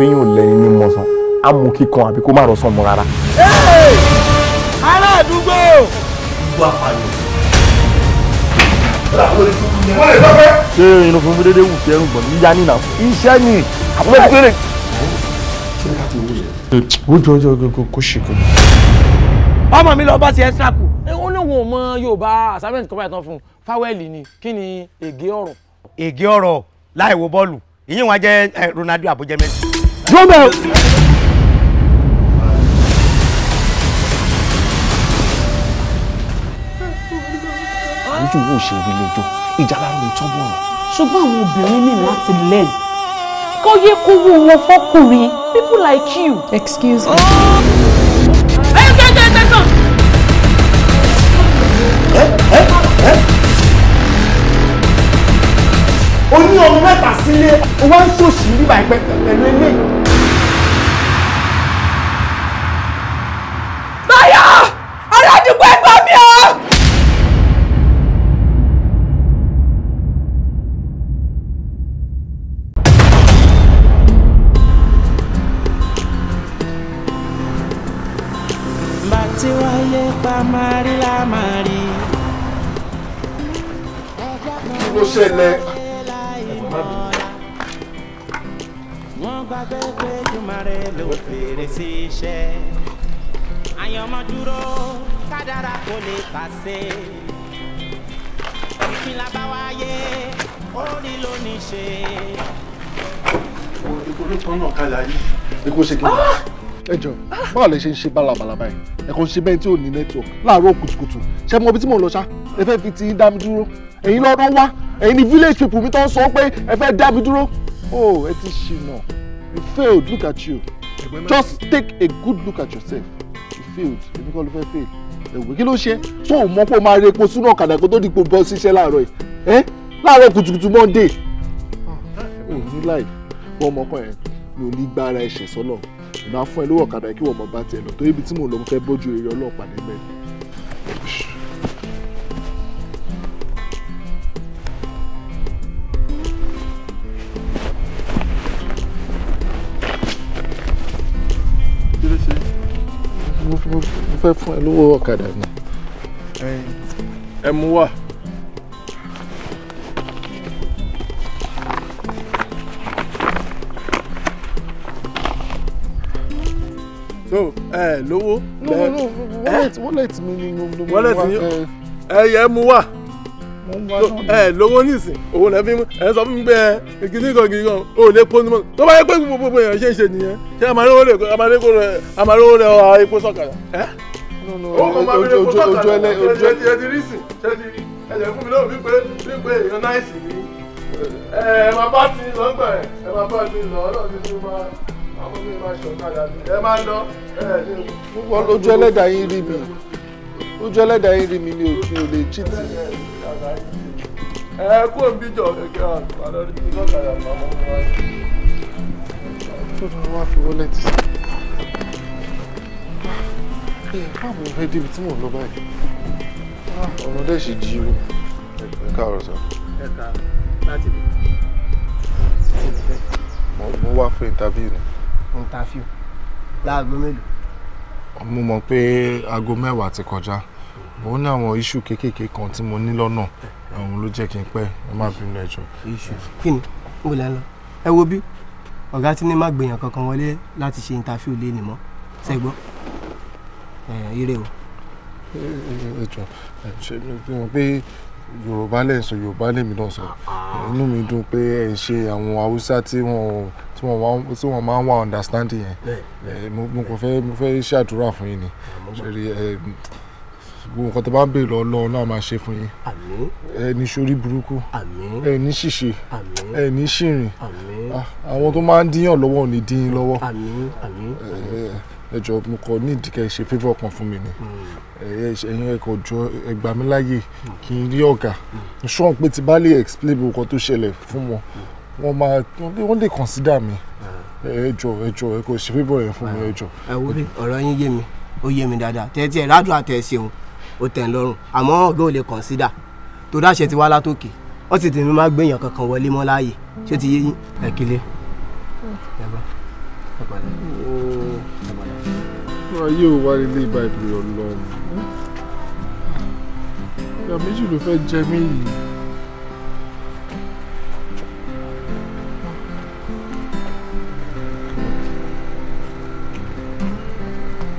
bẹ́yìn ò lẹ́ni ní mọ̀sán á mú kíkan àbí kó má rọ̀ sàn mọ́ rárá. ará àdúgbò. gbogbo àpàlẹ̀. ṣé irun funfun dédé wù sí ẹrù gbọ̀n yíyá nínà. iṣẹ́ ni àwọn ìgbérè. ṣé ká ti wúlò yẹn. ojú ọjọ́ gbogbo kò ṣe kò. ọmọ mi lọ bá ti ẹ́ sáàpù ó ní wọn ò mọ yorùbá assignment kan báyìí tán fún un fáwẹ́lì ni kí ni ègé ọ̀rọ̀. ègé ọ̀rọ̀ láì wo bọ́ọ̀lù ìyẹn wọn á jẹ́ ronaldo àbújá mẹ́sì dúró bẹ́ẹ̀ o. àjù wo ṣe ìrìlẹ̀ jọ ìjà lára òótọ́ bọ̀rọ̀. ṣùgbọ́n àwọn obìnrin ní láti lẹ́nu kó yẹ kó wú wọn fọkùnrin people like you. excuse me. ẹ jẹ́ ẹ ẹ ẹ o ní ọmọ mẹ́ta sílé o wá ń ṣòṣì bíbá ìpẹ́ pẹ̀lú eléyìí. ládùúgbò ẹ̀gbọ́n mi o. bàtí pa máa la mari. rí. kí ló ṣẹlẹ̀ gbàgbé pé jùmọ̀ ló fèrè sí iṣẹ́ àyànmọ́ dúró kádàrá kò lè pàṣẹ. ìpínlẹ̀ àbáwáyé ó ní ló ní ṣe. ìgò ló tán náà kálá yìí ni kò ṣe kí n bá. Ah! ẹ jọ báwo lè ṣe ń ṣe bálabàlàbà yìí ẹ kàn ń ṣe bẹ́ẹ̀ tí ò ní nẹ́tíwọ̀kì láàárọ̀ kùtùkùtù ṣé mo ibi tí mò ń lọ ṣá ẹ fẹ́ fi ti dá mi dúró ẹ̀yin lọ́dún wá ẹ̀yin ni village people mi tó ń sọ pé ẹ fẹ́ dá mi dúró oh ẹ ti ṣìnà you failed look at you just take a good look at yourself you failed èmi kọ́ ló fẹ́ fail èwe kí ló ṣe tó o mọ̀ pé o máa re epo sínú ọ̀kadà kó tó di ipò bọ́ ṣiṣẹ́ láàárọ̀ yìí ẹ́ láàárọ̀ kùtùkùtù monday ò ní láì fún ọmọ kan yẹn mi ní gba ara ẹ̀ṣẹ̀ sọ́nà fún ẹ lówó ọ̀kadà kí wọ́n mọ̀ bá tiẹ̀ lọ torí ibi tí mò ń lọ mo fẹ́ bójú eré ọlọ́ọ̀pá nígbà yìí. Woof, woof fẹ́ fún ẹ lówó ọ̀kadà ni. ẹ mú wá. so ẹ lówó. no no no wallet wallet mi ni mo wá. ẹ yẹ mú wá ẹ lówó nísìn òun lẹ fi mú ẹ sọ fún mi pé ẹ gidi kan gidi kan o lè pọnú mọ tó bá yẹ pé gbogbo èèyàn ṣe ń ṣe nìyẹn ṣé amarówó rẹ amarówó rẹ amarówó rẹ ọ epo sọkàlà ẹ. ojú ẹlẹ ojú ẹ ti rí sìn ṣe ti rí ẹ jẹ fún mi lóhùn wípé wípé èèyàn náà sì rí ẹ ẹ máa bá ti lọ gbà ẹ ẹ máa bá ti lọ ọlọ́run ti fún wa ojú ẹlẹ́dàá yín rí mi ojú ẹlẹ́dàá yín rí mi mi ò lè chítì ẹ kó o bí jọ kẹkẹ àtùpà lórí tí lọ́kadà máa mọ́ wá sí. tó ní wọ́n á fi mo fẹ́ débi tí mò ń lọ báyìí. ọ̀nà dẹ̀ ṣì jí o. ẹ káàárọ̀ mo wá fún interview ni. interview láago mo mọ̀ pé aago mẹ́wàá ti kọjá bó ní àwọn iṣu kéékèèké kan tí mo ní lọ́nà àwọn ló jẹ́ kí n pẹ́ ẹ má bínú ẹjọ́. iṣu kí ni mo lè lọ ẹ wo bí ọ̀gá tí ní má gbèyàn kankan wọlé láti ṣe ìntàfíù lé nìmọ́ ṣẹ́gbọ́n ire o. ẹjọ́ ṣe mi fi hàn pé yorùbá lè sọ yorùbá lèmi náà sọ inú mi dùn pé ẹ ṣe àwọn haúsá tí wọn tí wọn tí wọn máa ń wá understanding yẹn mo kàn fẹ́ mo fẹ́ ṣàdúrà fún yín ni ṣe rí ẹ gbogbo nǹkan tó bá ń béèrè lọ́wọ́ náà máa ṣe fún yín àmín ẹni sórí burúkú àmín ẹni ṣìṣe àmín ẹni ṣìrìn àmín ah, àwọn tó máa ń díyàn lọ́wọ́ ò ní lọ́wọ́ àmín àmín ẹ jọ mo kọ ní ìdíkẹ́ ṣe favour kan fún mi ni hmm. ẹ̀yin ẹ̀kọ́ jọ ẹgbà mi láàyè hmm. kí n rí ọ̀gá hmm. ṣọ́n pé ti bá lè explain bí nǹkan tó ṣẹlẹ̀ fún wọn wọ́n máa wọ́n lè consider mi ẹ jọ ẹ jọ ẹ kò ṣe favour yẹn fún mi ẹ jọ. ẹ wo bí ọ̀rọ̀ yín yé mi ó yé mi dáadáa tẹ́tí ẹ̀ ládùn àtẹ̀ ṣeun ó tẹ̀ ń lọ́rùn àmọ́ ọ̀gá ò lè kọ̀nsídà tó dáṣẹ ti wá látòkè wọ́n sì ti ní má gbéyàn kankan wọlé mọ́ láàyè ṣé ti yé yín ẹ kílé. ayé ò wá nílé ìbá ìbèrè ọlọ́run ìyá méjì ló fẹ́ jẹ mí yìí.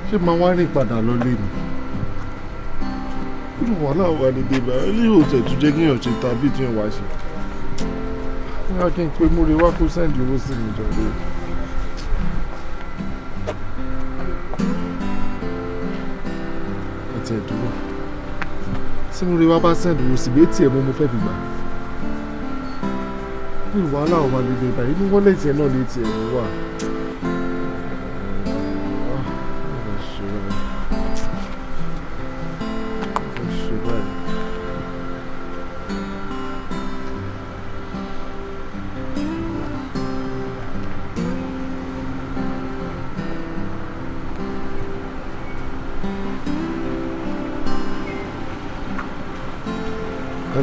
ṣé máa wá rìn padà lọ lé ni irú wàhálà wà níbi ìgbà ilé ìhòòtẹ̀ tó jẹ́ kéèyàn ṣe tàbí tí wọ́n wá ṣe. wọ́n á pé múre wá kó sẹ́ǹdì owó sí mi jọ̀dọ̀. ẹ̀tẹ̀ dúró tí múre wá bá sẹ́ǹdì owó sí mi etí mú mo fẹ́ fi gbà. irú wàhálà wà níbi ìgbà inú wọ́lẹ̀tì ẹ̀ náà ní etí ẹ̀ wà.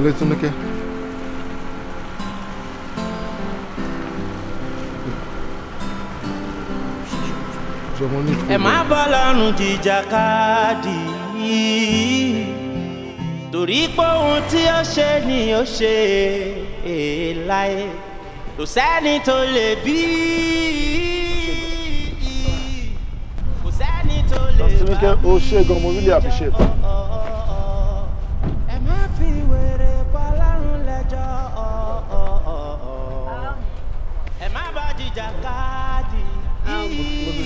Wait, Tunike. Ẹ má bọ́ lọ́rùn jìjàkadì torí pé ohun tí ó ṣe ni ó ṣe é láyé kò sẹ́ni tó lè bí kò o ṣe gan, mo really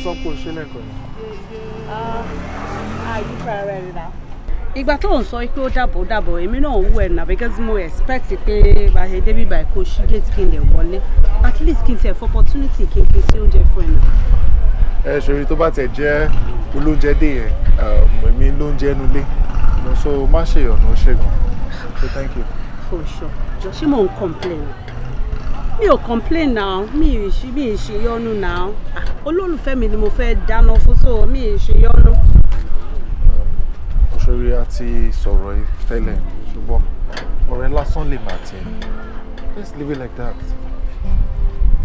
sọ pé o ṣe lẹ́kọ̀ọ́ yẹn. Ah, àyíká rẹ̀ rà. ìgbà tó ń sọ pé ó dàbọ̀ dàbọ̀ èmi náà wú ẹ̀ nà because mo expect pé bá a ṣe débi báyìí kó ṣí gate kí n lè wọlé at least kí n tẹ̀ fọ opportunity kí n fi sí oúnjẹ fún ẹ̀ náà ẹ ṣòrí tó bá tẹ̀ jẹ́ olóúnjẹ dé yẹn um, èmi lóúnjẹ ẹnu lé so má ṣe ọ̀nà ṣẹ́gun so thank you. for sure ṣé mò ń complain mi ò complain now mi ì ṣe mi ì ṣe yọnu now ah, olólùfẹ́ mi ni mo fẹ́ dáná fún so mi ì ṣe yọnu. òṣèré a ti sọ̀rọ̀ tẹ́lẹ̀ ṣùgbọ́n ọ̀rẹ́ lásán lè máa tẹ̀ let's leave it like that.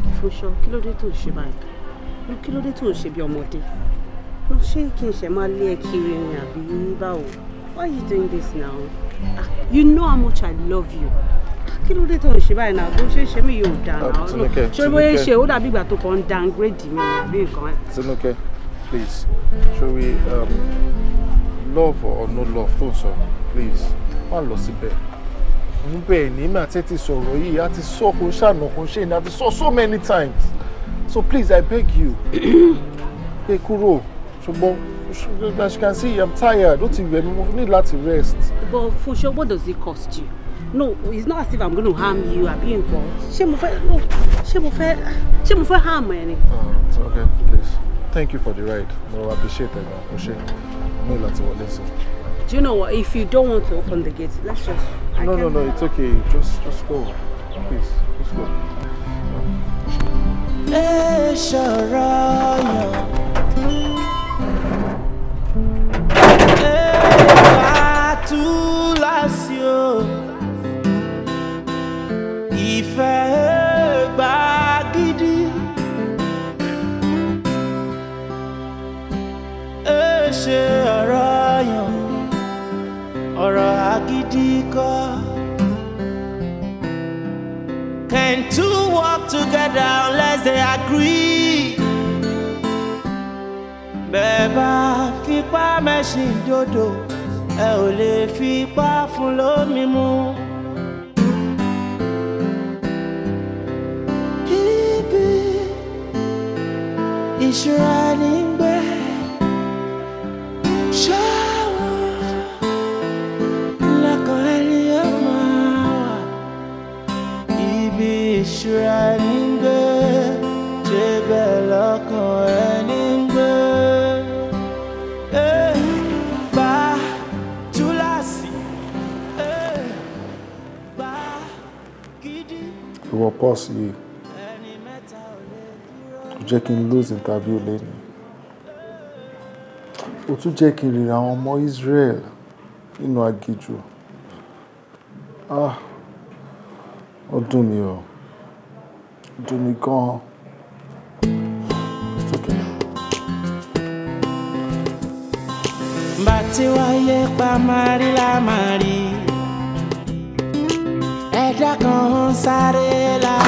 ìfúnṣọ kí ló dé tó ṣe báyìí kí ló dé tó ṣe bí ọmọdé mo ṣé kí n ṣe máa lé ẹ kiri ẹyin àbí báwo why you doing this now ah you know how much i love you kí ló dé tó ń ṣe báyìí náà bó ṣe ṣe mí yóò dà ah, náà ṣé bóyá ṣe ó dàbí ìgbà tó kàn ń downgrade mi àbí nǹkan. Tinúkẹ́ please shall we um, love or no love tó ń sọ please má lọ síbẹ̀ níbẹ̀ ní mà tẹ́tí sọ̀rọ̀ yìí a ti sọ kò ṣàna kò ṣe ni a ti sọ so many times so please I beg you pé kúrò ṣùgbọ́n as you can see I'm tired ó ti rẹ̀ mi mo need láti rest. but Funṣọ́ what does it cost you? no it's not as if i'm going to harm you àbí nǹkan ṣé mo fẹ́ no ṣé mo fẹ́ ṣé mo fẹ́ harm ẹ ni. it's uh, okay please thank you for the ride mo appreciate it mo ṣe ní láti wọlé sí. do you know what if you don't want to open the gate let's just. I no no no it's okay just just go please just go. ẹ ṣọ̀rọ̀ yàn. tú la ciudad ìfẹ́ gbà gidi. ẹ ṣe ọ̀rọ̀ yàn ọ̀rọ̀ agídí kọ́. Can two walk together unless they agree? bẹ́ẹ̀ bá fipá mẹ́sìn dodo ẹ ò lè fipá fún lómi mu. is running back. Shower, like a of my ibi running back. Jebe like a running back. Ba tulasi. Ba gidi. Ìwọ pọ́ọ̀sì yìí jẹ́ kí n lose interview lẹ́nu. Ó tún jẹ́ kí n ríra àwọn ọmọ Israel nínú aginjù. Ah! Ó dùn mí o. Ó dùn mí gan-an. Bàtí wáyé pa mari la mari, ẹ̀dá kan sáré la.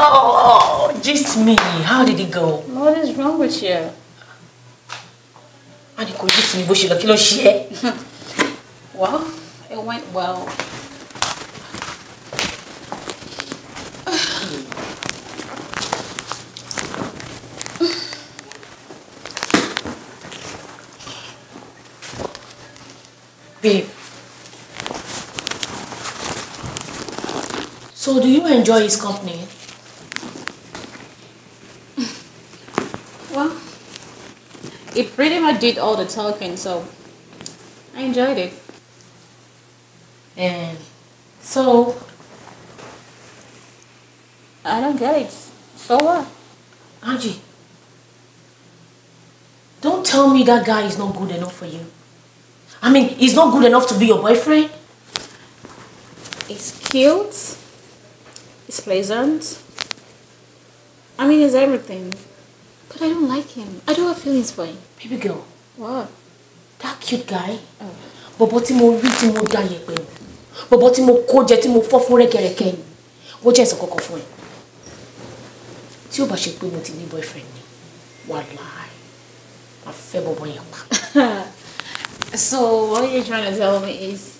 Oh, just me. How did it go? What is wrong with you? I didn't go just me, but she lucky share. Well, it went well. Babe. So do you enjoy his company? it pretty much did all the talking, so I enjoyed it. And so I don't get it. So what? Angie, don't tell me that guy is not good enough for you. I mean, he's not good enough to be your boyfriend. He's cute. He's pleasant. I mean, he's everything. But I don't like him. I don't have feelings for him. Baby girl. What? That cute guy. Oh. but tí mo rí tí mo ya yẹ̀pẹ̀ ni. Bọ̀bọ̀ tí mo kó jẹ tí mo fọ́ fún rẹ́kẹrẹkẹ ni. Wọ́n jẹ́ ìsàn kankan fún ẹ. Tí ó bá ṣe pé mo ti ní boyfriend ni, wàláì, máa fẹ́ bọ̀bọ̀ yẹn pa. So what you're trying to tell me is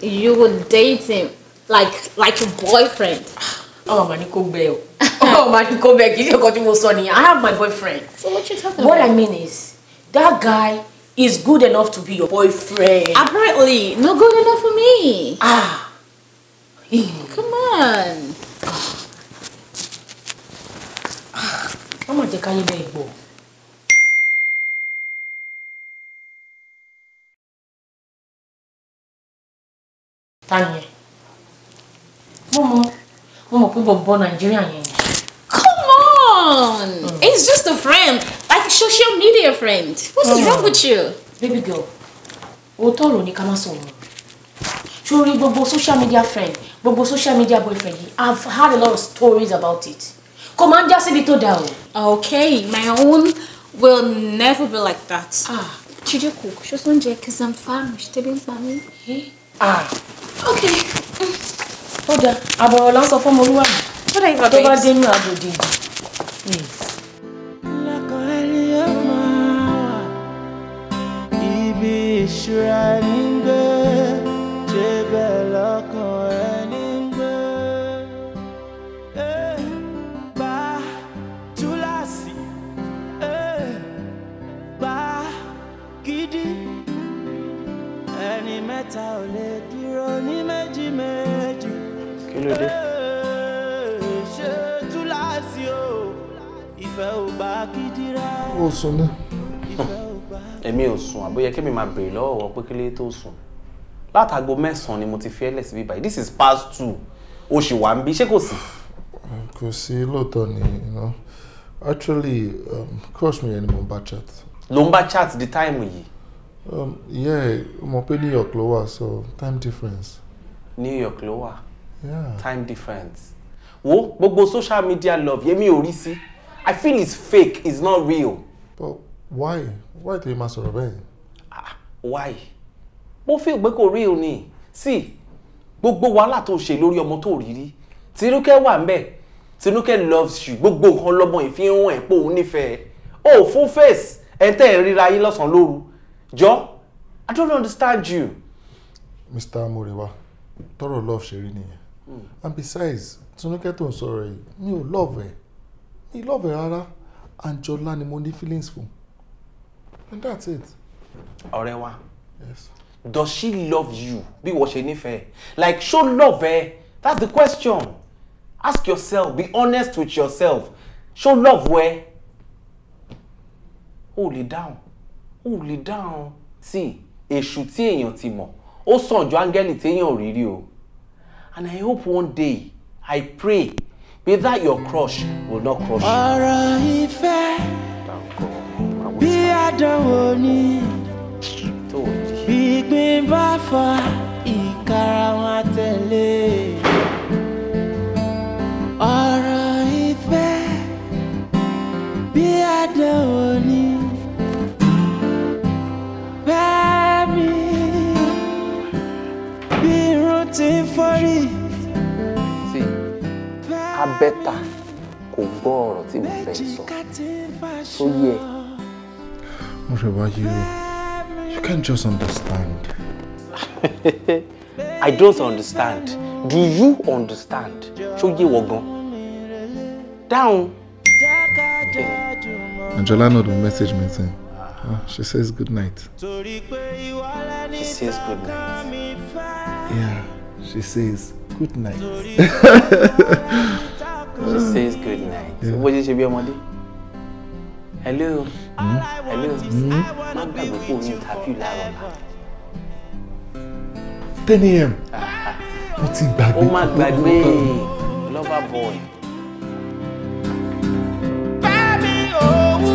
you would date him like like a boyfriend. Ah oh my Nico Bell. oh my Nico Bell, you got him sonny. I have my boyfriend. So what you talking what about? What I mean is that guy is good enough to be your boyfriend. Apparently, not good enough for me. Ah. Come on. Mama, they can't even go. Tanya. Momo mo mọ̀ pé bọ̀bọ̀ nàìjíríà yẹn. come on mm. it's just a friend like social media friend What's mm. wrong with you. baby girl òótọ́ ọ̀rọ̀ ni ká má sọ̀rọ̀ sórí gbogbo social media friend gbogbo social media boyfriend yìí i've had a lot of stories about it kò máa ń já síbi tó dáa o. okay my own will never be like that. ah jíjẹ kò ṣoṣo ń jẹ kí sam farm ṣe tẹ́lẹ̀ ń pa mí. Eh? ah okay. Mm ó da àbọ̀rọ̀ là ń sọ fọ́mọ olúwa mi tó bá dénú àbòdì ìdì. ibi ìṣúra ló dé. ṣé túláàsì o ìfẹ́ ò bá kídírà. ó sùn náà. èmi ò sùn àbóyẹ kémi máa béèrè lọ́wọ́ wọn pé kílé tó sùn látàgbo mẹ́sàn-án ni mo ti fi ẹ́ lẹ̀ síbí this is past two oṣù wà ń bí ṣé kò sí. kò sí lóòótọ́ ni you know actually um, crush mi yẹn ni mo bá chat. ló ń bá chat The time yìí. Um, yeah mo pé New York ló wà so time difference. New York ló wà time difference wo gbogbo social media love Yemi ò rí i feel it's fake it's not real. but why why tẹ ma sọ̀rọ̀ bẹ́ẹ̀. ah why mo feel pé kò real ni see gbogbo wàhálà tó ṣe lórí ọmọ tó rí rí wa wà ń bẹ̀ Tinúkẹ́ loves you gbogbo nǹkan lọ́mọ yìí fi ń hàn ẹ́ pé òun nífẹ̀ẹ́ o full face ẹ̀ tẹ́ ẹ̀ ríra yín lọ́sàn-án lóru jọ I don't understand you. Mr. Morewa tọrọ love ṣe rí nìyẹn Mm. and besides Túnúkẹ́ tó ń sọ̀rọ̀ yìí mi ò love ẹ̀ mi love ẹ̀ rárá Anjola ni mo ní feelings fún and that's it. ọ̀rẹ́ wa yes. does she love you bí wọ́n ṣe nífẹ̀ẹ́ like show love eh? that's the question ask yourself be honest with yourself Show love ẹ o lè dáhùn o lè dáhùn sí èṣù tí èèyàn ti mọ̀ ó sàn ju áńgẹ́lì téèyàn ò rí rí o and I hope one day I pray be that your crush will not crush you. ọ̀rọ̀ ìfẹ́ bí àdánwò ni gbígbín bá fa ìkara wọn tẹ̀lé. ọ̀rọ̀ ìfẹ́ bí àdánwò ni. tí abẹ́ta kò gbọ́ ọ̀rọ̀ tí mo fẹ́ sọ tó yẹ. mo rẹ̀ wá o you can't just understand. I don't understand do you understand ṣó yé wọ gan dáhùn. Angela no dey message me thing. Oh, ah, she says good night. She says good night. Yeah she says good night. she says good night. bó ṣe ṣe bí ọmọdé hello mm. hello hmm? má gbàgbé kó o ní interview láàárọ̀ la. ten a.m. mo ti gbàgbé. ó má gbàgbé lover boy. Fẹ́mi òwú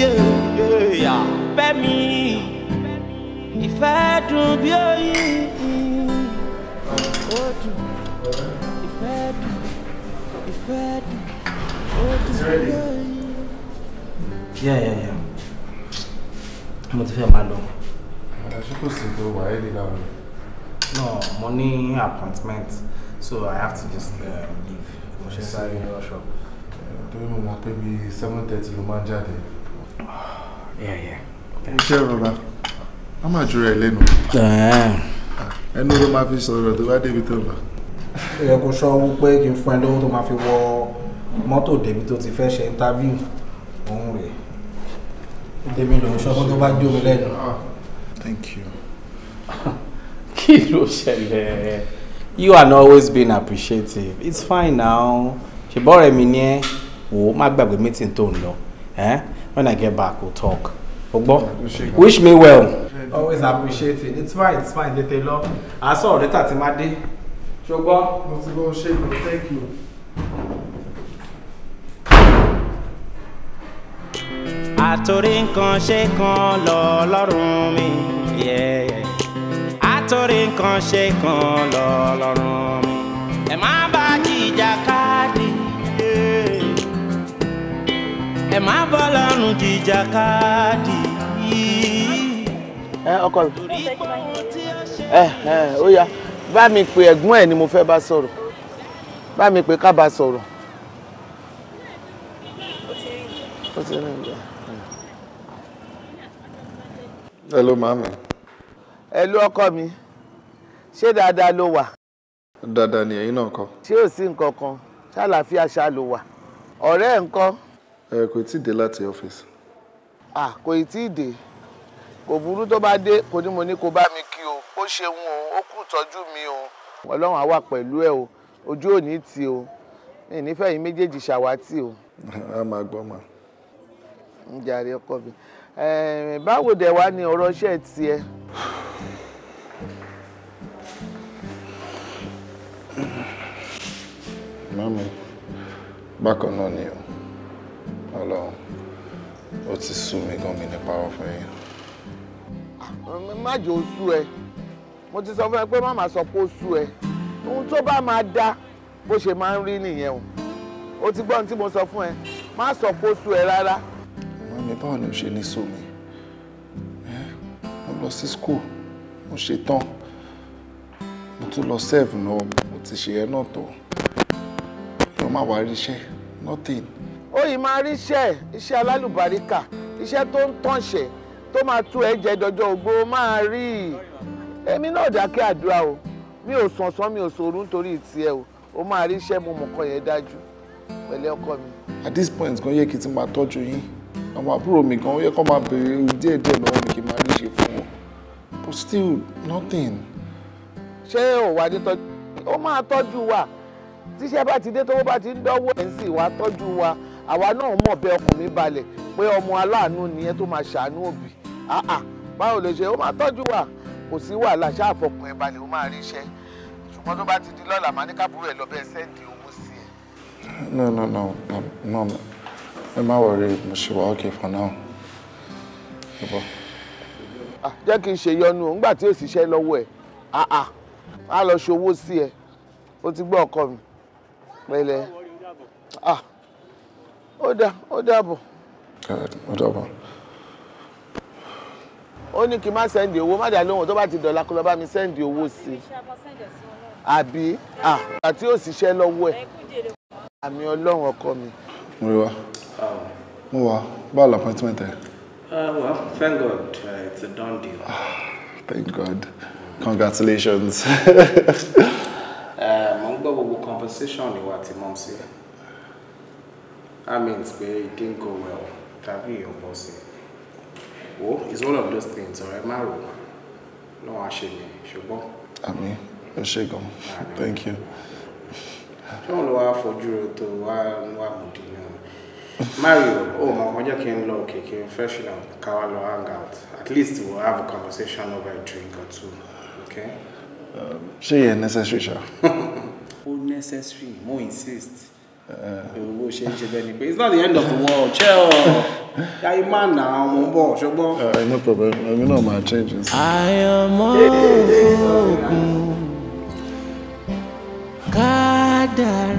yẹ̀yẹ̀ fẹ́mi ìfẹ́ dùn bí oyin ó dùn ìfẹ́ dùn ìfẹ́ dùn ó dùn bí oyin. yà yà yà mo ti fẹ́ máa lọ. ṣé kò sí tó wà ẹ́ lè láwọn. no mo ní appointment so i have to just uh, leave mo ṣe sáré rush up. Eh, torí mo mọ̀ pé bíi seven thirty ló máa ń jáde. yà yà. iṣẹ́ ìrora a máa jura ẹ lẹ́nu ẹnu ló máa fi sọ̀rọ̀ tó bá débi tó bá. ó yẹ kó sọ wípé kí n fún ẹ lówó tó máa fi wọ mọ́tò débi tó ti fẹ́ ṣe interview òun rẹ̀ débi lòun ṣọ́kọ́ tó bá jó mi lẹ́nu. thank you. kí ló ṣẹlẹ̀ you are not always being appreciative it's fine now ṣùgbọ́n ọ̀rẹ́ mi ní ẹ wò ó má gbàgbé meeting tó ń lọ when i get back we'll talk. o wish me well always appreciate it it's fine it's fine tètè lọ I saw tà ti máa dé ṣùgbọ́n. mo ti bọ́ ṣe ìlú thank you. àtòrí nǹkan ṣe kan lọ lọ́rùn mi àtòrí nǹkan ṣe kan lọ lọ́rùn mi ẹ má bá jìjà káàdì ẹ má bọ́ lọ́rùn jìjà káàdì ẹ eh, ọkọ mi ẹ ẹ eh, eh, ó yá bá mi pè ẹ̀gbọ́n ẹ̀ ni mo fẹ́ bá sọ̀rọ̀ bá mi pè ká bá sọ̀rọ̀. hello màmí. hello ọkọ mi ṣé dáadáa ló wà. dáadáa ni ẹ̀yin náà kọ́. ṣé ò sí nǹkan kan ṣàlàáfíà ṣá ló wà ọ̀rẹ́ ẹ̀ ń kọ́. ẹ kò tí ì dé láti ọ́fíìsì. à ah, kò tí ì dé kò burú tó bá dé kò ní mo ní kó bá mi kí o ó ṣeun o ó kú tọ́jú mi o ọlọ́run á wà pẹ̀lú ẹ o ojú ò ní tì o mi nífẹ̀ẹ́ yín méjèèjì ṣàwátì o. a máa gbọ́ ma. ń jàre ọkọ mi báwo dẹ̀ wá ni ọ̀rọ̀ iṣẹ́ tiẹ̀. mami bákan náà ni o ọlọ́run ó ti sú mi gan mi nípa ọ̀fẹ́ yìí má jò ó ẹ mo ti sọ fún ẹ pé má má sọ pé ó sú ẹ ohun tó bá máa dá bó ṣe máa ń rí nìyẹn o o ti gbọ́ tí mo sọ fún ẹ má sọ pé ó sú ẹ rárá. màmí báwo ni o ṣe ní sómi mo lọ sí school mo ṣe tán mo tún lọ serve náà mo ti ṣe ẹ náà tó yóò má wá ríṣẹ́ nothing. ó yìí máa ríṣẹ́ iṣẹ́ alálùbáríkà iṣẹ́ tó ń tànṣẹ́ tó máa tú ẹ jẹ ògbó máa rí i èmi náà dákẹ́ àdúrà o mi ò sùn mi ò sòrú nítorí tiẹ̀ o ó máa rí iṣẹ́ mo mọ̀ kan yẹn dájú pẹ̀lẹ́ ọkọ mi. at this point gan yẹ kí n ti máa tọ́jú yín àwọn àbúrò mi gan yẹ kó máa béèrè díẹ̀ díẹ̀ lọ́wọ́ mi kí n máa rí ṣe fún wọn but still nothing. ṣé ò wá ní tọ́jú ó máa tọ́jú wa tíṣẹ́ bá ti dé tówó bá ti ń dánwó ẹ̀ ń sì wá tọ́jú wa àwa náà mọ̀ bẹ́ẹ̀ ọkàn mi balẹ̀ pé ọmọ aláàánú nìyẹn tó máa ṣàánú òbí Ah, ah, báwo lè ṣe ó máa tọ́jú wa kò sí wàhálà ṣáà fọkàn ẹ̀ balẹ̀ ó máa rí iṣẹ́ ṣùgbọ́n tó bá ti di lọ́la máa ní kábúrò ẹ̀ lọ́bẹ̀ sẹ́ǹdì owó sí ẹ̀. no no no no ẹ má wọrí mo ṣe wà okay for now. Ah, jẹ́ kí n ṣe yọnu o ńgbà tí ò síṣẹ́ lọ́wọ́ ẹ̀ á lọ ṣòwò sí ẹ ó ti gbọ́ ọkọ mi pẹ̀lẹ́ ó dà ó dàbọ̀. ó dàbọ̀ ó ní kí n má sẹ́ndì owó má dà lóhùn tó bá ti dọ̀la kó lọ bá mi sẹ́ndì owó sí i àbí àti ó sì lọ́wọ́ ẹ̀ àmì ọlọ́run ọkọ mi. mo rí wa mo wà báwo la appointment ẹ. Uh, well thank God uh, it's a done deal. Ah, thank God congratulations. Uh, mo ń gbọ́ gbogbo conversation ìwà tí mo ń ṣe that means pé it didn't go well tàbí ìyọ̀bọ̀ sí i wo is one of those things ọ̀rẹ́ má rò lọ́wọ́ àṣeyẹ I àmín ẹ ṣe gan thank you. ṣé wọn lọ wá fojú rẹ tó wá wà mùdí ni mario oh, my ọkàn jẹ́ kí n lọ òkè kí n fẹsùn náà hang out at least we'll have a conversation over a drink or two okay. Um, ṣé yẹ necessary ṣá. ó necessary mo insist bó ṣe ń ṣe bẹ́ẹ̀ ni pé it's not the end of the world ṣé ọ yáyí máa nà á mú bọ̀ ṣùgbọ́n. no problem èmi náà máa change it. àyànmọ́ òkun kádàá.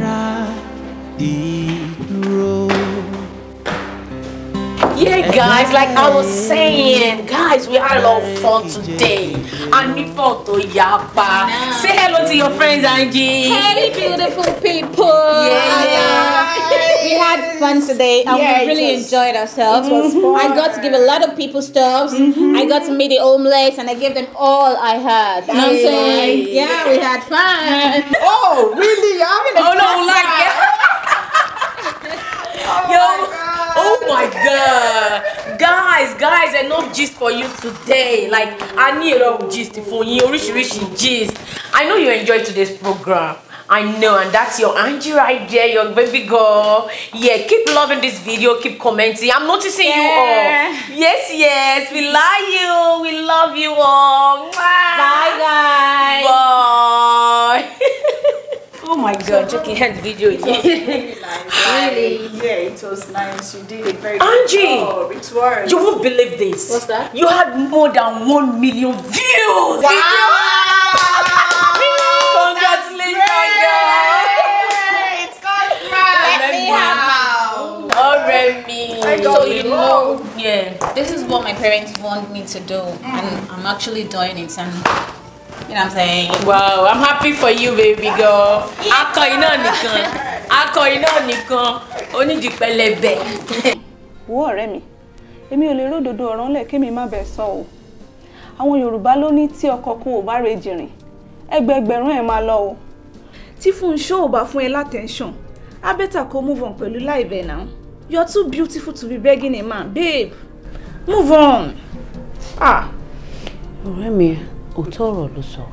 guys, like I was saying, guys, we had a lot of fun today. And me photo yapa. Say hello to your friends, Angie. Hey, beautiful people. Yeah, yeah. we had fun today, and yeah, we really was, enjoyed ourselves. Mm-hmm. I got to give a lot of people stuffs. Mm -hmm. I got to meet the homeless, and I gave them all I had. You know what I'm saying? Yeah, we had fun. oh, really? I'm in a Oh no, like. oh Yo. Oh my god! Guys, guys, enough gist for you today. Like, I need a lot of gist for you, oríṣiríṣi gist. I know you enjoyed today's program. I know, and that's your Angie right there, your baby girl. Yeah, keep loving this video, keep commenting. I'm noticing yeah. you all. Yes, yes, we love you. We love you all. Bye guys. Bye. Oh my god, so, Jackie had the video. It was really nice. Really? Yeah, it was nice. You did a very Angie, good job. It was. You won't believe this. What's that? You had more than 1 million views. Wow! Congratulations, girl. It's got wow. Already. So you know, yeah, this is what my parents want me to do, mm. and I'm actually doing it. And You know what I'm saying? Wow, I'm happy for you, baby girl. Akọ̀yìn náà nìkan. Akọ̀yìn náà nìkan. Onídìpẹlẹbẹ. Wo ọ̀rẹ́ mi, èmi ò lè ródòdó ọ̀rọ̀ ńlẹ̀ kémi má bẹ̀ sọ o. Àwọn Yorùbá ló ní tí ọkọ kó o bá rejì rìn. Ẹgbẹgbẹ̀rún ẹ̀ máa lọ o. Tí Fúnṣọ́ ò bá fún ẹ látẹ̀ńṣàn, á bẹ́tà move on pẹ̀lú láì bẹ̀ náà. You're too beautiful to be begging a man, babe. Move on. Ah. Ọ̀rẹ́ mi òótọ́ ọ̀rọ̀ ló sọ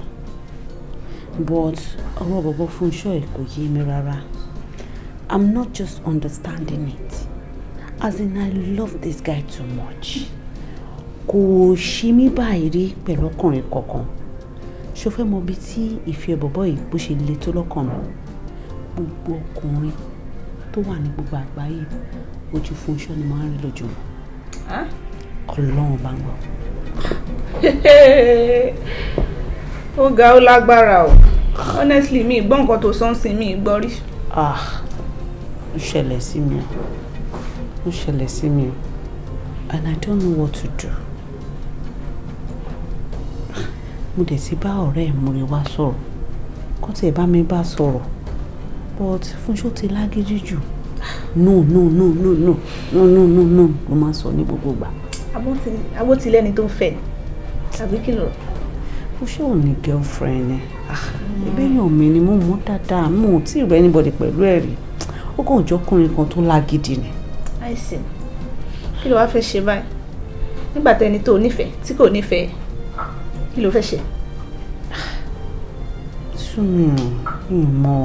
but ọ̀rọ̀ bọ̀bọ̀ Fúnṣọ́ ẹ̀ kò yé mi rárá I'm not just understanding it as in I love this guy too much kò ṣe mí báyìí rí pẹ̀lú ọkùnrin kankan ṣo fẹ́ mọ bí tí ìfẹ́ bọ̀bọ̀ yìí bó ṣe le tó lọ́kàn mi gbogbo ọkùnrin tó wà ní gbogbo àgbáyé ojú Fúnṣọ́ ni máa ń rí lójúmọ́ ọlọ́run bá ń gbọ́ ó ga ó lágbára o honestly mi gbọ́ nǹkan tó sọ́nsìn mi gbọ́ rí. ah ń ṣẹlẹ̀ sí mi ń ṣẹlẹ̀ sí mi and i don't know what to do. mo dẹ̀ ti bá ọ̀rẹ́ ẹ̀ múre wá sọ̀rọ̀ kó tiẹ̀ bá mi bá sọ̀rọ̀ but Fúnṣọ́ ti lágídí jù no no no no no no no no no ló máa ń sọ ní gbogbo ìgbà awó ti lẹ́ni tó ń fẹ́ tàbí kí lọ. mo ṣé ò ní girlfriend ni ah, ìbéèyàn mi ni mo mọ dáadáa mo ò tí ì rẹ anybody pẹ̀lú ẹ̀ rí ó kàn jọ ọkùnrin kan tó lágídí ni. àìsí kí ló wá fẹ́ ṣe báyìí nígbà tẹni tó nífẹ̀ẹ́ tí kò nífẹ̀ẹ́ kí ló fẹ́ ṣe. súnmi ò ń mọ.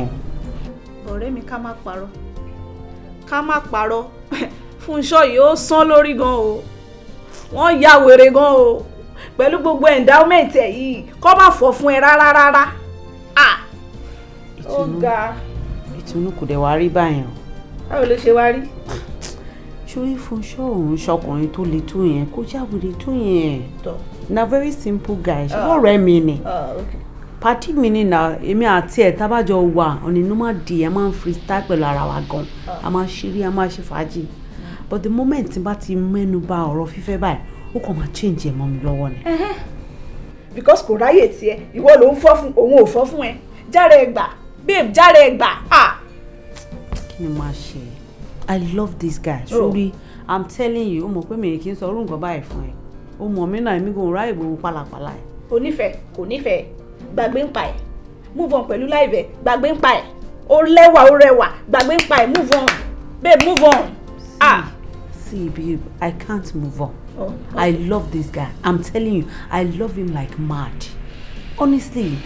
ọ̀rẹ́ mi ká má parọ́ ká má parọ́ Fúnṣọ́ yìí ó sán lórí gan o wọ́n ya wèrè gan o pẹ̀lú gbogbo endowment ẹ̀ yìí kọ́ má fọ̀ fún ẹ rárá rárá ah ó ga. ìtùnú kò dẹ̀ wá rí báyẹn o. báwo ló ṣe wá rí. ṣorí Fúnṣọ́ òun ṣọkùnrin tó le tó yẹn kó jáwèrè tó yẹn na very simple guy ṣe ọ̀rẹ́ mi ni ah, pàtí mi ni na èmi àti ẹ̀ tábàjọ wà ọ̀nì normal di ẹ̀ máa ń freestyle pẹ̀lú ara wa gan ah. a máa ṣeré a máa ṣe fàájì but the moment tí n bá ti mẹ́nu bà ọ̀rọ̀ fífẹ́ báyìí ó kàn máa change ẹ̀ mọ́ mi lọ́wọ́ ni. because kò ráyè tiẹ̀ ìwọ ló ń fọ́ fún òun ò fọ́ fún ẹ járe ẹ babe járe ẹ kí ni màá ṣe i love this guy oh. sórí oh. i'm telling you ó mọ̀ pé mi kì í sọ orú nǹkan báyìí fún ẹ ó mọ̀ mí náà èmi kò ráyè gbogbo pálapàla ẹ. kò nífẹ̀ẹ́ kò nífẹ̀ẹ́ gbàgbé ń pa ẹ̀ move on pẹ̀lú láìbẹ̀ gbàgbé ń pa ẹ̀ ó lẹ́wà ó rẹwà gbàgbé ń pa ẹ̀ move on babe move on. ah see, babe, I can't move on. Oh, okay. I love this guy. I'm telling you, I love him like mad. Honestly,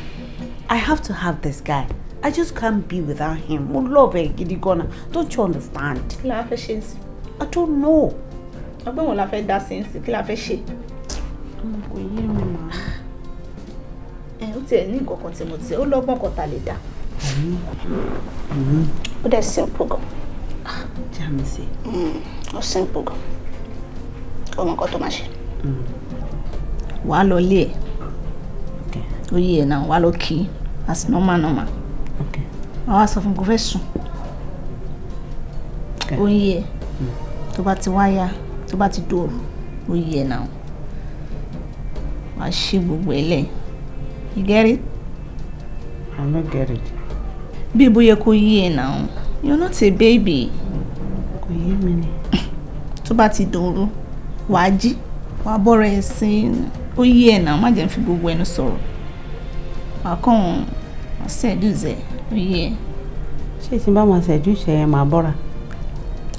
I have to have this guy. I just can't be without him. Mo love ẹ gidi gan Don't you understand? Kí la fẹ́ I don't know. Ọgbọ́n wo la fẹ́ dá sí nsìn? Kí la fẹ́ ṣe? Ọmọ kò yé mi mà. Ẹ ó simple gan ó mọ nǹkan tó máa ṣe. Mm. wàá lọ lé ẹ ó yẹ náà wàá lọ kí as normal normal wàá wá sọ fún kò fẹ́ sùn ó yẹ mm. tó bá ti wáyà tó bá ti dòrò ó yẹ náà wàá ṣí gbogbo ẹ lẹ you get it. I no get it. bí bóyá kò yí ẹ náà you're not a baby. Mm òye mi ni. tó bá ti dòru wàá jí wàá bọ́ra ẹ̀ sí ó yí ẹ̀ náà má jẹ́ fi gbogbo ẹnu sọ̀rọ̀ wàá kàn wàá sẹ́dúùsẹ̀ ó yí ẹ̀. ṣé tí n bá máa sẹ́dúùsẹ̀ ẹ̀ máa bọ́ra.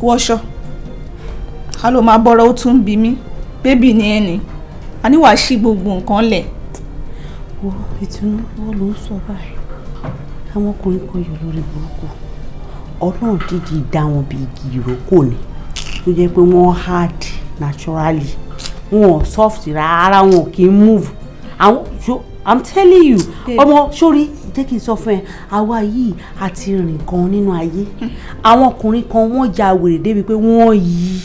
wọṣọ ká ló máa bọ́ra ó tún bí mi bébì ni ẹ ni a ní wàá ṣí gbogbo nǹkan lẹ̀. wo ìtùnú wọn ló ń sọ báyìí àwọn ọkùnrin kan yọ lórí burúkú ọlọ́run dídì dá wọn bí igi ìrókò ni tó jẹ́ pé wọ́n hard naturally wọn ò soft rárá wọn kì í move àwọn i'm telling you ọmọ sórí jẹ́ kí n sọ fún ẹ àwa yìí àti rìn gan nínú ayé àwọn ọkùnrin kan wọ́n ja wèrè débi pé wọ́n yí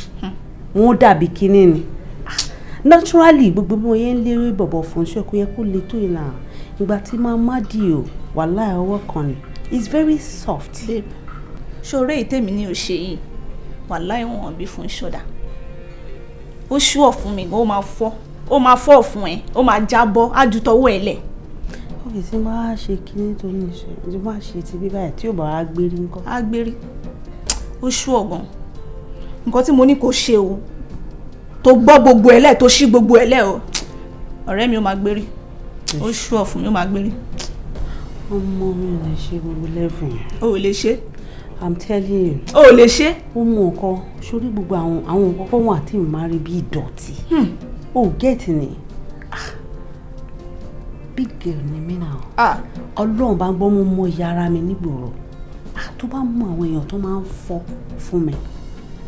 wọ́n dàbí kínní ni ah, naturally gbogbo bí wọ́n yẹn ń lérò ìbọ̀bọ̀ fún ṣé kò yẹ kó le tó ìlànà ìgbà tí màmá dì o wàhálà ọwọ́ kan ni it's very soft. Babe ṣoore ìtẹ̀mí ni ò ṣe yìí wà láì wọ̀n bí fún ṣọ́dà ó ṣú ọ̀ fún mi ó máa fọ́ ó máa fọ́ fún ẹ ó máa jábọ́ á ju tọwọ́ ẹ lẹ̀. òkè tí máa ṣe kinní tó ní ṣe tí máa ṣe ti bíbá ẹ tí ò bá agbérí nǹkan. agbérí ó ṣú ọ̀gàn nǹkan tí mo ní kò ṣe o tó gbọ́ gbogbo ẹ̀ lẹ̀ tó ṣí gbogbo ẹ̀ lẹ̀ o ọ̀rẹ́ mi ó máa gbérí ó ṣú ọ̀ fún mi ó máa gbérí. ọmọ mi ò lè ṣe gbogbo lẹ́fù yẹn. o ò lè ṣe é i'm telling you. o lè ṣe. ó mú nǹkan sórí gbogbo àwọn àwọn nǹkan kan wà tí mo máa rí bí ìdọ̀tí. Hmm. o gẹ̀ẹ́tì ni ah. big girl ni mí náà ah. ọlọ́run bá gbọ́ mo mọ ìyá ara mi nígboro ah, tó bá mú àwọn èèyàn tó máa ń fọ fún mi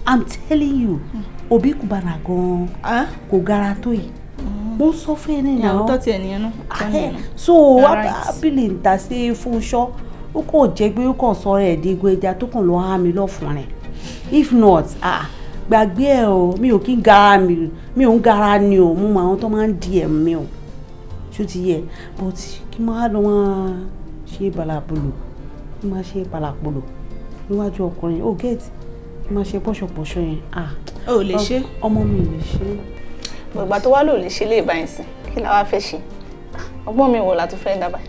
i'm telling you hmm. òbí kò bára gan-an kò gara tó yìí hmm. mo sọ fún ẹ nìyàwó tó tiẹ̀ nìyẹn náà. Eh, so wàá bá bílẹ̀ ń ta sí fún ṣọ́ ó kàn jẹ́ pé ó kàn sọ̀rọ̀ ẹ̀ dégbò ẹja tó kàn lọ́ọ́ há mi lọ́fun rẹ̀ if not ah gbàgbé ẹ o mi ò kí ń gara mi mi ò ń gara ni o mo mọ àwọn tó máa ń di ẹ̀ mi o ṣó ti yẹ but kí máa lọ wọn ṣe balabolo kí máa ṣe balabolo níwájú ọkùnrin o oh, get kí máa ṣe pọ̀ṣọpọ̀ṣọ yẹn ah o lè ṣe ọmọ mi lè ṣe. gbàgbà tó wá lò lè ṣe lè bá ẹ̀ sìn kí la wá fẹ́ ṣe ọgbọ́n mi wò la fẹ́ dábàá.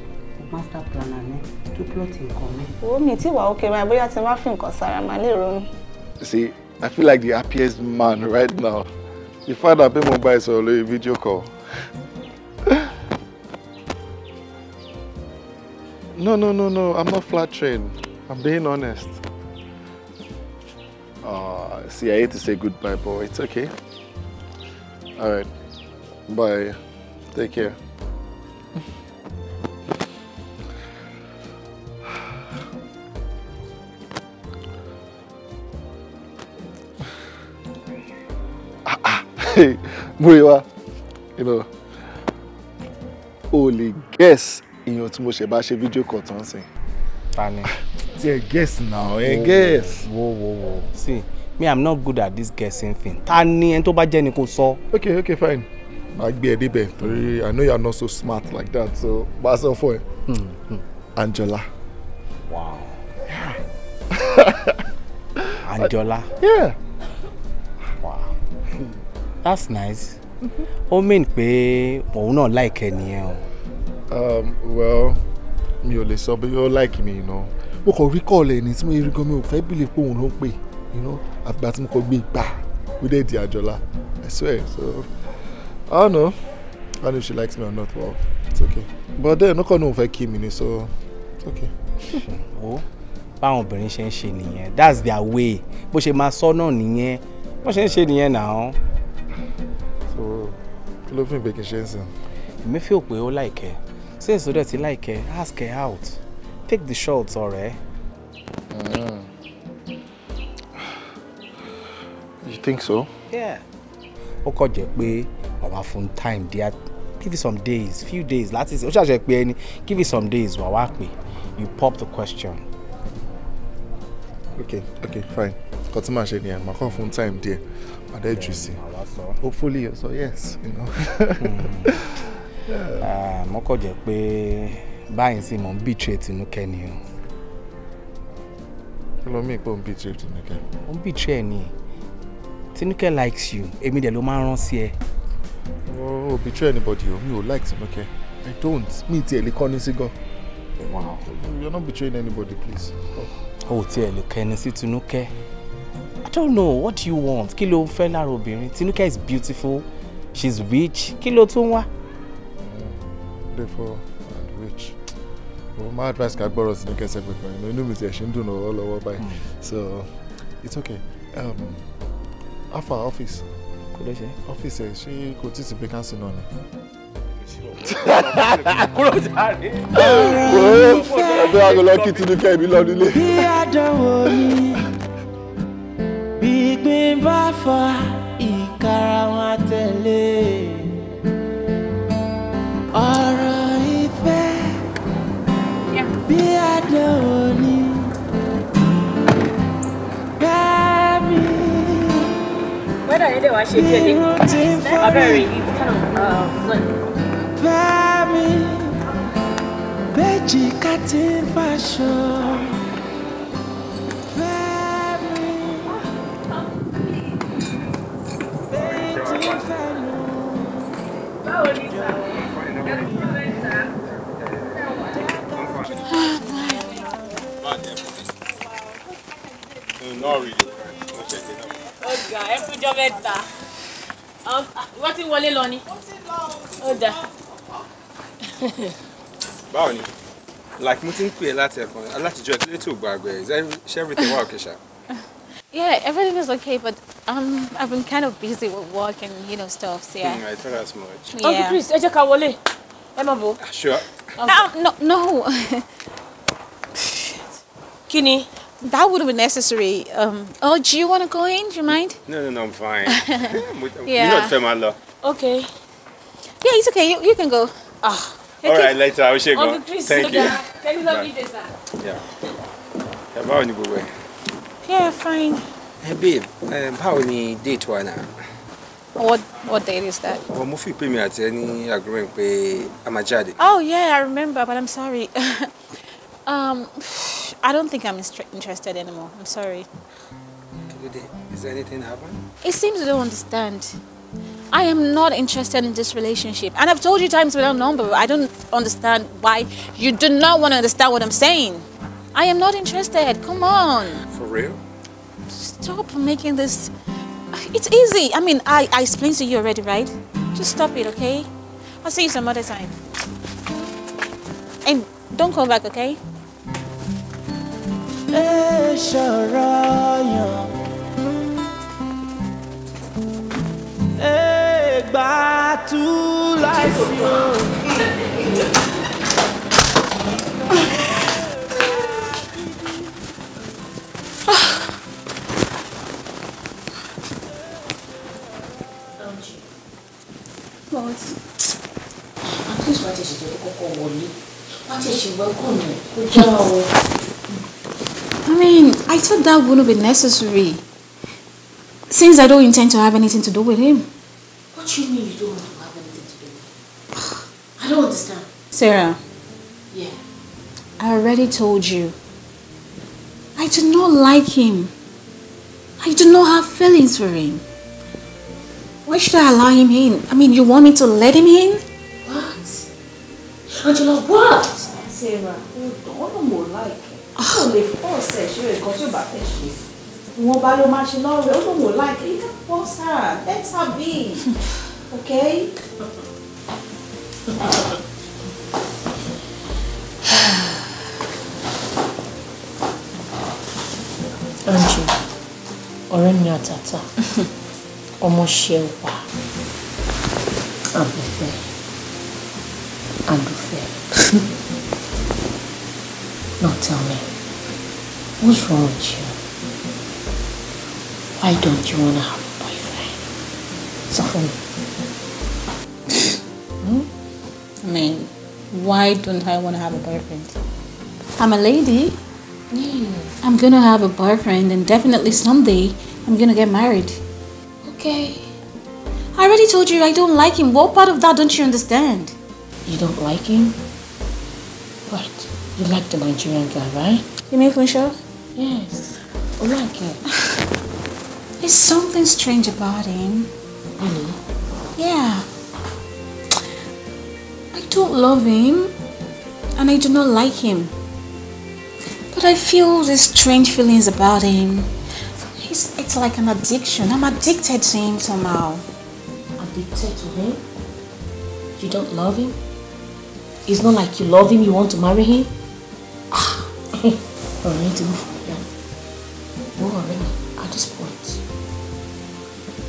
master plan alẹ́ tó plot nǹkan mi. owó mi ti wà òkè báyìí bóyá tí n bá fi nǹkan sára màá see i feel like the happiest man right now the fact that pé mo bá ẹ sọ̀rọ̀ call. no no no no i'm not flattering i'm being honest. Uh, see, I hate to say goodbye, but it's okay. All right. Bye. Take care. múre wá o lè guess èèyàn tí mo ṣe bá ṣe fídíò kan tán sí. ta ni. ti ẹ guess now ẹ guess. wo wo wo see me i'm not good at this guessing thing ta ni ẹni tó bá jẹ́ ni kò sọ. ok ok fine màá gbé ẹ débẹ̀ torí i know you are not so smart like that so màá sọ fún ẹ. Hmm, hmm. Angela. wow. Yeah. Angela. yeah that's nice mm-hmm. ó mean pé òun náà like ẹ nìyẹn o. Um, well mi ò lè sọ bí ó like mi iná mo kàn rí kọ́ọ̀lù ẹni tí mo rí gan mi ò fẹ́ believe pé òun ló ń pè àgbà tí mo kàn gbé gbà wílé di àjọlá i swear so i don't know i don't know if she likes me or not well it's okay but then nǹkan náà ò fẹ́ kí mi ni so it's okay. o báwọn obìnrin ṣe ń ṣe nìyẹn that's their way bó ṣe máa sọ náà nìyẹn bó ṣe ń ṣe nìyẹn náà so kí ló fi ń pè kí n ṣe ń sìn. èmi fi òpè ó láìkẹ́ since ó dẹ̀ ti láìkẹ́ ask her out take the shot ọ̀rẹ́. Mm. you think so. yeah. ó kọ̀ jẹ́ pé wàá fún time díẹ̀ give you some days few days láti ṣe ó ṣàṣẹ pé ẹni give you some days wàá wá pè you pop the question. okay okay fine kò tí màá ṣe nìyẹn màá kàn fún time díẹ̀ adẹ́jùsí hopefully you so yes you know. Hmm. Ah, mo kàn jẹ́ pé báyìí sì mò ń bìtìrẹ Tinúkẹ́ ni o. kí ló mìíràn pé ó ń bìtìrẹ Tinúkẹ́. ó ń bìtìrẹ ni Tinúkẹ́ likes you Emi de lo máa ń rán sí ẹ. o bìtìrẹ anybody o mi ò like Tinúkẹ́ i don't Me tiẹ̀ lè koni sí gan. wow You're not betraying anybody please. o tiẹ̀ lè kẹ́ni sí Tinúkẹ́. Oh don't know what you want kí ló fẹ́ lára obìnrin Tinúkẹ́ is beautiful she is rich kí ló tún wá. beautiful and rich well my advice ka gbọ́rọ̀ Tinúkẹ́ sẹ́pẹ̀ kan you know inú mi ti ẹ̀ ṣe ń dùn lọ́wọ́ lọ́wọ́ báyìí hmm. so it's okay um, afa office kò lè ṣe office ẹ̀ ṣé kò tí ì sí vacancy náà ni kúrò jáde. kúrò jáde. bí a ni bí n bá fa ìkara wọn tẹ̀lé. ọ̀rọ̀ ìfẹ́ bí àdánwò ni. Whether you do what she did, it's very, kind of, uh, bẹ́ẹ̀jì ká ti ń fàṣọ. ọgá ẹ fúnjọ mẹ́ta um, wọ́n ti wọlé lọ ni ó dà. báwo ni like mo ti ń pè é láti ẹ̀kan látijọ́ ìdílé tó gbàgbé ṣẹ́fìtì wà òkè ṣáà. Yeah, everything is okay, but um, I've been kind of busy with work and you know stuff. So yeah. Mm, I thought as much. Yeah. Uncle Chris, ẹ jẹ́ ká bọ̀. Ah, sure. Okay. Um, ah. No, no. Kí That would have been necessary. Um, oh, do you want to go in? Do you mind? No, no, no, I'm fine. yeah. You're not Femala. Okay. Yeah, it's okay. You, you can go. Ah. Okay. All right, later. I wish share. Uncle thank you. Thank you, lovely day, yeah, fine. Hey babe, How um, many date were there? What what date is that? Well, Mufi pè mí àti ẹni agreement pé Amajadi. Oh yeah, I remember, but I'm sorry. um, I don't think I'm interested anymore. I'm sorry. Is there anything happening? It seems you don't understand. I am not interested in this relationship. And I've told you times without number, I don't understand why you do not want to understand what I'm saying. I am not interested. Come on. For real? Stop making this. It's easy. I mean, I, I explained to you already, right? Just stop it, okay? I'll see you some other time. And don't come back, okay? I mean, I thought that wouldn't be necessary since I don't intend to have anything to do with him. What do you mean you don't want to have anything to do with him? I don't understand. Sarah. Yeah. I already told you. I do not like him. I do not have feelings for him. Why should I allow him in? I mean, you want me to let him in? Angela, what? Sarah, hold on, mo like it. Ó lè force ẹ̀ ṣe nǹkan tí ò bá fẹ́ ṣe. Ìwọ̀n bá ló máa ṣe lọ́rẹ̀, ó lóun ò like it. You force her, let her be. Okay? Anjo, ọ̀rẹ́ mi àtàtà, ọmọ ṣe ọ̀pá, àbùkù. and Rufe. now tell me, what's wrong with you? Why don't you want to have a boyfriend? Suffer me. hmm? I mean, why don't I want to have a boyfriend? I'm a lady. I'm gonna have a boyfriend and definitely someday I'm gonna get married. Okay. I already told you I don't like him. What part of that don't you understand? You don't like him? But you like the Nigerian guy, right? You mean Funsho? Yes. I like it. There's something strange about him. Really? Yeah. I don't love him and I do not like him. But I feel these strange feelings about him. It's, it's like an addiction. I'm addicted to him somehow. Addicted to him? You don't love him? It's not like you love him, you want to marry him. I ah, need to move for him. ọ̀rẹ́ mi at this point.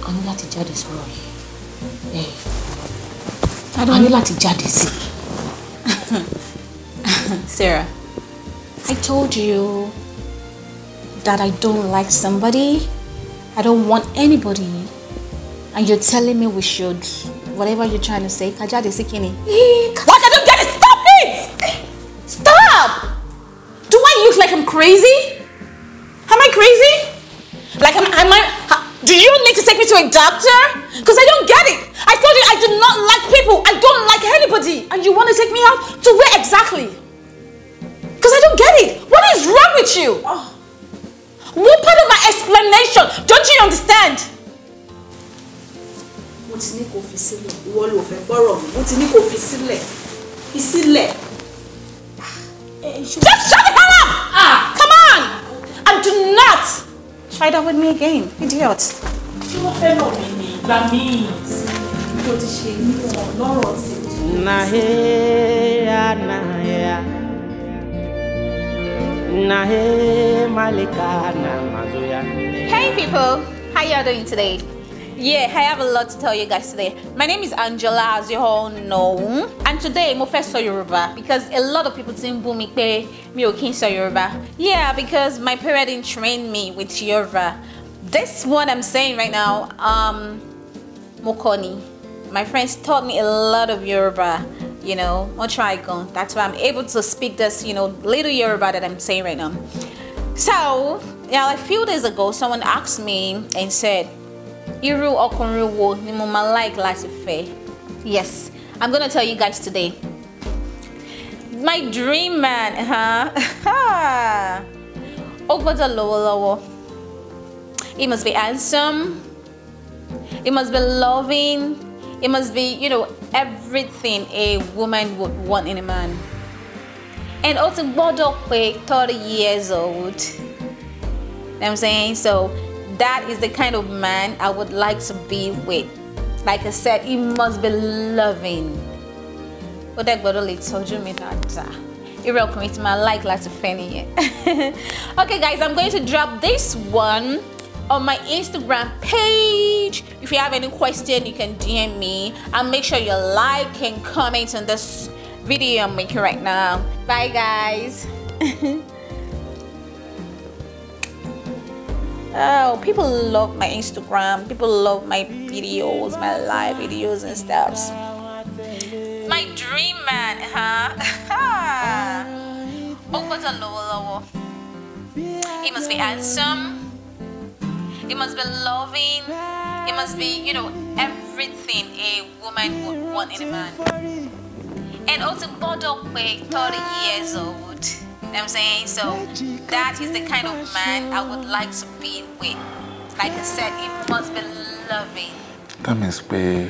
A ní láti jáde sọ̀rọ̀ yìí. A ní to judge this. Sarah, I told you that I don't like somebody. I don't want anybody. And you're telling me we should whatever you're trying to say. Kajade Sikini. I do not get it? Stop it! Stop! Do I look like I'm crazy? Am I crazy? Like, am, am I... Do you need to take me to a doctor? Because I don't get it. I told you I do not like people. I don't like anybody. And you want to take me out? To where exactly? Because I don't get it. What is wrong with you? Oh. What part of my explanation don't you understand? ti ní kó fi sílẹ̀ ìwọ ló fẹ́ gbọ́rọ̀ mi mo ti ní kó fi sílẹ̀ fi sílẹ̀. Eh, just shut the hell up ah. come on and do not try that with me again idiot. Hey people, how y'all doing today? Yeah, I have a lot to tell you guys today. My name is Angela, as you all know. And today, I'm first sọ Yorùbá because a lot of people think ń bú mi pé sọ Yorùbá. Yeah, because my parents didn't train me with Yorùbá. This one I'm saying right now, um, mo My friends taught me a lot of Yorùbá, you know, or try That's why I'm able to speak this, you know, little Yorùbá that I'm saying right now. So, yeah, a few days ago, someone asked me and said, irú ọkùnrin wo ni mo máa like láti fẹ́ yes i'm gonna tell you guys today my dream man ó gbọ́dọ̀ lọ́wọ́lọ́wọ́ he must be handsome he must be loving he must be you know everything a woman would want in a man and also, ti gbọ́dọ̀ thirty years old you know what i'm saying so that is the kind of man I would like to be with. Like I said, he must be loving. Ó dẹ̀ gbọ́dọ̀ you me that. Uh, you Irú ọkùnrin to my like láti fẹ́ nìyẹn. Okay guys, I'm going to drop this one on my Instagram page. If you have any question, you can DM me. And make sure you like and comment on this video I'm making right now. Bye guys. Oh, people love my Instagram. People love my videos, my live videos and stuff. My dream man, huh? oh, what a low, low? He must be handsome. He must be loving. He must be, you know, everything a woman would want in a man. And also, God, 30 years old. what I'm saying? So that is the kind of man I would like to be with. Like I said, he must be loving. That means pé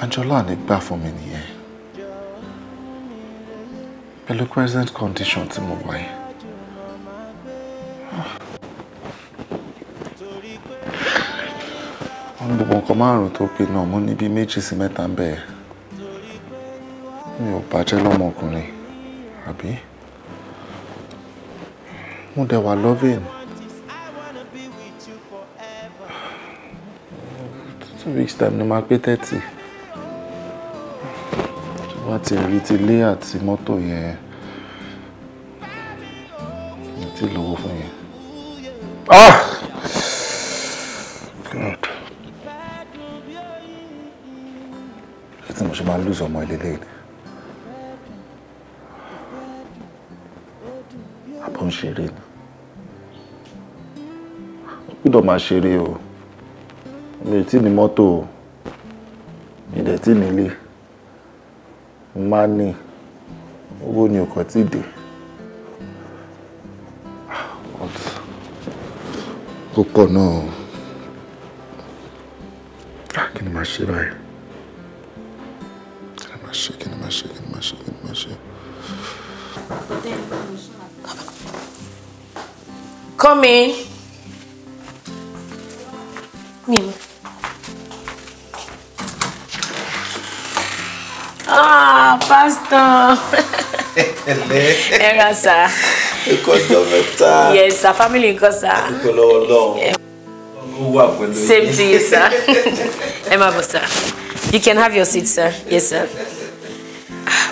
Anjola ní gbà fún mi nìyẹn. Pẹ̀lú present condition tí mo wà yìí. Wọ́n ní gbogbo nǹkan márùn-ún tó pé náà mo ní bíi méjì sí mẹ́ta ń bẹ̀. Mi ò bàjẹ́ lọ́mọkùnrin àbí mo dẹ̀ wà loving. two weeks time ni màá pé thirty wá ti rí ti lé àti mọ́tò yẹn mi ti lówó fún yẹn. ah god ṣé tí mo ṣe máa lùzọ̀ ọmọ ilé lẹ́yìn. bó ń ṣeré ni ó gbọ́dọ̀ máa ṣeré o mi ò tí ní mọ́tò o mi dẹ̀ tí nílé má ní owó ni ò kàn tí dé ó pọ̀ náà kí ni màá ṣe báyìí kí ni màá ṣe kí ni màá ṣe kí ni màá ṣe comer. Mima. Ah, pastor. é engraçado. E quando me tá. E essa família é engraçada. E quando eu dou. Same to you, sir. I'm a sir. You can have your seat, sir. Yes, sir.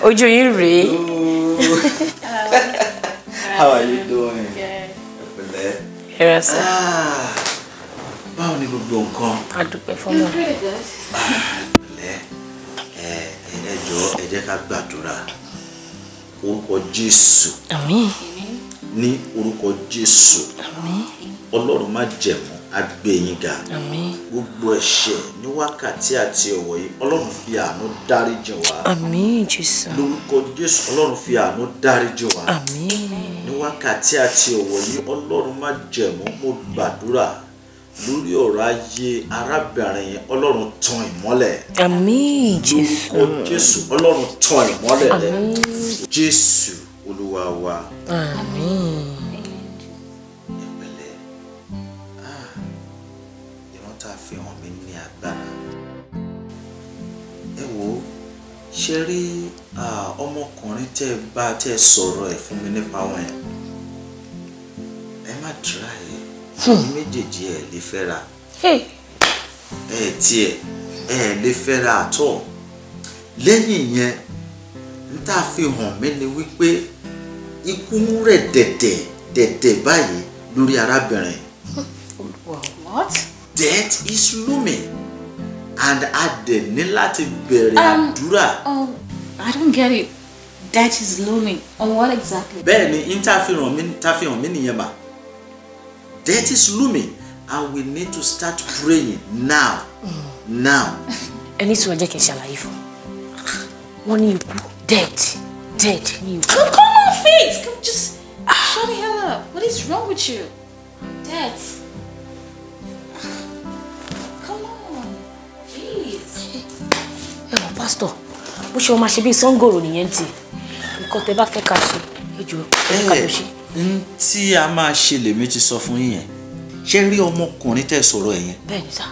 Ojo, you Hello. How are you doing? ẹ̀rẹ̀ sẹ́. Ah, báwo ni gbogbo nǹkan. a dúpẹ́ fọlọ́. ẹ ẹ jọ ẹ jẹ́ ká gbàdúrà orúkọ jésù. àmín. ní orúkọ jésù. àmín. ọlọ́run má jẹ̀mú agbẹ̀yìn ga gbogbo ẹ̀ṣẹ̀ ní wákàtí àti ọ̀wọ̀ yìí ọlọ́run fi àánú dáríjì wá lórúkọ jésù ọlọ́run fi àánú dáríjì wá ní wákàtí àti ọ̀wọ̀ yìí ọlọ́run má jẹ̀mọ́ mo gbàdúrà lórí ọ̀rọ̀ ayé arábìnrin yẹn ọlọ́run tan ìmọ́lẹ̀. àmín jésù lórúkọ jésù ọlọ́run tan ìmọ́lẹ̀ rẹ̀ jésù olúwa wa. àmín. ṣe rí ọmọkùnrin tẹ́ ẹ bá tẹ́ ẹ sọ̀rọ̀ ẹ̀ fún mi nípa wọn hmm. ẹ̀ ẹ má dìrà ẹ̀ ẹ̀yin méjèèjì ẹ̀ lè fẹ́ra ẹ̀ tiẹ̀ ẹ̀ lè fẹ́ra àtọ̀ lẹ́yìn yẹn n tá a fi hàn mí ni wípé ikú ń rẹ̀ dẹ̀dẹ̀ báyìí lórí arábìnrin. Hmm. What? Death is looming and a dẹ̀ ní láti bẹ̀rẹ̀ um, àdúrà. Um, I don't get it that is looming on what exactly. bẹ́ẹ̀ni interfihàn mi interfihàn mi nìyẹn ma that is looming and we need to start praying now now. ẹni tí wọ́n jẹ́ kí n ṣàlàyé fún wọn ní ikú dead dead ní ikú. come on faith come just ah. shut the hell up what is wrong with you death. Pastor, bó ṣe wọn máa ṣe bíi sangoro nìyẹn ti nǹkan tẹ bá fẹ́ ká ṣe ẹjọ́ ẹ ká lọ ṣe. n tí a máa ṣe lèmi ti sọ fún yín ṣé rí ọmọkùnrin tẹ sọ̀rọ̀ ẹ yẹn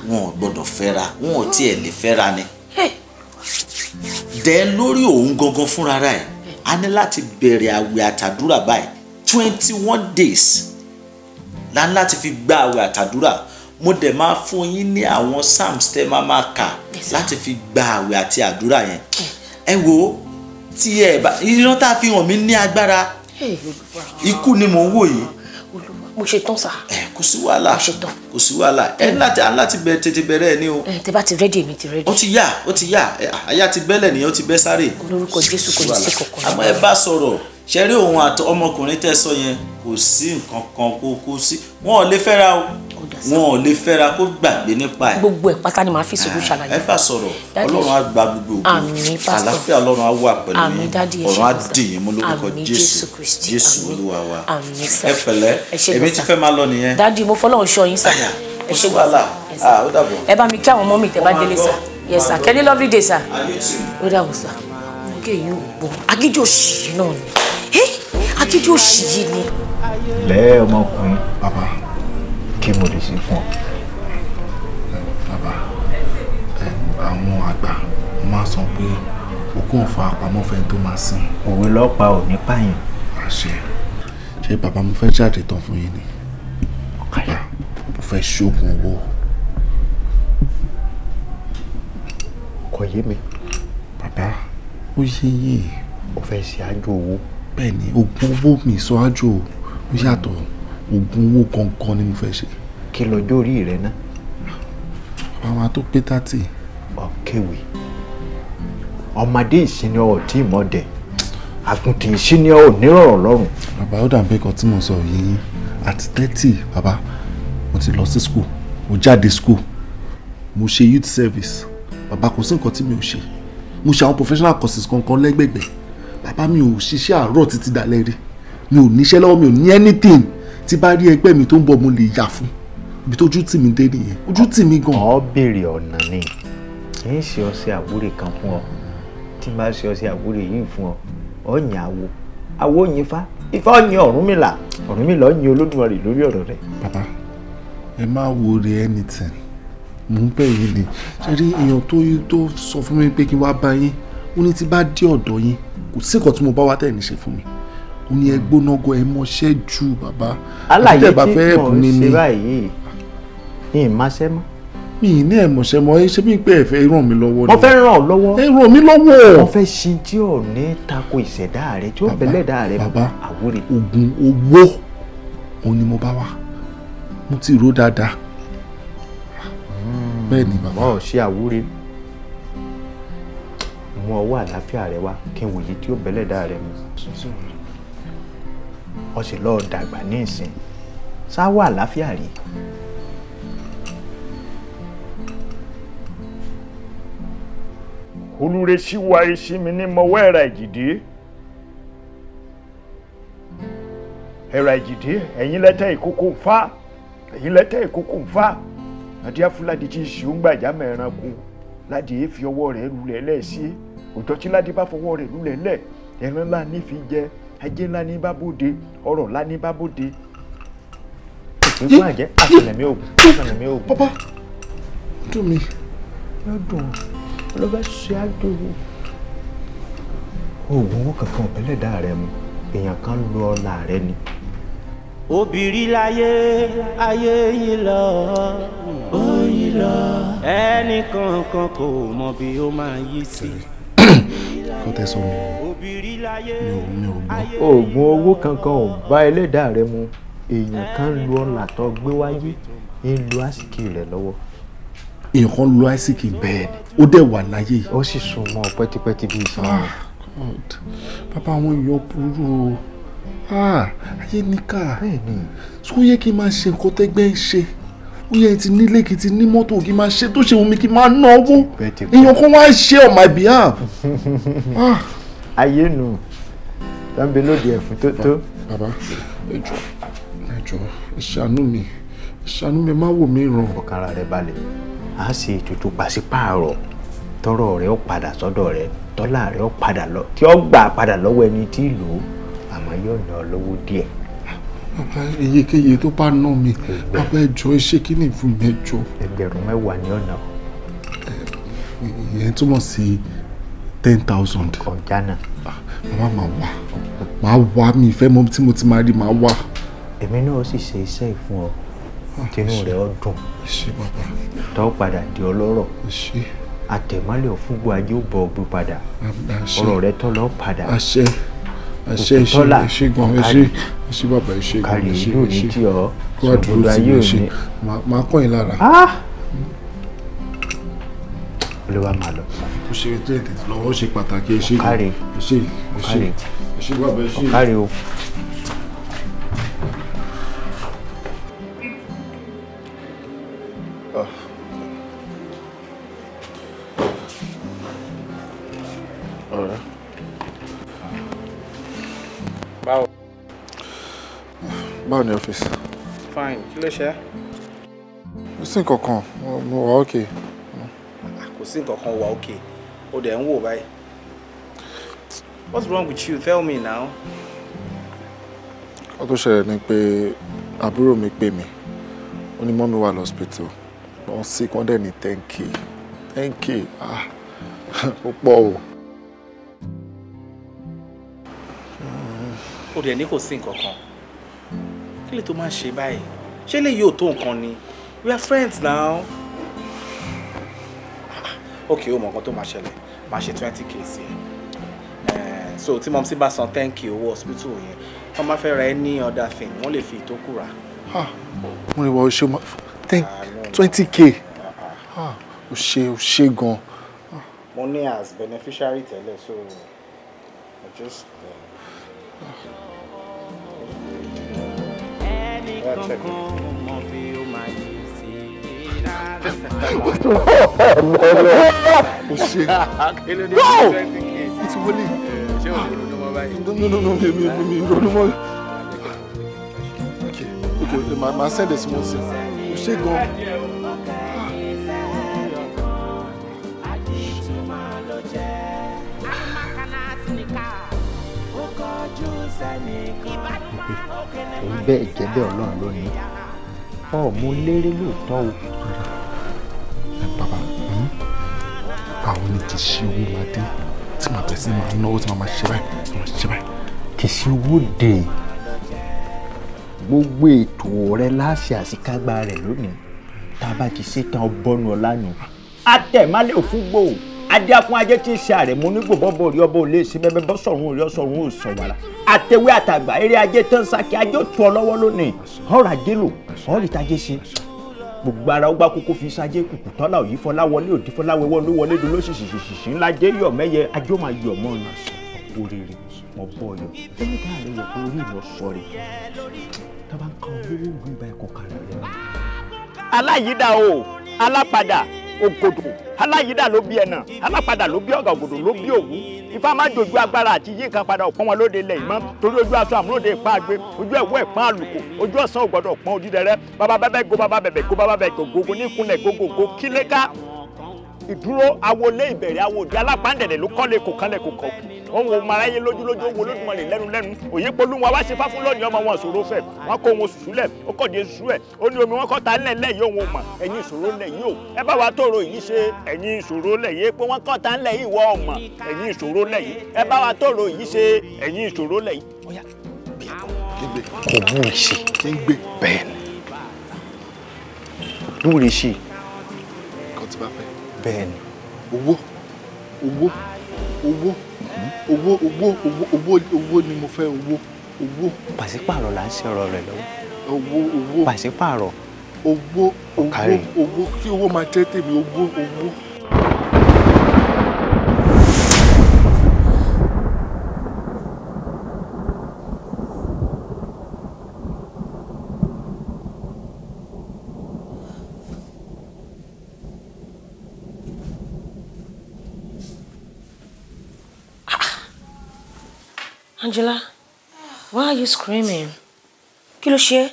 wọn ò gbọ́dọ̀ fẹ́ra wọn ò tiẹ̀ lè fẹ́ra ni dẹ lórí òun gangan fúnra rẹ̀ a ní láti bẹ̀rẹ̀ àwẹ̀ àtàdúrà báyìí twenty one days la ní láti fi gba àwẹ̀ àtàdúrà mo dẹ̀ máa fún yín ní àwọn psalms tẹ́ máa máa kà láti fi gba àwẹ̀ àti àdúrà yẹn ẹ wo tí ẹ bá iná tá a fi hàn mí ní agbára ikú ni mò ń wò yìí mo ṣe tán sá. ẹ kò sí wàhálà kò sí wàhálà ẹ láti láti bẹ tètè bẹ̀rẹ̀ ẹ ní o. ẹ tẹ bá ti rẹ́dì èmi ti rẹ́dì. ó ti yá ó ti yá àyà ti bẹ́lẹ̀ nìyẹn ó ti bẹ́ sáré. olórúkọ jésù kò ní sí kọ̀ọ̀kan. àmọ́ ẹ bá sọ̀rọ̀ ṣe òun àti ọmọkùnrin tẹ́ sọ yẹn kò sí nǹkan kan kó kó sí wọn ò lè fẹ́ra o wọn ò lè fẹ́ra kó gbàgbé nípa ẹ̀. gbogbo ẹ̀ pátá ni màá fi sùúrù ah, ṣàlàyé. ẹ fà sọ̀rọ̀ ọlọ́run á gba gbogbo ògo àlàáfíà ọlọ́run á wà pẹ̀lú yín ọ̀run á dì yín mú lórúkọ jésù jésù olúwa wa ẹ pẹ̀lẹ́ èmi ti fẹ́ máa lọ nìyẹn. dádì mo fọlọ́run ṣọ́ yín sà ẹ ṣe wàhálà ah, ó dàbọ̀. ẹ bá mi kí àwọn ọmọ mi tẹ́ bá délé sà yes sà kẹ́lí lovely lẹ́ẹ̀ ọmọkùnrin bàbá kí mo lè ṣe fún ọ. bàbá àwọn àgbà máa sọ pé òkú ọ̀fà àpamọ́ fẹ́ tó máa sìn. òwe lọ́pàá ò ní pààyàn. àṣẹ ṣé bàbá mo fẹ́ jáde tán fún yín ni bàbá mo fẹ́ ṣoògùn owó. kò yé mi. bàbá ó yé yìí. o fẹ́ ṣe àjò owó. bẹ́ẹ̀ ni oògùn owó mi sọ àjò ó yàtọ̀. Mm -hmm oògùn owó kankan ni mo fẹ́ ṣe. kí lọ́jọ́ orí rẹ ná. bàbá tó pé tàtì. ọ̀kẹ́wì ọmọdé ìsinmi ọ̀tí ìmọ̀dẹ̀ àgùntàn ìsinmi onírọ̀rọ̀ lọ́rùn. bàbá ó dàbí kan tí mo sọ yìí àti thirty bàbá mo ti lọ sí school mo jáde school mo ṣe youth service bàbá kò sí nǹkan tí mi ò ṣe mo ṣe àwọn professional courses kankan lẹ́gbẹ̀gbẹ̀ bàbá mi ò ṣiṣẹ́ àárọ̀ títí dalẹ́ rí mi ò níṣẹ́ lọ́wọ́ mi ò ní anything tí bá rí ẹgbẹ́ mi tó ń bọ̀ mo lè yà fún ibi tó ojú tì mí dé nìyẹn ojú tì mí gan. ọ béèrè ọ̀nà ni kì í ṣe ọṣẹ àwúrè kan fún ọ tí n bá ṣe ọṣẹ àwúrè yìí fún ọ ọ yàn àwo àwo yìn fa ifá yìn Ọ̀rúnmìlà Ọ̀rúnmìlà ọ yìn Olódùmarè lórí ọ̀rọ̀ rẹ. bàbá ẹ má wo re anything mò ń bẹ̀ yín ni ṣe rí èèyàn tó sọ fún mi pé kí n wá bá yín ó ní tí bá dé ọ̀dọ̀ yín kò sí nǹkan tí mo bá wá tẹ̀ ní ṣe fún mi ó ní ẹ gbónágọ ẹ mọṣẹ́ jù bàbá àti tẹ́ bá fẹ́ ẹ̀bùn ni mi. àlàyé tí mò ń ṣe báyìí ní ìmáṣẹ́ mọ́ mi ní ẹ̀mọ̀ṣẹ́ mọ ẹ ṣe bí pé ẹ fẹ́ ràn mí lọ́wọ́ ni. mo fẹ́ ràn ọ́ lọ́wọ́. ẹ ràn mí lọ́wọ́. mo fẹ́ ṣe tí ò ní tako ìṣẹ̀dá rẹ tí ó bẹ̀lẹ̀dá rẹ bàbá àwòrè. oògùn owó òun ni mo bá wá mo ti rò dáadáa. Hmm. bẹ́ẹ̀ ni bàbá. wọn ò ṣe àwúre mú ọwọ́ àlàáfíà rẹ wá kí n wòye tí ó bẹ̀lẹ̀dá rẹ mu wọ́n sì lọ́ọ́ dàgbà ní ìsìn sá wà láfíà rí. olùrè wa esi mi ní mọ̀wọ́ ẹ̀rà ìjìdí ẹ̀rà ìjìdí ẹ̀yin lẹ́tẹ̀ ìkókó ń fa ẹ̀yin lẹ́tẹ̀ ìkókó ń fa nàdí afúládì tí ìsì ń gbàjá mẹ́ranko ládì èéfì ọwọ́ rẹ̀ lulẹ̀ lẹ́ẹ̀sí òjò tí ládì bá fọwọ́ rẹ̀ lulẹ̀ lẹ̀ ẹran ńlá nífi jẹ́ ajé ńlá ní bábòde ọrọ̀ ńlá ní bábòde ìpínpín àjẹ́ àtẹnẹ̀mí ògùn àtẹnẹ̀mí ògùn. bàbá dùn mí. yóò dùn ló bá ṣe àjòwò. oògùn owó kankan ọ̀bẹ́lẹ̀dá rẹ mu èèyàn kan lo ọlá rẹ ni. obìnrin láyé ayé yìí lọ ó yìí lọ ẹnì kankan kò mọ bí ó máa yí sí. kó tẹ sọ mi oògùn owó kankan ò bá ẹlẹ́dàá rẹ mu èèyàn kan lu ọ̀là tó gbé wáyé ń lu àsìkò rẹ lọ́wọ́. èèyàn lu àsìkò bẹ́ẹ̀ ni ó dẹ̀ wà láyé. ó sì sún mọ́ pẹ́tipẹ́ti bíi ìsìn. Ah, bàbá wọn yọ burú o ah, ayé níkà tó yẹ kí n máa ṣe nǹkan tẹ́gbẹ́ ń ṣe ó yẹ ti nílé kí ti ní mọ́tò kí n máa ṣe tó ṣe omi kí n máa náwó èèyàn kan wá ṣe on my behalf. ayé nù tó ń bẹ lóde ẹ̀fún tó tó. bàbá ẹjọ ẹjọ ìṣàánú mi ìṣàánú mi má wò mí ràn. ọkàrà rẹ balẹ̀ a ṣe ètùtù pàṣípààrọ̀ tọrọ rẹ ó padà sọ́dọ̀ rẹ tọ́lá rẹ ó padà lọ tí ó gbà padà lọ́wọ́ ẹni tí ì lò ó àmọ́ yóò ná ọ papa díẹ̀ bàbá iyekeye tó bá ná mi bàbá ẹjọ ṣé kí ni fún mi ẹjọ. ẹgbẹ̀rún mẹ́wàá ni ọ̀nà. ìyẹn túmọ̀ sí ten thousand. ọjà náà. Ah, màmá màá wà màá wà mí ìfẹ́ mọ́ tí mo ti máa rí màá wà. èmi náà ó sì ṣe iṣẹ́ ìfún ọ ah, tinú rẹ̀ ó dùn tọ́ padà di ọlọ́rọ̀ àtẹ̀mọ́lẹ̀ òfúgbò ajé ó bọ̀ ọ̀gbìn padà ọ̀rọ̀ rẹ̀ tọ́ lọ padà òkútọ́là ọ̀kadì kàrí ìlú ní tí ọ sọ̀gbọ́dọ̀ ayé òní. máa kọ́ yín lára. Ah! ló wá máa lọ. ó ṣe tó ètè lọ́wọ́ ó ṣe pàtàkì ẹṣẹ́ ọ̀kárì ẹṣẹ́ ẹṣẹ́ ẹṣẹ́ bàbá ẹṣẹ́ o. Ah. Báwo? Báwo ni ọ́fíìsì? Fine, kí ló ṣe? Ó sì ń kankan, mo wà ókè. Okay kò sí nǹkan kan wà òkè ó dẹ̀ ń wò báyìí. what's wrong with you tell me now. ó tó ṣẹlẹ̀ ni pé àbúrò mi pè mí ó ní mọ́mí wà lọ́sípítù wọ́n sì kán dẹ̀ ní ten k ten k ah ó pọ̀ o. ó dẹ̀ ní kò sí nǹkan kan kí lè tó máa ṣe báyìí ṣé lè yóò tó nǹkan ni we are friends now. Okay, o mọ nǹkan tó máa ṣẹlẹ̀ máa ṣe twenty k sí ẹ so tí mọ̀mísí bá san ten k owó hospital yẹn wọ́n máa fẹ́ ra ẹ other thing wọ́n lè fi ìtókù rà. mo rí wọ oṣù ten ah, twenty k o ṣe o ṣe gan. mo ní as beneficiary tẹ́lẹ̀ so i just. Uh, yeah, check it o ṣe yóò o ti wọlé no no no mi mi mi ronú mọ́ ok ok màá sẹ́ndẹ̀ sí wọn sí o ṣe gan-an. bẹ́ẹ̀ jẹ́ bẹ́ẹ̀ ọlọ́run lónìí ọ̀ mú lérè lóòótọ́ o. tí ṣe owó máa dé tí màá bẹ̀rẹ̀ sí máa náwó tí màá máa ṣe báyìí tí màá ṣe báyìí. kì í ṣe owó dè gbogbo ètò rẹ láṣẹ àṣekágbá rẹ lónìí tá a bá ti ṣetán ọbọnu ọlánu àtẹ̀málẹ̀ òfúgbò adéakun ajé tí ń ṣe àrẹ̀mú onígbò bọ́bọ̀ orí ọbọ̀ olè ṣe bẹ́ẹ̀ bọ́ sọ̀run orí ọ̀sọ̀run ò sọ̀ wàrà àtẹ̀wé àtàgbà eré ajé tán sákì ajé ò tó ọ lọ́wọ́ lónìí ọ̀rọ̀ ajé lò ṣe gbogbo ara ó gbá kókó fi sájé kùkù tọ́lá òyì fọláwọlé òdì fọláwẹwọ ló wọlé dúró ṣìṣìṣìṣì ńlá jẹ yọ mẹyẹ ajó máa yọ mọ ọ̀nà sọ oríire mọ bọyọ ẹni tá a lè yọ pé orí ìlọ rẹ tá ń ka owó ìgbà ẹ̀kọ́ kára rẹ. aláyídà o alápadà ògòdò aláyídà ló bí ẹnà alápadà ló bí ọ̀gá ògòdò ló bí òwú ifá má dojú agbára àti yí nǹkan padà ọ̀pọ̀ wọn lóde ilẹ̀ ìmọ̀ torí ojú aṣọ àmúlòdè ìpá agbe ojú ẹ̀wọ́ ìpá àlùkò ojú ọ̀sán ògbọ́dọ̀ pọ́n ojú dẹrẹ́ bàbá bẹ́bẹ́ go bàbá bẹ̀bẹ̀ go bàbá bẹ̀ gògógó níkunlẹ̀ gógógó kílé ìdúró awolé ìbẹ̀rẹ̀ awòdì alápáǹdẹ̀dẹ̀ ló kọ́lé kò kánlẹ̀ kò kọ̀ òun òun maráyé lójúlójú owó olódùmarè lẹ́nu lẹ́nu òye polúwa wá ṣe fáfún lónìí ọmọ wọn ìṣòro fẹ̀ wọn kó wọn ṣùṣù lẹ̀ ó kọ̀ díẹ̀ ṣùṣù ẹ̀ ó ní omi wọn kọ́ ta ńlẹ̀ lẹ́yìn òun ọmọ ẹ̀yin ìṣòro lẹ̀ yìí o ẹ bá wa tóró yìí ṣe ẹ̀yin ìṣòro lẹ̀ yìí pé wọ́n kọ́ ta ńlẹ̀ yìí wọ ọmọ ẹ̀yin ìṣòro lẹ̀ yìí ẹ bá wa tóró yìí ṣe ẹ̀yin ìṣòro lẹ̀ yìí bẹ́ẹ̀ni owó owó owó owó owó owó owó ni mo fẹ́ owó owó. pàṣípààrọ̀ là ń ṣe ọ̀rọ̀ rẹ̀ lọ́wọ́. owó owó pàṣípààrọ̀. owó owó owó kí owó máa jẹ́ tèmi owó owó. Angela, why are you screaming? Kí ló ṣe?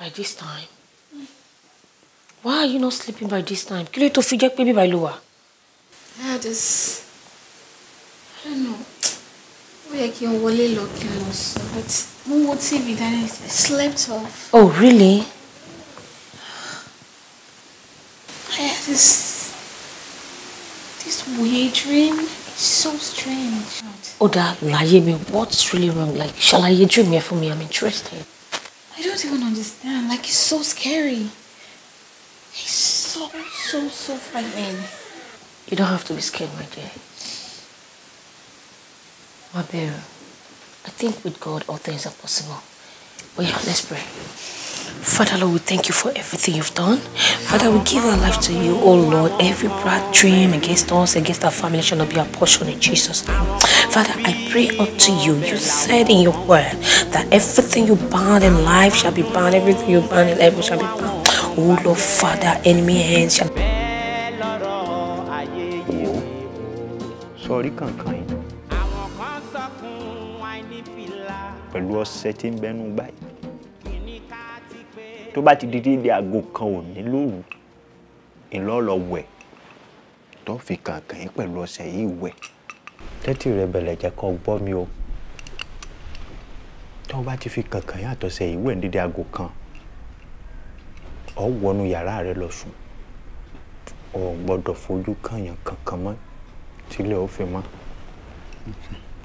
By this time? Why are you not sleeping by this time? Kí ló tó fi jẹ́ pé bí báyìí ló wà? I just... I don't know. Ó yẹ kí n wọlé lọ kí n lọ sùn, but mo wo TV dání, I slept off. Oh, really? I just... This weird dream is so strange. Oda, Layemi, what's really wrong? Like, shall I dream here for me? I'm interested. I don't even understand. Like, it's so scary. It's so, so, so frightening. You don't have to be scared, my dear. My dear, I think with God all things are possible. But yeah, let's pray. Father, Lord, we thank you for everything you've done. Father, we give our life to you, oh Lord. Every bad dream against us, against our family shall not be a portion in Jesus' name. Father, I pray unto you. You said in your word that everything you bind in life shall be bound. Everything you bind in heaven shall be bound. Oh Lord, Father, enemy hands shall be sọrí kankan yìí But was setting bẹnu báyìí tó bá ti di dédé aago kan òní lóru ìlọ́lọ́ wẹ̀ tó fi kàǹkàn yín pẹ̀lú ọṣẹ yìí wẹ̀. tẹ́tí rẹ bẹ̀lẹ̀ jẹ́ kó gbọ́ mi o tó bá ti fi kàǹkàn yín àtọ̀ṣẹ yìí wẹ̀ ní aago kan ọ̀ wọnú yàrá rẹ lọ sùn ọ̀ gbọ́dọ̀ fojú kàyàn kankan mọ́ tílẹ̀ ó fi mọ́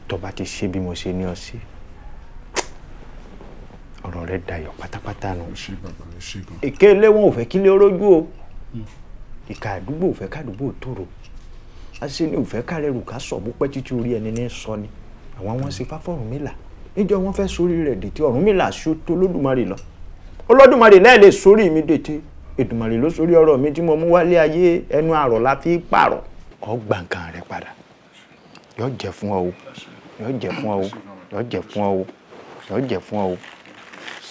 tó bá ti ṣe bí mo ṣe ní ọ sí. Si ọ̀rọ̀ rẹ dayọ̀ pátápátá nu èké léwọn ò fẹ́ kí lé rójú o ìka àdúgbò ò fẹ́ kádùgbò tòrò àṣìṣe ni ò fẹ́ kárẹ̀rù ká sọ̀ bó pẹ́ títí orí ẹni ní sọ ni àwọn wọn ṣe fáfọ̀rúnmìlà níjọ wọn fẹ́ sórí rẹ̀ dètè Ọ̀rúnmìlà aṣọ tó lódùmarè lọ olódùmarè náà lè sórí mi dètè Èdùmàrè ló sórí ọ̀rọ̀ mi tí mo mú wálé ayé ẹnu àrọ̀ la fi pààrọ̀ ọgbà nǹkan rẹ padà yóò jẹ fún ọ o yóò jẹ fún ọ o yóò jẹ fún ọ o yóò jẹ fún ọ o.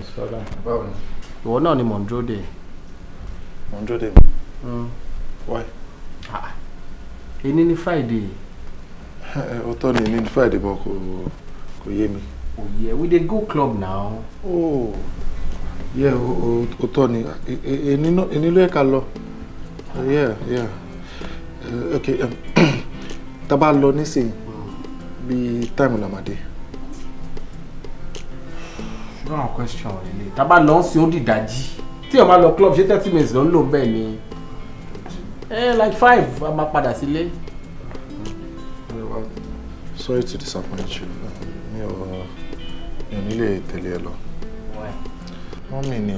kò sí problem. báwo ni. ìwọ náà ni mò ń dúró dè. Hmm. why. èyí ah. ni friday. Eh, ó tọ́ ni ní friday bọ́ kò kò yé mi. oh yeah we dey go club now. oh yeah ó tọ́ ni èyí e, e, ló yẹ ká lọ. yeah yeah uh, okay tá a bá lọ nísìnyí bíi táìmù làmàdé wrong question ilé tá a bá lọ sí ó dìdájí tí club ṣé thirty minutes ló ń lò bẹ́ẹ̀ eh like five a máa sorry to disappoint you mi ò mi ò nílé tẹ̀lé ẹ lọ. wọ́n ni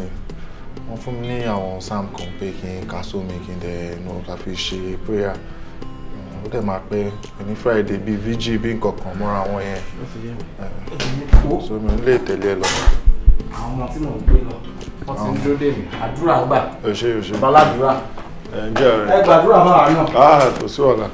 wọ́n fún sam kan pé kí n kà sómi kí n dẹ̀ nu ká prayer ó dẹ̀ máa pẹ́ ní friday bíi vg bíi nǹkan kan mọ́ra wọn yẹn eh, so mi ò nílé tẹ̀lé ẹ àwọn ọmọ tí mò ń gbé lọ wọ́n ti ń dúró dè mí àdúrà gbà babaládùúrà ẹ gbàdúrà máa náà. Ah, kò sí ọ̀la.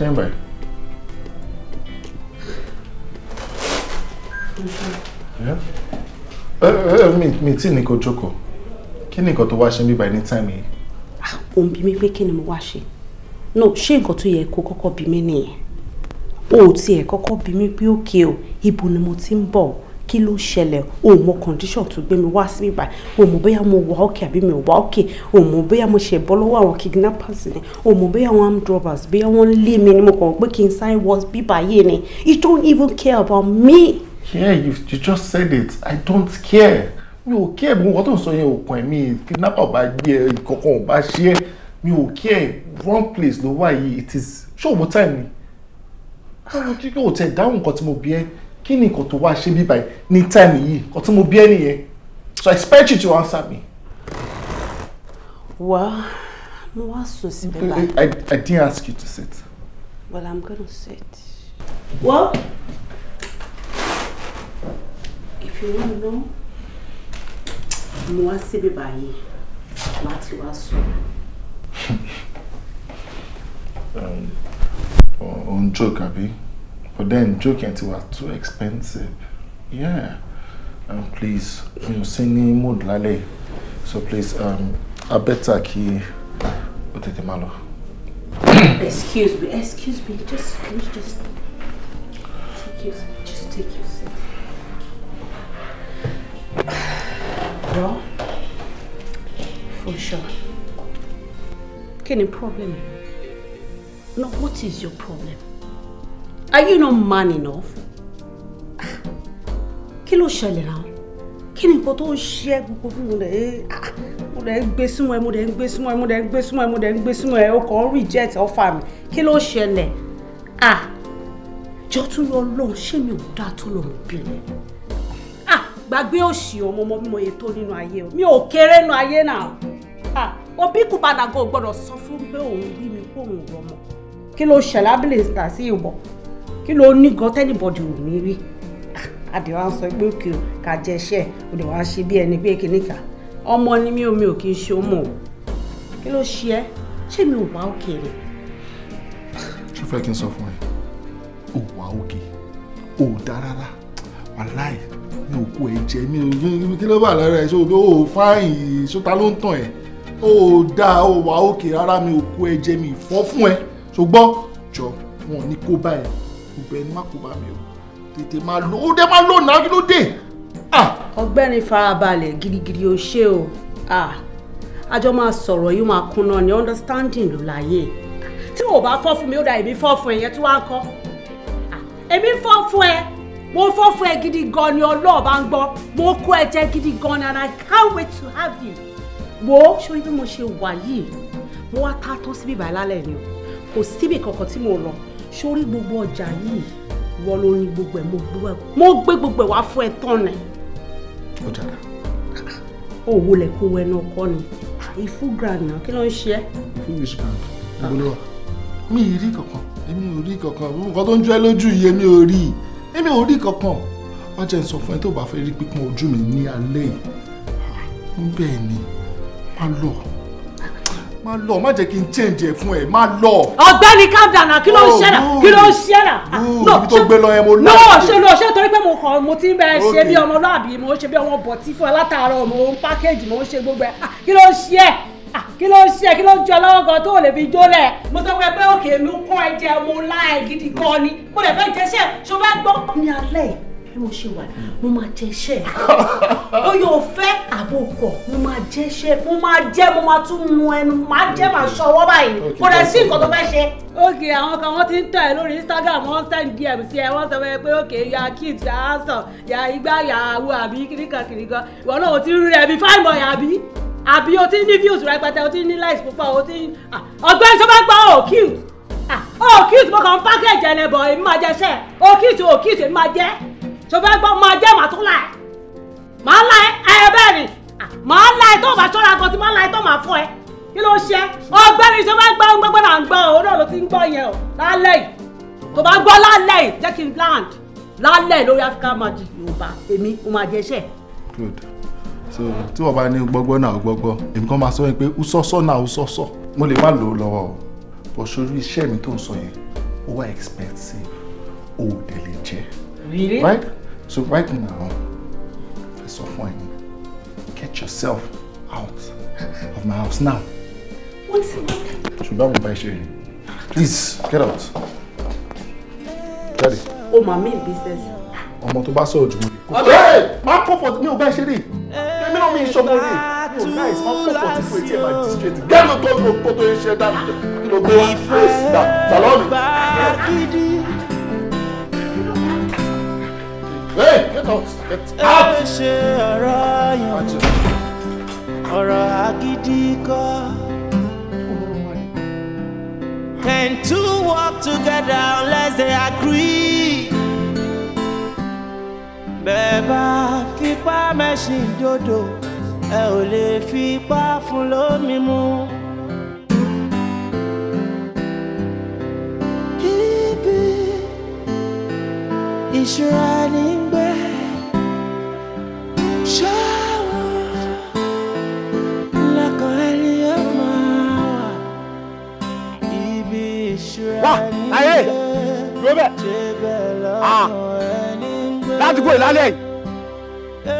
understand by it? Uh, uh, mi me ní kò jókòó kí ni nǹkan tó wá ṣe mí by ní time yìí. ò ah, ń bi mí pé kí ni mo wá ṣe no ṣé nǹkan tó yẹ kó kọ́kọ́ bi mí nìyẹn o ò tiẹ̀ kọ́kọ́ bi mí pé òkè o ibo ni mo kí ló ṣẹlẹ̀ o mọ condition tó gbé mi wá sí ibà o mọ bóyá mo wà òkè àbí mi ò wà òkè o mọ bóyá mo ṣe bọ́ lọ́wọ́ àwọn kidnappers ni o mọ bóyá wọn armed robbers bóyá wọn lé mi ni mo kàn pé kí n sáré wọ bíbá yìí ni you don't even care about me. yeah you, you just said it i don't care mi ò kí ẹ̀ mú nǹkan tó ń sọ yẹn ò kàn ẹ̀ mi kidnapper ò bá gbé ẹ ìkọ̀kan ò ṣe é mi ò kí ẹ̀ wrong place ló wà it is ṣé òun time ni. báwo kí o tẹ dáhùn nǹkan tí mo bí ẹ kí ni nǹkan tó wá ṣe bí báyìí ní táìmì yìí kò tí mo bí ẹ nìyẹn so I expect you to answer me. Well, mo wá sùn sí bẹ́ẹ̀ báyìí. I didn't ask you to sit. Well, I'm gonna sit. Well, if you wanna know, mo wá sí bẹ́ẹ̀ báyìí láti wá sùn. Um, on joke, abi but then joking yẹn ti too expensive yeah um, please you ò sí mood lálẹ́ so please um, I better kí o tètè máa lọ. excuse me excuse me just can you just take your just take your seat. Bro, for sure. Can ni problem? No, what is your problem? Are you not man enough? Kí ló ṣẹlẹ̀ náà? Kí ni nǹkan tó ń ṣe gbogbo fún mo lẹ̀ ah, mo lẹ̀ ń gbé súnmọ́ ẹ mo lẹ̀ ń gbé súnmọ́ ẹ mo lẹ̀ ń gbé súnmọ́ ẹ mo lẹ̀ ń gbé súnmọ́ ẹ o kàn reject ọ̀fà mi. Kí ló ṣẹlẹ̀? Ah! Jọ tún lọ lọ́n ṣé mi ò dá tó lọ́n bí Ah! Gbàgbé òṣì ọmọ ọmọ mímọ yẹn tó nínú ayé o. Mi ò kéré nínú ayé náà. Ah! Òbí kùbàdàgọ̀ gbọ́dọ̀ sọ fún pé òun bí mi kó òun rọmọ. Kí ló ṣẹlẹ̀ abúlé ìta sí ìbọn? kí ló ní gan tẹ́lifọ̀dì ò ní rí adìẹ ah, wa ń sọ pé òkè o kà jẹ iṣẹ́ o lè wá ṣe bí ẹni pé kìnnìkà ọmọ ni mí omi ò kì í ṣe ọmọ o kí ló ṣe ẹ́ ṣé mi ò wá òkè rẹ̀. ṣé fẹ́ kí n sọ fún ẹ ò wá òkè ò dá rárá wàláì mi ò kó ẹ jẹ mi ò kí ló bà lára ẹ ṣó o fáyìn ṣóta ló ń tàn ẹ ò dá ò wá òkè rárá mi ò kó ẹ jẹ mi ìfọ́ fún ẹ ṣùgbọ́n jọ wọn ò kó báyìí bẹ́ẹ̀ ni má kó bá mi o tètè máa lò ó dé máa lò náà kí ló dé. Ah! ọ̀gbẹ́ni farabalẹ̀ girigiri o ṣe o àjọ ah! máa sọ̀rọ̀ yìí máa kúnná ni understanding ló láyé tí o bá fọ́ fún mi ó da èmi fọ́ fún ẹ yẹn tí wàá kọ́ ah! èmi fọ́ fún ẹ mo fọ́ fún ẹ gidi gan ni ọlọ́ọ̀ ń gbọ́ mo kó ẹ jẹ gidi gan ni and I can't wait to have you wo ṣé bí mo ṣe wà yìí mo wá tá a tán síbí ni o kò síbì kankan tí mo lọ sórí gbogbo ọjà yìí wọ́n ló ní gbogbo ẹ̀ mo gbé mo gbé gbogbo ẹ̀ wá fún ẹ tán ni. ó dára. owó lẹ kó wẹ náà ni ìfú grand kí ló ń ṣe é. english grand ìgbóná mi ì rí kankan èmi ò rí kankan nǹkan tó ń jọ lójú yìí èmi ò rí èmi ò rí kankan wọ́n jẹ́ sọ fún ẹ tó bá fẹ́ rí pípọ́n ojú mi ní alẹ́ yìí bẹ́ẹ̀ ni má lọ má lọ má jẹ́ kí n change ẹ̀ fún ẹ má lọ. ọ̀gbẹ́ni calm down na kí ló ń oh, ṣe náà kí ló ń ṣe náà. Ah, no ibi tó gbé lọ yẹn mo lọ. no ṣe lo ṣe torí pé mo kàn mo ti ń bẹ ṣe bí ọmọlúàbí mo ṣe bí ọmọ bọ̀tí fún ẹ látàárọ̀ mo ń package mo ń ṣe gbogbo ẹ ah, kí ló ń ṣe ẹ ah, kí ló ń ṣe ẹ kí ló ń jọ lọ́wọ́ gan tó lè fi jólẹ̀. mo sọ pé òkè mi kún ẹ jẹ mo lá ẹ gidi gan ni mo lè fẹ́ jẹ ṣẹ́ ṣo fẹ́ gbọ́. ní alẹ́ yìí bí mo ṣe wà mo máa jẹ iṣẹ́ ẹ̀ bóyá o fẹ́ àbòkọ mo máa jẹ iṣẹ́ mo máa jẹ mo máa tún mu ẹnu máa jẹ máa ṣọwọ́ báyìí kò rẹ̀ sí nǹkan tó fẹ́ ṣe. ókè àwọn kan wọ́n ti ń tẹ̀ lórí Instagram wọ́n send DM sí ẹ wọ́n sọ fẹ́ pé ókè ya kit ya sọ ya igbá ya awo àbí kìnnìkankìnnì kan ìwọ náà o ti rí ẹbí fáìmù ọ̀yà àbí àbí o ti ní views rẹpẹtẹ o ti ní likes púpọ̀ o ti ọgbẹ́ni tó bá gbọ́ ò oh, cute ah oh cute mo kàn ń package ẹlẹbọ èmi máa jẹ ṣẹ oh cute oh cute èmi máa jẹ tó fẹ́ gbọ́ máa jẹ́ màá tún là ẹ́ màá ẹ bẹ́ẹ̀ ni màá là tó bá ṣọ́ra gan tí màá là tó máa fọ́ ẹ kí ló ṣe ọgbẹ́ni tó bá gbọ́ gbọ́gbọ́ là ń gbọ́ òun náà ló ti ń gbọ́ yẹn o lálẹ́ yìí tó bá gbọ́ lálẹ́ yìí jẹ́ kí land lálẹ́ lórí Africa Magic Yorùbá èmi mo máa jẹ iṣẹ́. so tí wọ́n bá ní gbọ́gbọ́ náà gbọ́gbọ́ èmi kan máa sọ yẹn pé usọ́sọ́ náà usọ́sọ́ mo lè má lò ó lọ́wọ́ o but sórí iṣẹ́ mi tó ń sọ yẹn ó wá expensive ó dẹ̀ lè jẹ́. really right So right now, sọ fún ẹ ni get yourself out of my house now. What? ṣùgbọ́n àwọn bá ṣe rìn please get out. Jáde. Oh, my main business. Ọmọ tó bá sọ̀rọ̀ jù mí. Ọ̀dọ́ máa kọ́ fọ̀tí mi ò bá ṣe rí. Èmi náà mi guys, my Mi ò náà ìsọ́ kọ́ fọ̀tí fún Get ẹ̀ máa di photo and share that. You know, go tó ń ṣe dáadáa. Hey, get out! Get out! Can two walk together unless they agree? Bẹ́ẹ̀ bá fipá mẹ́sìn dodo, ẹ ò lè fipá fún lómi mu. is running back. Shower, like a honey my ibi is running back. Dúró bẹ́ẹ̀. Ah, ládùúgbò ìlálẹ̀ yìí. Eh,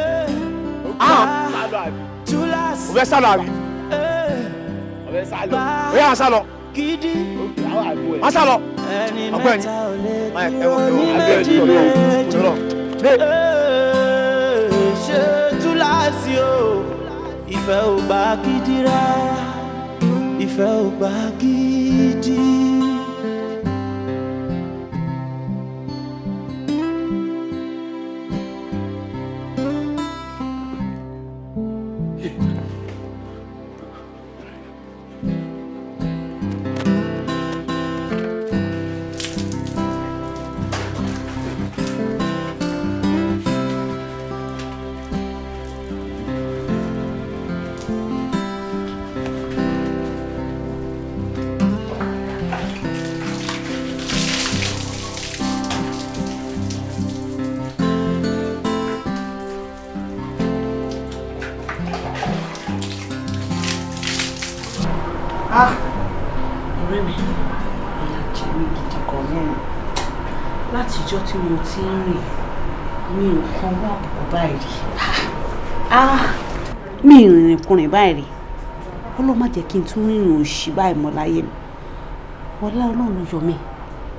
ah, eh, ó gidi. má sá lọ ọgbẹ́ ni ẹgbẹ́ ni ọlọ́run ọlọ́run lé. ṣé túláàsì o ìfẹ́ ò bá gidi rárá ìfẹ́ ò bá gidi. mo ti ń rìn mi ò kan wá àbùkù báyìí rí ah, ah, mi ìrìnrìn báyìí rí ọlọ́run jẹ́ kí n tún rìnrìn òṣì báyìí mọ́ láyé mi ọlá ọlọ́run yọ mí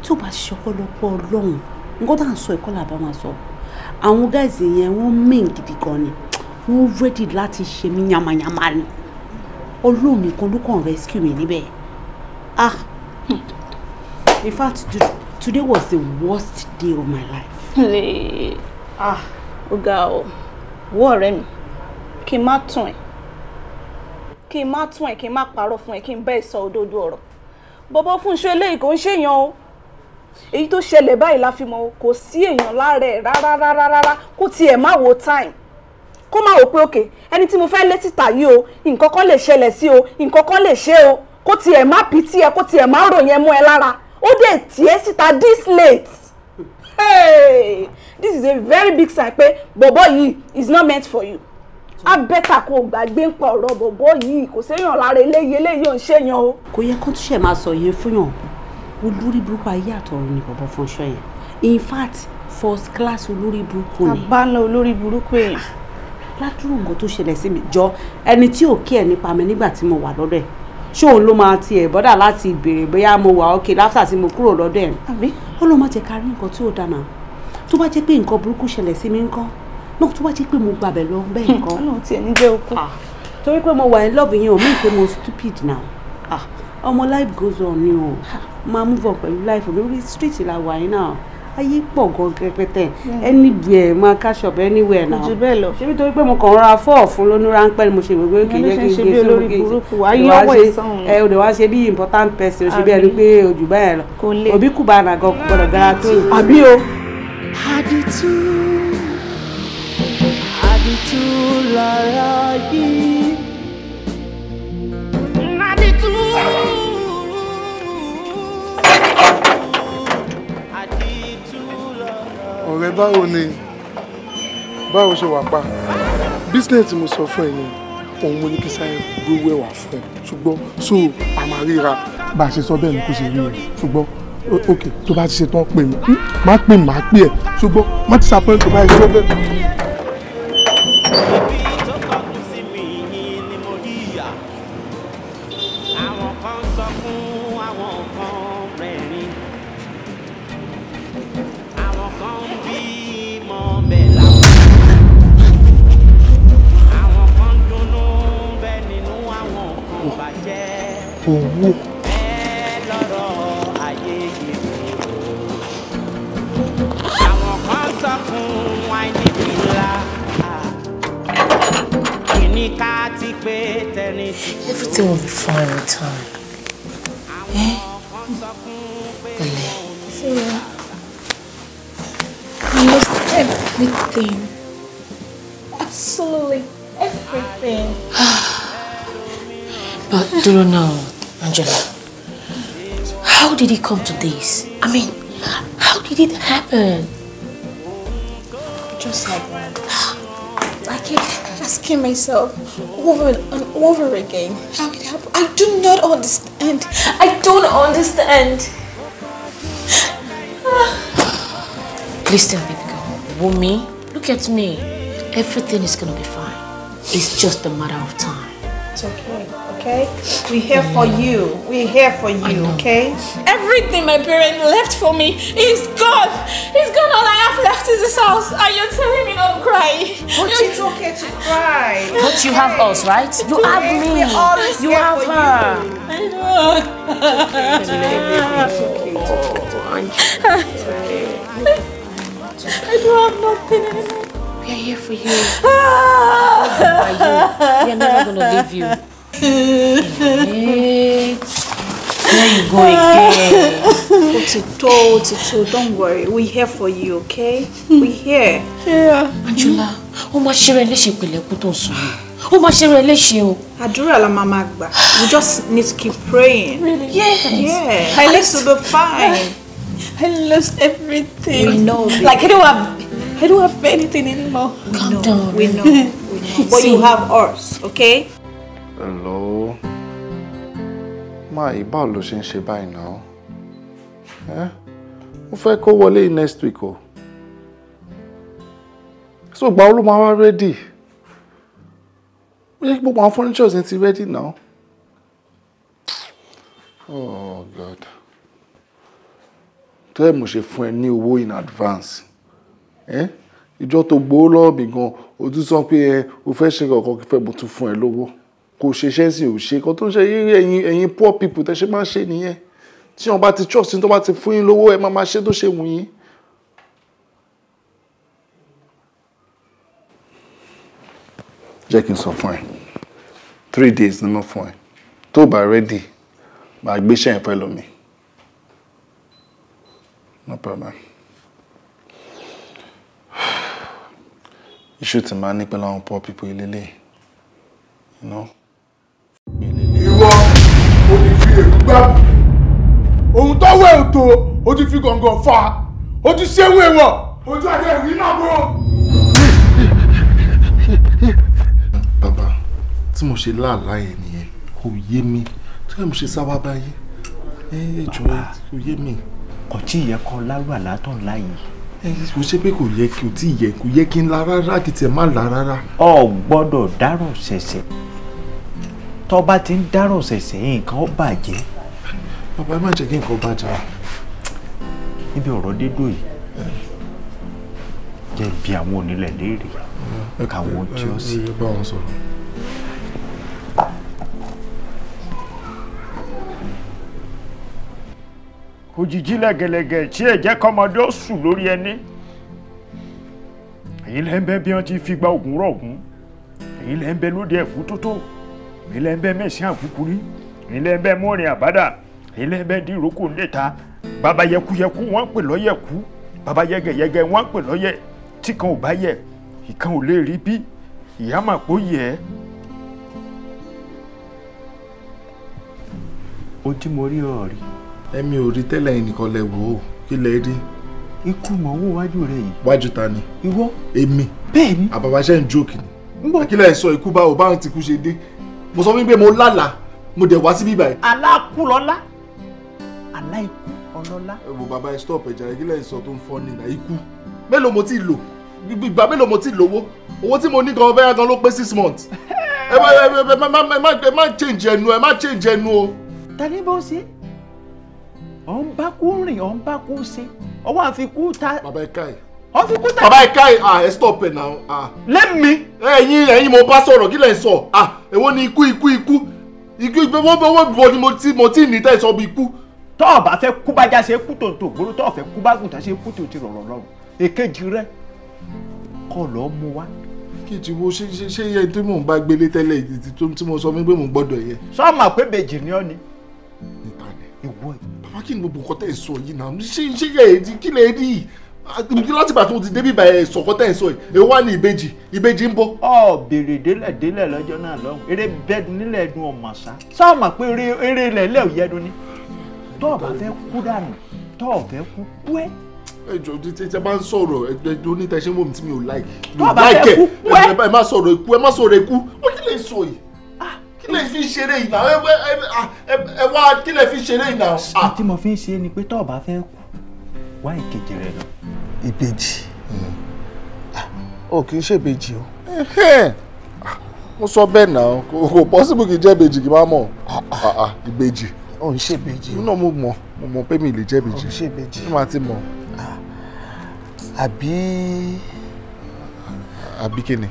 tí ò bá ṣiṣẹ́ ọ̀pọ̀lọpọ̀ ọlọ́run nǹkan tá à ń sọ ẹ̀kọ́ làbá máa sọ àwọn gáàsì yẹn wọ́n mìn gidi gan ni wọ́n rẹ́dì láti ṣe mí yamayama ni ọlọ́run nìkan ló kàn rescue mi níbẹ̀ ah hmm. in fact dudu Today was the worst day of my life. Le ah ọ̀gá o wo ọ̀rẹ́ mi kí n má tún ẹ̀ kí n má tún ẹ̀ kí n má parọ́ fún ẹ̀ kí n bẹ́ẹ̀ sọ òdodo ọ̀rọ̀ bọ́bọ́ fún iṣẹ́ eléyìí kò ń ṣèyàn o èyí tó ṣẹlẹ̀ báyìí la fi mọ̀ kò sí èèyàn lára ẹ̀ rárá rárá rárá kó tiẹ̀ má wo time kó má wò pé òkè ẹni tí mo fẹ́ lé síta yìí o nǹkan kan lè ṣẹlẹ̀ sí o nǹkan kan lè ṣe o kó tiẹ̀ má pitì ẹ kó tiẹ̀ má ròyìn ẹ mọ́ ẹ lára ó dẹ̀ tiẹ́ síta this late hey, this is a very big sign pé bọ̀bọ̀ yìí is not meant for you a bẹ́tà kó o gbàgbé ń pa ọ̀rọ̀ bọ̀bọ̀ yìí kò séèyàn lára eléyìí eléyìí ò ń ṣèyàn o. kò yẹ kó tún ṣe máa sọ yẹn fún yàn olórí burúkú ayé àtọ̀run ni bọ̀bọ̀ Fúnṣọ́ yẹn in fact first class olórí burúkú ni. àbálọ olórí burúkú yẹn. Ah, ládùúgbò tó ṣẹlẹ̀ sí mi jọ ẹni tí ò kí ẹ̀ nípa mi nígbà tí mo wà lọ́dọ̀ ẹ̀ ṣé òun ló máa tiẹ̀ bọ́dà láti béèrè bóyá mo wà ókè láfíà tí mo kúrò lọ́dọ̀ ẹ̀ àbí ó ló máa jẹ́ ká rí nǹkan tí ò dáná tó bá jẹ́ pé nǹkan burúkú ṣẹlẹ̀ sí mi ńkọ́ náà tó bá jẹ́ pé mo gbàbẹ̀ lọ bẹ́ẹ̀ hmm, nǹkan. ọlọ́run tiẹ̀ ní jẹ́ okun. Ah. torí pé mo wà in love yẹn o mí pé mo stupid now ah. ọmọ life goes on ni o ah. máa move on pẹ̀lú life lórí street la wà yín náà ayé pọ̀ gan kẹpẹtẹ ẹni hmm. bẹ̀ẹ̀ máa cash up anywhere náà jù bẹ́ẹ̀ lọ ṣé nítorí pé mo kàn ra fọ́ọ̀ fún lónú ráńpẹ́ ni mo ṣe gbogbo kì í jẹ́ kí n gbé sórí burúkú ayé ọwọ́ ìsàn ẹ ò lè wá ṣe bí important person o ṣe bí ẹni pé ojú bẹ́ẹ̀ lọ òbí kùbà nàgọ́ gbọ́dọ̀ gara tó yìí. àbí o. àdìtú àdìtú lára yìí. ọ̀rẹ́ báwo ni báwo ṣe wà pa business mo sọ fún ẹ̀yin òun mo ní kí sáré gbówó ẹ̀wà fún ẹ ṣùgbọ́n so a máa ríra bá a ṣe sọ bẹ́ẹ̀ ni kò ṣe rí rẹ̀ ṣùgbọ́n ok tó bá ti ṣe tán pè mí hmm? má pè má pè ẹ ṣùgbọ́n má ti ṣàpọ́n tó bá ṣe sọ bẹ́ẹ̀. owó. everything will be fine in time. Eh? Pẹ̀lẹ́. I lost everything. Absolutely everything. But Duro now. Angela, how did it come to this? I mean, how did it happen? Just like that. I keep asking myself over and over again how it happened. I do not understand. I don't understand. Please tell me, girl. Wumi, look at me. Everything is gonna be fine. It's just a matter of time okay? We're here for you. We're here for you, okay? Everything my parents left for me is gone. It's gone. All I have left is this house. Are you telling me not to cry. But it's okay to cry. But you have us, right? You have me. You have her. You. I know. I don't have nothing anymore. We are here for you. Ah. We are never going to leave you. There you go again. Otito, Otito, don't worry. We're here for you, okay? We're here. Yeah. Anjula, ó máa ṣe rẹ léṣe pẹ̀lẹ́ kó tó sùn. Ó máa ṣe rẹ o. Àdúrà la máa máa We just need to keep praying. Really? Yes. Yeah. I live to fine. I lost everything. We know. Baby. Like I don't have I don't have anything anymore. Calm know, down. We know. We know. but See. you have us, okay? Hello. Máa ìbáwò ló ṣe ń ṣe báyìí náà. Ẹ́ mo fẹ́ kó wọlé next week o. So ìgbà wo ló máa wá ready? Bí gbogbo àwọn furniture ti ready náà. Oh God. Tó ẹ̀ mo ṣe fún ẹ ní owó in advance. eh? ìjọ tó gbowó lọ́ọ̀bì gan-an o tún sọ pé ẹ o fẹ́ ṣe kankan kí fẹ́ mo tún fún ẹ lówó kò ṣe ṣẹ́ǹsì ò ṣe kan tó ń ṣe yíyí ẹ̀yin poor people tẹ́ ṣe máa ṣe nìyẹn tí wọn bá ti trust tó bá ti fún yín lówó ẹ máa máa ṣe tó ṣe wù yín. jẹ́ kí n sọ fún ẹ three days ni mo fún ẹ tó bá ready màá gbéṣẹ́ yẹn fẹ́ lómi no problem. iṣu tí màá ní pẹ̀lú àwọn poor people ilé lè. You know? ìwọ o ti fi èrú gbà ohun tó wẹ̀ ètò o ti fi gàngàn fà o ti ṣe wé wọ̀ ojú àti ẹ̀rù iná bọ̀. bàbá tí mo ṣe láàlá yẹn nìyẹn kò yé mi tí mo ṣe sáwá báyìí ẹ jọ kò yé mi. kò tí ì yẹ kọ lárú àlá tó ńlá yìí kò ṣe pé kò yẹ kò tí ì yẹ kò yẹ kí n la rárá kì í tẹ̀ má la rárá. o gbọ́dọ̀ dárò ṣẹ̀ṣẹ̀ tó bá ti ń dárò ṣẹ̀ṣẹ̀ yìí nǹkan ó bàjẹ́. bàbá ẹ má jẹ́ kí nǹkan bàjẹ́. níbi ọ̀rọ̀ dédò yìí jẹ́ bí àwọn onílẹ̀ léèrè káwọn tí ó sì. òjìji lẹ́gẹ̀lẹ́gẹ̀ tí ẹ̀jẹ̀ kọ́mọdé ó sùn lórí ẹni èyí lẹ́ bí wọ́n ti fi gba ògùn rọ̀ èyí lẹ́ lóde ẹ̀fú tó ilẹ̀ ń bẹ́ mẹ́sàn-án kúkúrí ilẹ̀ ń bẹ́ mọ́rin àbádà ilẹ̀ ń bẹ́ dínrókò níta bàbá yẹkuyẹku wọ́n pè lọ́yẹ̀kú bàbá yẹgẹyẹgẹ wọ́n pè lọ́yẹ̀ tí kan ò bá yẹ ìkan ò lè rí bí ìyá mà pò yẹ. ohun tí mo rí ọ̀ rí. ẹ̀mi ò rí tẹ́lẹ̀ ẹnìkan lẹ wò ó kí lẹ rí. ikú mọ̀ owó wájú rẹ yìí. wájú ta ni. ìwọ. èmi. bẹ́ẹ̀ ni. àbàbàṣẹ́ ń jókì ni. ń bọ̀. àkílẹ̀ sọ ikú báwo báwọn ti kú ṣe dé mo sọ wípé mo lálàá mo dẹ̀ wá sí bíbá yìí. aláàkúlọ́lá aláìkú ọlọ́lá. ẹ wo bàbá ẹ stop ẹ jàre kí lẹ́yìn sọ tó ń fọ́ nìyà ikú mélòó mo ti lò ìgbà mélòó mo ti lówó owó tí mo ní gan bẹ́ẹ̀ gan ló pé six months. ẹ má ẹ má ẹ má ẹ má change ẹnu ẹ má change ẹnu o. tani bó ṣe ọ̀ ń bá kú rìn ọ̀ ń bá kú ṣe ọwọ́ àfikún ta. bàbá ẹ ká ẹ̀ wọ́n fi kú tẹ̀. bàbá ìka ah, ẹ stop ẹ now. Ah. lẹ́mi. ẹ̀yin ẹ̀yin mo bá sọ̀rọ̀ kí lẹ̀ ń sọ ah, èwo ni ikú ikú ikú ikú ikú wọ́n wọ́n bọ̀ ni mo ti mo ti ní tẹ̀ sọ bí ikú. tọ́ ọ bá fẹ́ kú bá já ṣe kú tòǹtò gbóró tọ́ ọ fẹ́ kú bá gùn tá ṣe kú tòǹtì rọ̀rọ̀ lọ́rùn èkejì rẹ kọ́ lọ́ọ́ mú wá. kejì wo ṣe ṣe ṣe yẹ tí mò ń bá gbélé tẹ́lẹ̀ tí mo sọ mi pé mò ń gbọ́dọ̀ yẹ. sọ́ọ̀mà pé bèjì ni ọ́ ni. níta ni. ìwọ yìí. bàbá kí ni gbogbo nǹkan tẹ̀ sọ yìí náà ṣé ṣé yẹ kí lè rí i láti ìgbà tó ti débi ìbàyẹ̀ sọ̀kọ́ tẹ̀ ń sọ yìí èwo wá ní ìbejì ìbejì ń bọ̀. ọ bèrè délẹ̀ délẹ̀ lọ́jọ́ náà lọ́hùn eré bẹ́ẹ̀dùn nílẹ̀ ẹ̀dùn ọ̀mọ̀ṣá sáà mà pé eré ilẹ̀ ilẹ̀ òye ẹ̀dùn ni tọ́ ọ̀ bá fẹ́ kú dànù tọ́ ọ̀ fẹ́ kú kú ẹ́. ẹ jọ tí tí ẹ bá ń sọ̀rọ̀ ẹ tó ní tẹsán mọ tí mi ò like mi ò like ẹ ẹ má sọ̀rọ̀ ikú ẹ má sọ̀rọ̀ ikú ó kí lè sọ yìí ah. kí lè fi ṣeré yìí náà ah, ẹ wá kí lè fi ṣeré yìí náà. ìtì ah. mo fi ń ṣe ni pé tọ́ ọ̀ bá fẹ́ kú wá ìkejì rẹ lọ ìbejì hmm. ah, o kì í ṣèbejì o. Ah, mo sọ bẹ́ẹ̀ náà kò pọ́sibú kì í jẹ́ ìbejì kì í má mọ̀ ah, ìbejì. o ń ṣèbejì o. mo mọ̀ mo mọ̀ pé mi lè jẹ́ ìbejì. o ń ṣèbejì. mo máa ti mọ̀. àbí. àbí kí ni.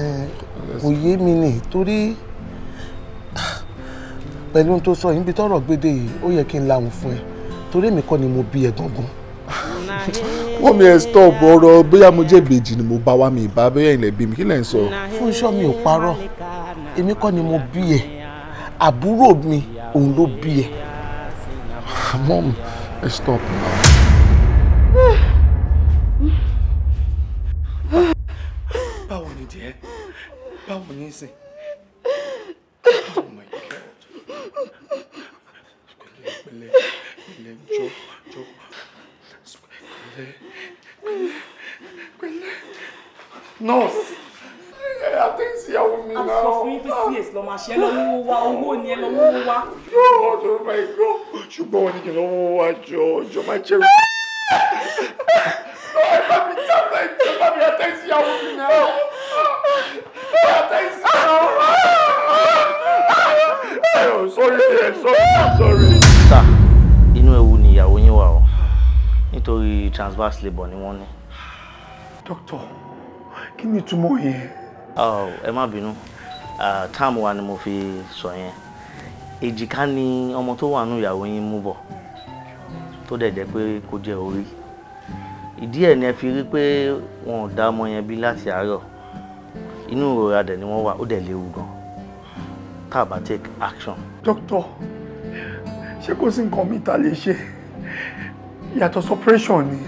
Eh, kò yé mi nì torí pẹ̀lú ohun tó sọ yìí níbi tọ́rọ̀ gbédè yìí ó yẹ kí n lahùn fún ẹ torí èmi kọ́ ni mo bí ẹ gangan. wọ́n mi ẹ̀ stop ọ̀rọ̀ bóyá mo jẹ́ ìbejì ni mo bá wá mi ìbá bóyá ilẹ̀ bí mi kí lẹ̀ ń sọ. fún iṣọ́ mi ò parọ́ èmi kọ́ ni mo bí ẹ àbúrò mi òun ló bí ẹ. mom ẹ stop now. báwo ni díẹ̀ báwo ni ìsìn. Oh my God pẹ̀lẹ́ jọ jọ pẹ̀lẹ́ pẹ̀lẹ́ nọ́ọ̀sì ẹ àtẹ́sí ìyàwó mi náà. a sọ fún yín pé cs lọ máa ṣe lọ́wọ́ wa owó ni ẹ lọ́wọ́ wa. yóò ọdún my god ṣùgbọ́n wọn ni kí lọ́wọ́ wa jọ jọ máa jẹ́ rẹ̀. ẹ bá mi tábà ah. sorry sorry sorry. nítorí transverse labour ni wọ́n ní. doctor kí ni ìtumọ̀ yẹn. Oh, ẹ má bínú táàmù wa ni mo fi sọ yẹn èjìká ni ọmọ tó wà nù ìyàwó yín mú bọ̀ tó dẹ̀ jẹ́ pé kò jẹ́ orí ìdí ẹ̀ ni ẹ fi rí pé wọn ò dá ọmọ yẹn bí láti àárọ̀ inú ìrora dẹ̀ ni wọ́n wà ó dẹ̀ léwu gan tá a bá take action. doctor ṣé kò sí nǹkan mi ta lè ṣe yàtọ̀ suppression ni.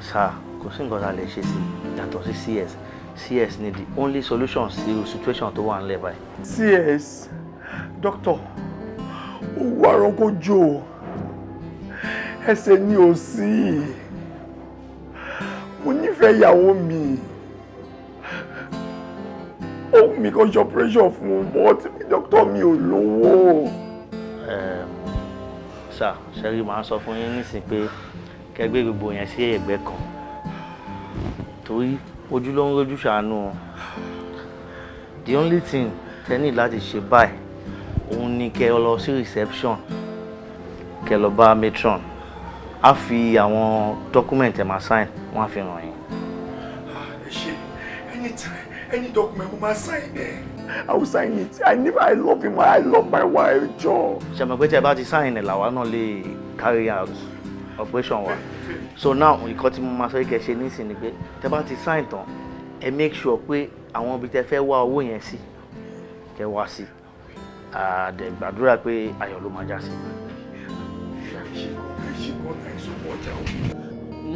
sir kò sí nǹkan tá a lè ṣe sí yàtọ̀ sí cs cs ni the only solution sí situation tó wà nílẹ̀ báyìí. cs doctor owó àrọ́kọ́ jò ẹsẹ̀ ni ò sí mo nífẹ̀ẹ́ ìyàwó mi ó mi kan ṣe fún un but doctor mi ò lówó. Um, sà ṣẹ́rí màá sọ fún yín nísìnyí pé kẹgbẹ́ gbogbo yẹn sí ẹ̀gbẹ́ kan torí ojú ló ń rojú ṣàánú o the only thing tẹ́ ní láti ṣe báyìí òun ni kẹ́ ọ lọ sí reception kẹ́ lọ bá matron á fi àwọn document ẹ̀ máa sign wọ́n á fi ràn yín. Ah, ẹ ṣe any document mo máa sign there. I will sign it. I never, I love him. I love my wife, Joe. She pé tí ẹ bá ti sign ẹ̀ làwa náà lè carry out operation wa. So now, we cut him. máa sọ kẹ́ ṣe nísìnyí ni pé tẹ́ sign tán, ẹ make sure pé àwọn ibi tẹ́ fẹ́ wá owó yẹn sí kẹ́ wá sí. Àdẹ̀ gbàdúrà pé ayọ̀ ló máa já sí.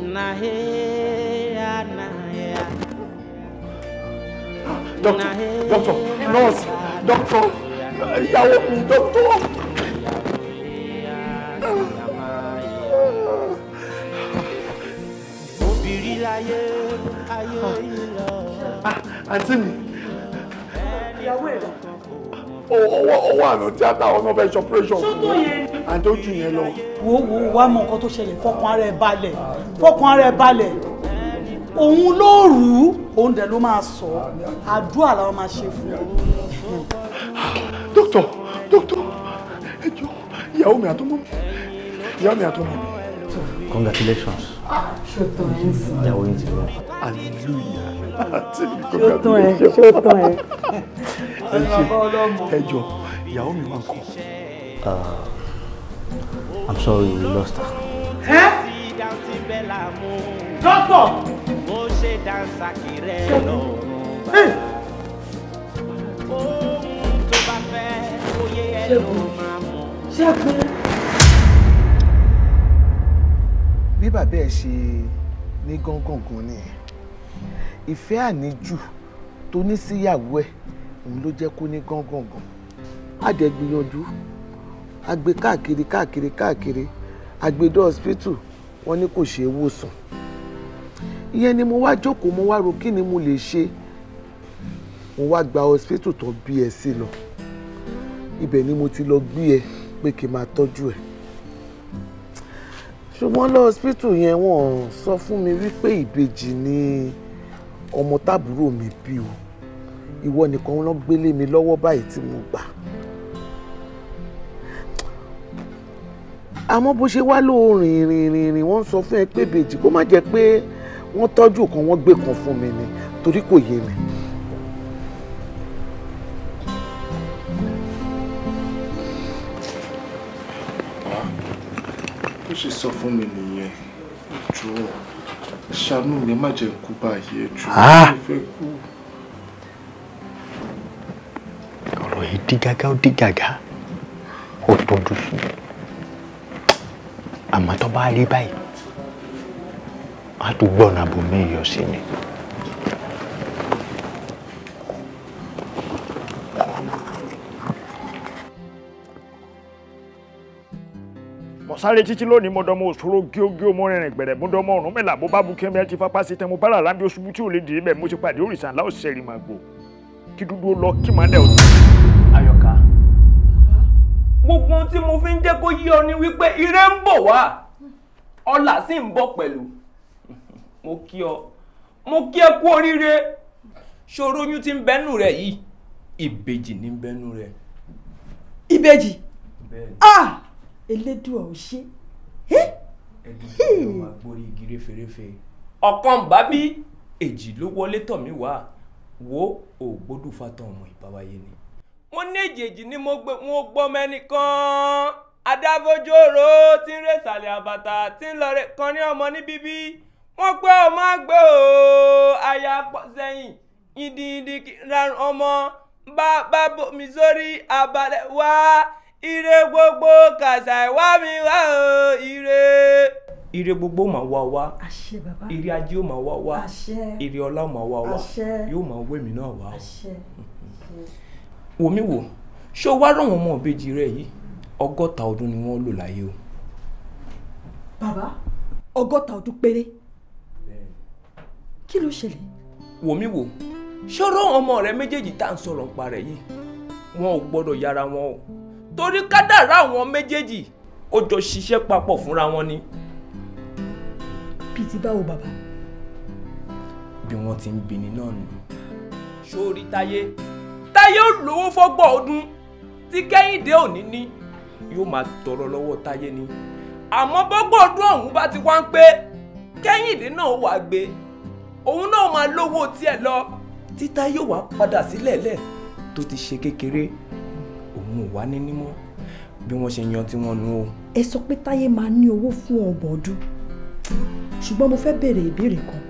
Nahea, nahea. Ah, doctor doctor nurse doctor ìyàwó mi doctor. obìnrin láyé ayé ah, ìlọ. Ah, àǹtí mi. ìyàwó ẹ̀ ọwọ́ ọwọ́ àná tíátà ọ̀nà ọ̀bẹ ìṣọpẹ́ṣọ fún mi àti ojú yẹn lọ. wo wo wá mọ nǹkan tó ṣẹlẹ̀ fọkàn ara ẹ̀ balẹ̀ fọkàn ara ẹ̀ balẹ̀ òun ló rù ú òun dẹ̀ ló máa sọ àdúrà làwọn máa ṣe fún un. dókítà dókítà ẹ jọ ìyàwó mi àtọmọ mi ìyàwó mi àtọmọ mi. congratulations. ṣòtò ẹ ń sìn. ìyàwó yín ti lọ. hallelujah. ṣòtò ẹ ṣòtò ẹ. ẹ ṣe ẹ jọ ìyàwó mi máa kọ. Uh, I'm sorry we lost her. Huh? dáńtì bẹ́ẹ̀ là mú. dọ́tọ̀. bó ṣe dáńsà kiri ẹ lọ́rùn bàbá. ohun tó bá fẹ́ oyè ẹ ló máa mú. ṣẹ́gun. bí bàbá ẹ ṣe ní gángan gan ni ìfẹ́ àníjù tó ní síyàwó ẹ̀ òun ló jẹ́ kó ní gángan gan àdẹ̀gbìyànjú àgbẹ̀ káàkiri káàkiri káàkiri àgbẹ̀dọ̀ hospital wọ́n ní kò ṣeé wòsàn ìyẹn ni mo wá jókòó mo wá ro kí ni mo lè ṣe mo wá gba hospital tó bí ẹ sí lọ ibẹ̀ ni mo ti lọ gbé ẹ pé kí n máa tọ́jú ẹ ṣùgbọ́n lọ hospital yẹn wọ́n sọ fún mi wípé ìbejì ni ọmọ tábúrò mi bí o ìwọ nìkan ló gbélé mi lọ́wọ́ báyìí tí mo gbà. àmọ́ bó ṣe wá lóò rìn rìn rìn rìn wọ́n ń sọ fún ẹ pé bèjì kó má jẹ́ pé wọ́n tọ́jú kan wọ́n gbé kan fún mi ni torí kò yé mi. bó ṣe sọ fún mi nìyẹn jù ọ ṣàánú mi má jẹ́ kú báyìí ẹ jù ọ ah! fẹ́ kú. ọ̀rọ̀ yìí dí gágá ó dí gàgá ó tó fún mi àmọ́ tó bá rí báyìí á tún gbọ́nà bòmí yọ sí ni. sáré títí lónìí mo dọmọ òṣòro gíógíó mo rìnrìn gbẹ̀rẹ̀ mo dọmọ ọ̀rùn mẹ́la mo bá bukẹ́ mi ti fapá sí tẹ́ mo bá rà lábí oṣù tí ò lè dìrí bẹ́ẹ̀ mo ti pàdé òrìṣà ńlá òṣìṣẹ́ ìrìnmàgbò kí dúdú lọ kí màá dẹ̀ ọ̀tún gbogbo ohun tí mo fi ń jẹ́ kó yí ọ ni wípé ire ń bọ̀ wá ọlà sì ń bọ̀ pẹ̀lú mo kí ọ mo kí ẹ kú oríire ṣòro oyún tí ń bẹnu rẹ yìí ìbejì ní ń bẹnu rẹ. ìbejì ah elédùà ò ṣe. ẹdùn ló máa gbórí igi réferéfe. ọ̀kan bá èjì ló wọlé tọ̀ mí wá wo ò gbódùn ọmọ ìbáwáyé ni wọ́n ní èjèèjì ni mo gbọ́ mẹ́nìkan adáfojóró tí ń rèsàlẹ̀ àbàtà tí ń lọ kan ní ọmọ ní bíbí wọ́n pé ọmọ àgbẹ̀ o aya sẹ́yìn ìdìndì rárun ọmọ bá bá bomi sórí abalẹ̀ wá ire gbogbo kàṣà ìwá mi wá o ire ire gbogbo ma wá wá ire ajé ma wá wá ire ọlá ma wá wá yóò ma wé mi náà wá wò wò ṣé o wá ràn wọn ọmọ ìbejì rẹ yìí ọgọ́ta ọdún ni wọ́n lò láyé o. bàbá ọgọ́ta ọdún péré kí ló ṣẹlẹ̀. wò mí wò ṣọ́rọ́ ọmọ rẹ méjèèjì tá à ń sọ̀rọ̀ nípa rẹ̀ yìí wọn ò gbọ́dọ̀ yára wọn o torí kádàrá àwọn méjèèjì ó jọ ṣiṣẹ́ papọ̀ fúnra wọn ni. pìtì báwo bàbá. bí wọ́n ti ń bini náà nù. ṣó o rí táyé ò lówó fọ́gbọ̀n ọdún tí kẹ́hìndé òní ní yóò máa tọrọ lọ́wọ́ táyé ni àmọ́ bọ́gbọ̀n ọdún ọ̀hún bá ti wá ń pé kẹ́hìndé náà wà gbé òun náà máa lówó tiẹ̀ lọ tí táyé wàá padà sílẹ̀ lẹ̀ tó ti ṣe kékeré òun ò wá ní nímọ́ bí wọ́n ṣe yan tí wọ́n nu o. ẹ sọ pé táyé máa ní owó fún ọgbọ̀n ọdún ṣùgbọ́n mo fẹ́ béèrè ìbéèrè kan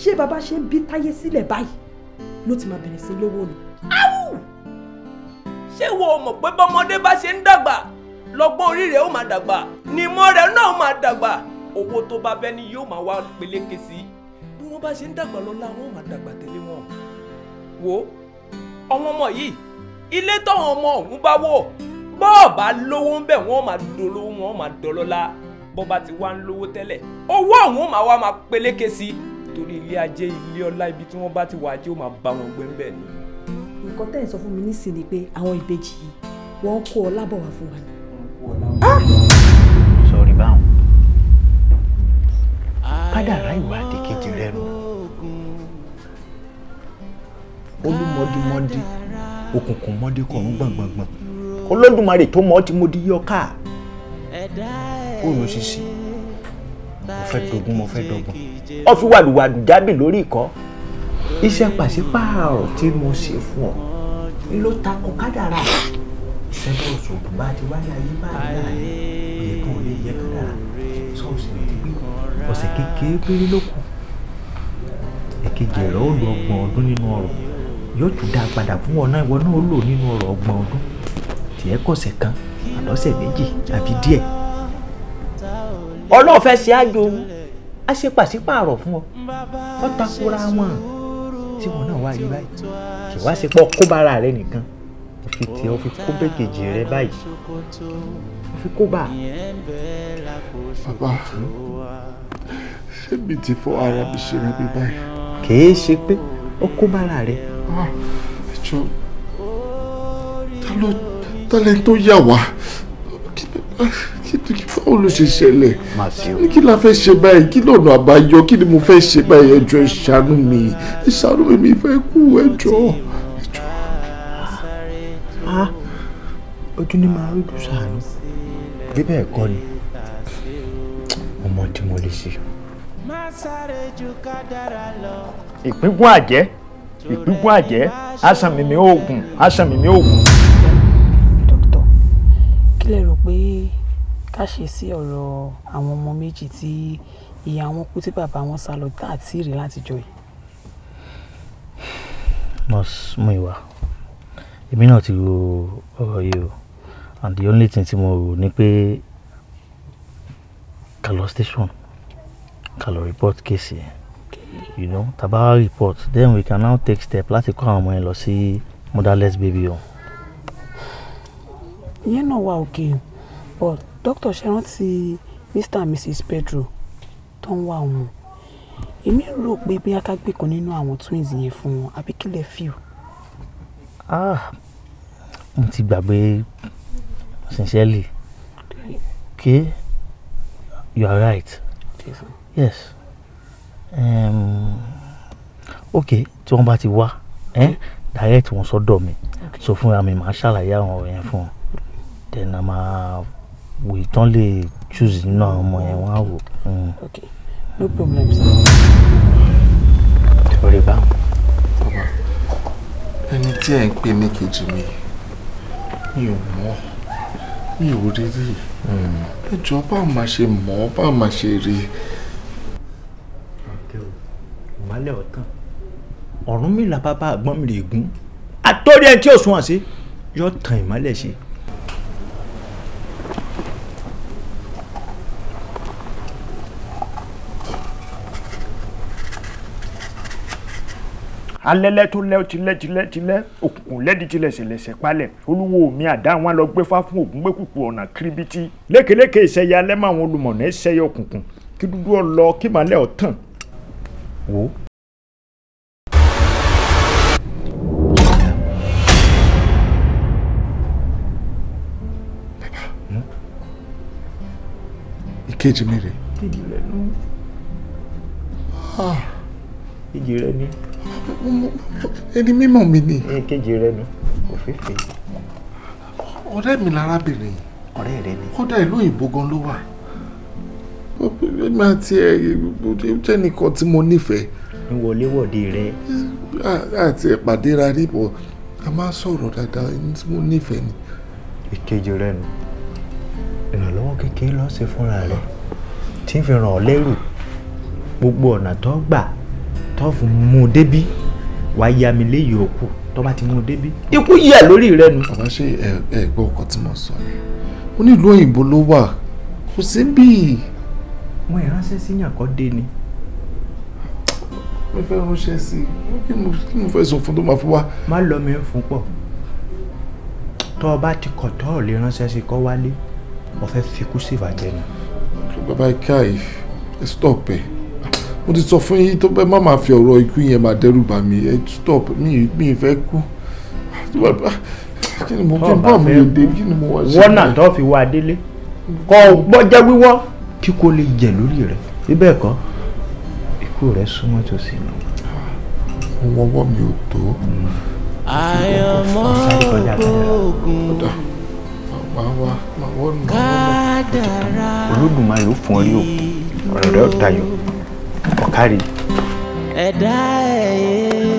ṣé bàbá ṣe ń bí táyé sílẹ̀ báyìí ló ti máa bẹ̀rẹ̀ sí lówó ni áwù ṣé wo mọ̀ pé bọ́mọdé bá ṣe ń dàgbà lọ́gbọ́n orí rẹ̀ ó máa dàgbà ni ìmọ̀ rẹ̀ náà máa dàgbà owó tó bá fẹ́ ni yóò máa wá peléke sí bí wọ́n bá ṣe ń dàgbà lọ láwọn ò máa dàgbà tẹ̀lé wọn wo ọmọ ọmọ yìí ilé tọ̀hún ọmọ ọ̀hún bá wọ̀ bọ́ọ̀ bá lówó ń bẹ̀ wọ́n máa dolówó wọn máa dọlọ́lá bọ́ bá ti wá ń lówó tẹ́lẹ̀ owó ọ̀hún máa wá máa peléke sí torí ilé ajé ilé ọlá ibi tí wọ́n bá ti wà ajé ó máa bá wọn gbé ń ni nǹkan tẹ́ ẹ̀ sọ fún mi nísìn ni pé àwọn ìbejì yìí wọ́n ń kó ọlá bọ̀ wá fún wa ni. sọ̀rí báwọn ah. kádàrá ìwà àdìkejì rẹ nù olúmọdímọdí òkùnkùn mọdí kọrùn gbọngbọngbọn olódùmarè tó mọ ọtí mọdí yọ ká òòrùn ṣíṣe mo fẹ́ dogun mo fẹ́ dọ́gbọ́n ọ fi wàdùwàdù jábì lórí ìkọ́ iṣẹ́ pàṣípààrọ̀ tí mo ṣe fún ọ ló takò kádàrà ìṣẹ́jọ́ òṣògùn bá ti wáyé ayé bá rí àyè òye kan ò lè yẹ kádàrà ṣọ́ọ̀ṣì rẹ̀ ti gbé ọ̀sẹ̀ kékeré péré ló kù èkejì rẹ̀ ó lò ọgbọ̀n ọdún nínú ọrọ̀ yóò tún dá a padà fún ọ náà ìwọ náà lò nínú ọrọ̀ ọgbọ̀n ọdún tiẹ̀ kọ̀sẹ̀ kan àlọ́sẹ̀ méjì àbí díẹ̀ ọlọ́ọ̀fẹ́ ṣe àjò a ṣe pàṣípààrọ̀ fún ọ ọ takora wọn tí wọn náà wá yí báyìí kì wá sí pọ kó bára rẹ nìkan ó fi tiẹ̀ ó fi kó bẹ́ẹ̀kejì rẹ báyìí ó fi kó bá. bàbá ṣé mi ti fọ ara mi ṣera mi báyìí. kì ṣe pé ó kó bára rẹ. Ah, ẹ jọ ta ló ta lẹni tó yà wá kí báwo ló ṣe ṣẹlẹ̀ kí la fẹ́ ṣe báyìí kí lọ́nà àbáyọ kí ni mo fẹ́ ṣe báyìí ẹ jọ̀ọ́ mi ẹ mi mi fẹ́ kú ẹ ah, ojú ni màá rí dùn ṣàánú bí bẹ́ẹ̀ ni ọmọ tí mo lè ṣe. ìpínpín àjẹ́ ìpínpín àjẹ́ aṣàmìmí oògùn aṣàmìmí oògùn. dókítà kí lè rò pé táṣe sí ọ̀rọ̀ àwọn ọmọ méjì tí ìyá wọn kú tí bàbá wọn sá lọ tá à tí ì rí látijọ́ yìí. nurse Múyìwá èmi náà ti ro ọ̀rọ̀ yìí o and the only thing tí mo rò ni pé ká station ká lọ report case you know taba report then we can now take step láti kó àwọn ọmọ yẹn lọ sí motherless baby home. ìyẹn náà wà òkè but dókítà ṣe rántí mr and mrs pedro tó ń wá wọn èmi rò pé bí a ká gbé kan nínú àwọn twins yẹn fún wọn àbí kí lè fi o. ah n ti gbàgbé sincerely okay. you are right yes, Um, Okay. tí wọ́n bá ti wá eh? direct wọn sọ́dọ̀ mi sọ fúnra mi màá ṣàlàyé àwọn ọ̀rẹ́ yẹn fún un then a máa. We ìtàn lè choose nínú àwọn ọmọ yẹn wọ́n á mm. okay no problem sir. torí bá bàbá ẹni tí ẹ ń pè ní kejì mi mi ò mọ̀ mi ò rí rí mm. ẹ jọ bá a máa ṣe mọ̀ bá a máa ṣe rí. ìmọ̀lẹ̀ ọ̀tàn ọ̀run mi là bàbá àgbọ̀n mi lè gún àtọ́rí ẹni tí ò sunwọ̀n sí yóò tan ìmọ̀lẹ̀ ṣe. alẹ́lẹ́ tó lẹ́ tilẹ́ òkùnkùn lẹ́dí tilẹ̀ ṣẹlẹ̀ṣẹ̀ palẹ̀ olúwo mi àdá wọn lọ gbé fá fún ògúngbẹ́kùkù ọ̀nà kiribiti lékeleke ìṣẹ̀yẹ alẹ́ mọ́ àwọn olùmọ̀nà ìṣẹ̀yẹ òkùnkùn kí dúdú ọ lọ kí màálẹ̀ ọ tàn hmm? ìkejì mi rè. ìkejì rẹ ni. Ah! ẹni mímọ̀ mi ni. èkejì rẹ ni òfìfì. ọ̀rẹ́ mi lárábìnrin. ọ̀rẹ́ rẹ ni. kódà ìlú òyìnbó gan ló wà. èmi àti ẹ jẹ́ nìkan tí mo nífẹ̀ẹ́. ní wọléwọ̀de rẹ. àti ìpàdé ra rí bọ̀ a máa sọ̀rọ̀ dáadáa ẹni tí mo nífẹ̀ẹ́ ni. èkejì rẹ nu ìrànlọ́wọ́ kékeré lọ́ọ́ ṣe fúnra rẹ tí ń fi ràn ọ́ lẹ́rù gbogbo ọ̀nà tó gbà tó fún mú un débí wàá ya mi léyìí òkú tó bá ti mú un débí ikú yìí ẹ lórí rẹ nu. bàbá ṣe ẹ ẹ gbọ́ ọkọ tí mo sọ ni ó ní ìlú òyìnbó ló wà kò sí bí. wọn ìránṣẹ́ sí yàn kọ́ dé ni. mo fẹ́ ránṣẹ́ sí i kí mo fẹ́ sọ fún tó máa fún wa. má lọ mi fún pọ̀ tọ́ ọ ti kọ̀ tọ́ ọ lè ránṣẹ́ sí kọ́ wálé ọ̀fẹ́ fikú sí ìbàjẹ́ ni. bàbá káyì stop ẹ̀. Eh mo ti sọ fún yín tó bẹ́ẹ̀ má máa fi ọ̀rọ̀ ikú yẹn máa dẹ́rù bà mí ẹ stop mi mi fẹ́ kú kí ni mo kí n bá mi lè dé kí ni mo wá ṣe. wọ́n náà tó fi wá délé kọ́ ọgbọ́n jẹ́ wíwọ́ kí kò lè jẹ lórí rẹ̀ bíbẹ̀ kọ́ ikú rẹ̀ súnmọ́ tòsí mi. ọwọ́ ọwọ́ mi ò tó. àyànmọ́ ògùn kádàrá olódùmarè ó fún ọ rí o ọ̀rọ̀ rẹ̀ ó tayọ kárí. ẹ̀dá ẹ̀yẹ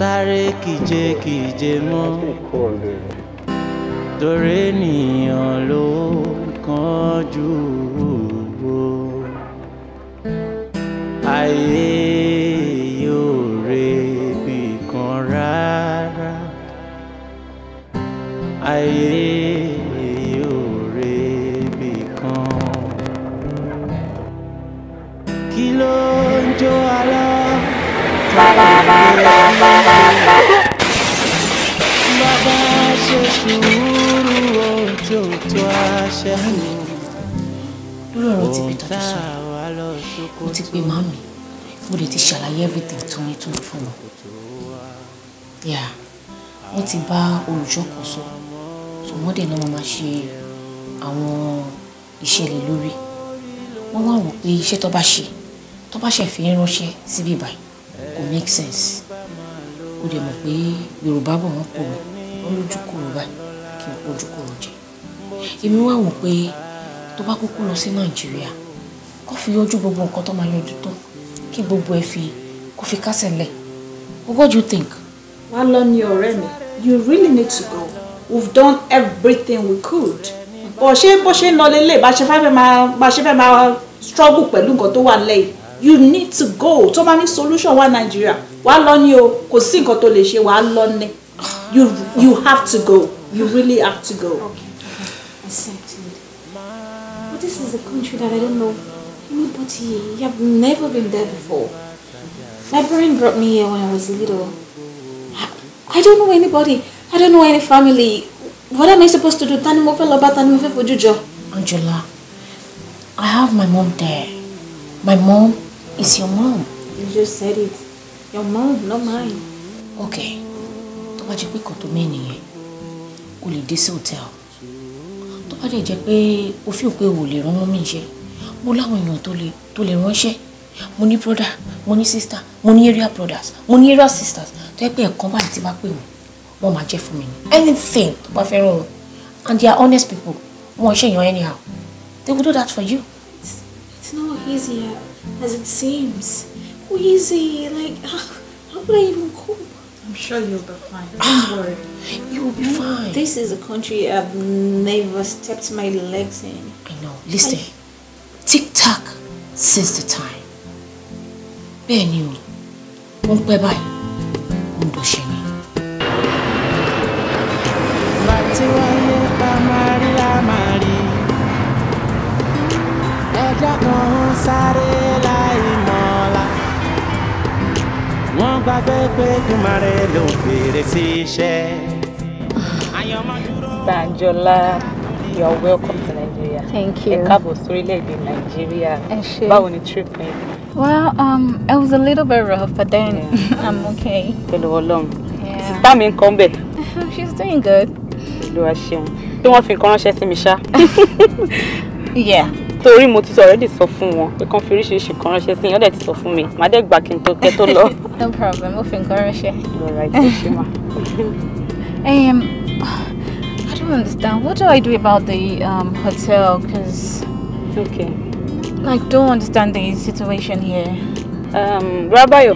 sáré kìjekìje mọ́ torí ènìyàn ló kánjú wò ayé yóò rebi kan rárá ayé. Bàbá ṣe sùúrù òtòótọ́ àṣẹ mi. Lórí ọ̀rọ̀ tí Peter tó sọ, mo ti pe màmí, mo lè ti ṣàlàyé everything tó ní tó ní fún wọn. Yà, wọ́n ti bá olùṣọ́ kan sọ, so wọ́n dẹ̀ náà máa ṣe àwọn ìṣẹ̀lẹ̀ lórí. Wọ́n wá wò pé iṣẹ́ tó bá ṣe, tó bá ṣe fi ránṣẹ́ síbí báyìí kò make sense ó dẹ̀ mọ̀ pé yorùbá bọ̀ wọ́n kò wọ́n lójú kúrò báyìí kí n kojú kúrò jẹ èmi wá wò pé tó bá kúkú lọ sí nàìjíríà kó fi yọjú gbogbo nǹkan tó máa yọjú tó kí gbogbo ẹ fi kó fi kásẹ̀ lẹ̀ what do you think. wá lọ ní ọ̀rẹ́ mi you really need to go we've done everything we could bó ṣe bó ṣe ń lọ lélẹ̀ bá ṣe fẹ́ máa bá ṣe fẹ́ máa struggle pẹ̀lú nǹkan tó wà lẹ́yìn you need to go tó bá ní solution wá nàìjíríà wà á lọ ní o kò sí nǹkan tó lè ṣe wà lọ ní you you have to go you really have to go. okay okay i but this is a country that i don't know anybody i have never been there before my parents brought me here when i was little i, don't know anybody i don't know any family what am i supposed to do tani mo fẹ́ lọ angela i have my mom there my mom It's e your mom. You just said it. Your mom, not mine. Okay. Tó bá jẹ́ pé kan tó mẹ́rin yẹn, o lè dé sí hòtẹ́ẹ̀lì. Tó bá dẹ̀ jẹ́ pé o fi òpé o lè rán mọ́mí iṣẹ́, mo láwọn èèyàn tó lè tó lè ránṣẹ́. Mo ní brother, mo ní sister, mo ní area brothers, mo ní area sisters. Tó yẹ pé ẹ̀kan báyìí ti bá pè wọ́n, wọ́n máa jẹ́ fún mi ni. Anything tó bá fẹ́ràn wọn. And they are honest people. Wọ́n ṣèyàn anyhow. They will do that for you. It's, it's not easier. as it seems. wheezy. like, how would I even cope? I'm sure you'll be fine. Ah, Don't worry. You will be mm-hmm. fine. This is a country I've never stepped my legs in. I know. Listen, I... tick tock since the time. Bẹ́ẹ̀ ni o, wọ́n pẹ́ báyìí, wọ́n dọ̀ ajá kan ń sáré láì mọ̀ọ́lá wọ́n gbàgbé pé dùmarè ló fèrè sí iṣẹ́. Danjola, you are welcome to Nigeria. Thank you. Ẹ káàbọ̀ sórílẹ̀-èdè Nàìjíríà. Ẹ ṣé. Báwo ni trip mi? Well, um, it was a little bit rough, but then yeah. I'm okay. Pẹ̀lú Ọlọ́run. Sista mi ń kọ́ ń bẹ̀. She's doing good. Olúwa ṣeun. Bí wọ́n fi nǹkan ránṣẹ́ sí mi ṣá. Yeah torí mo ti sọ already sọ fún wọn pé kàn fi oríṣiríṣi kan ránṣẹ́ sí yín ọ̀dẹ̀ ti sọ fún mi màá dẹ̀ gbà kí n tó kẹ́ tó lọ. no problem ó fi nǹkan ránṣẹ́. alright ẹ ṣe ma. Um, I don't understand what do I do about the um, hotel because. okay. like don't understand the situation here. Um, Rabayo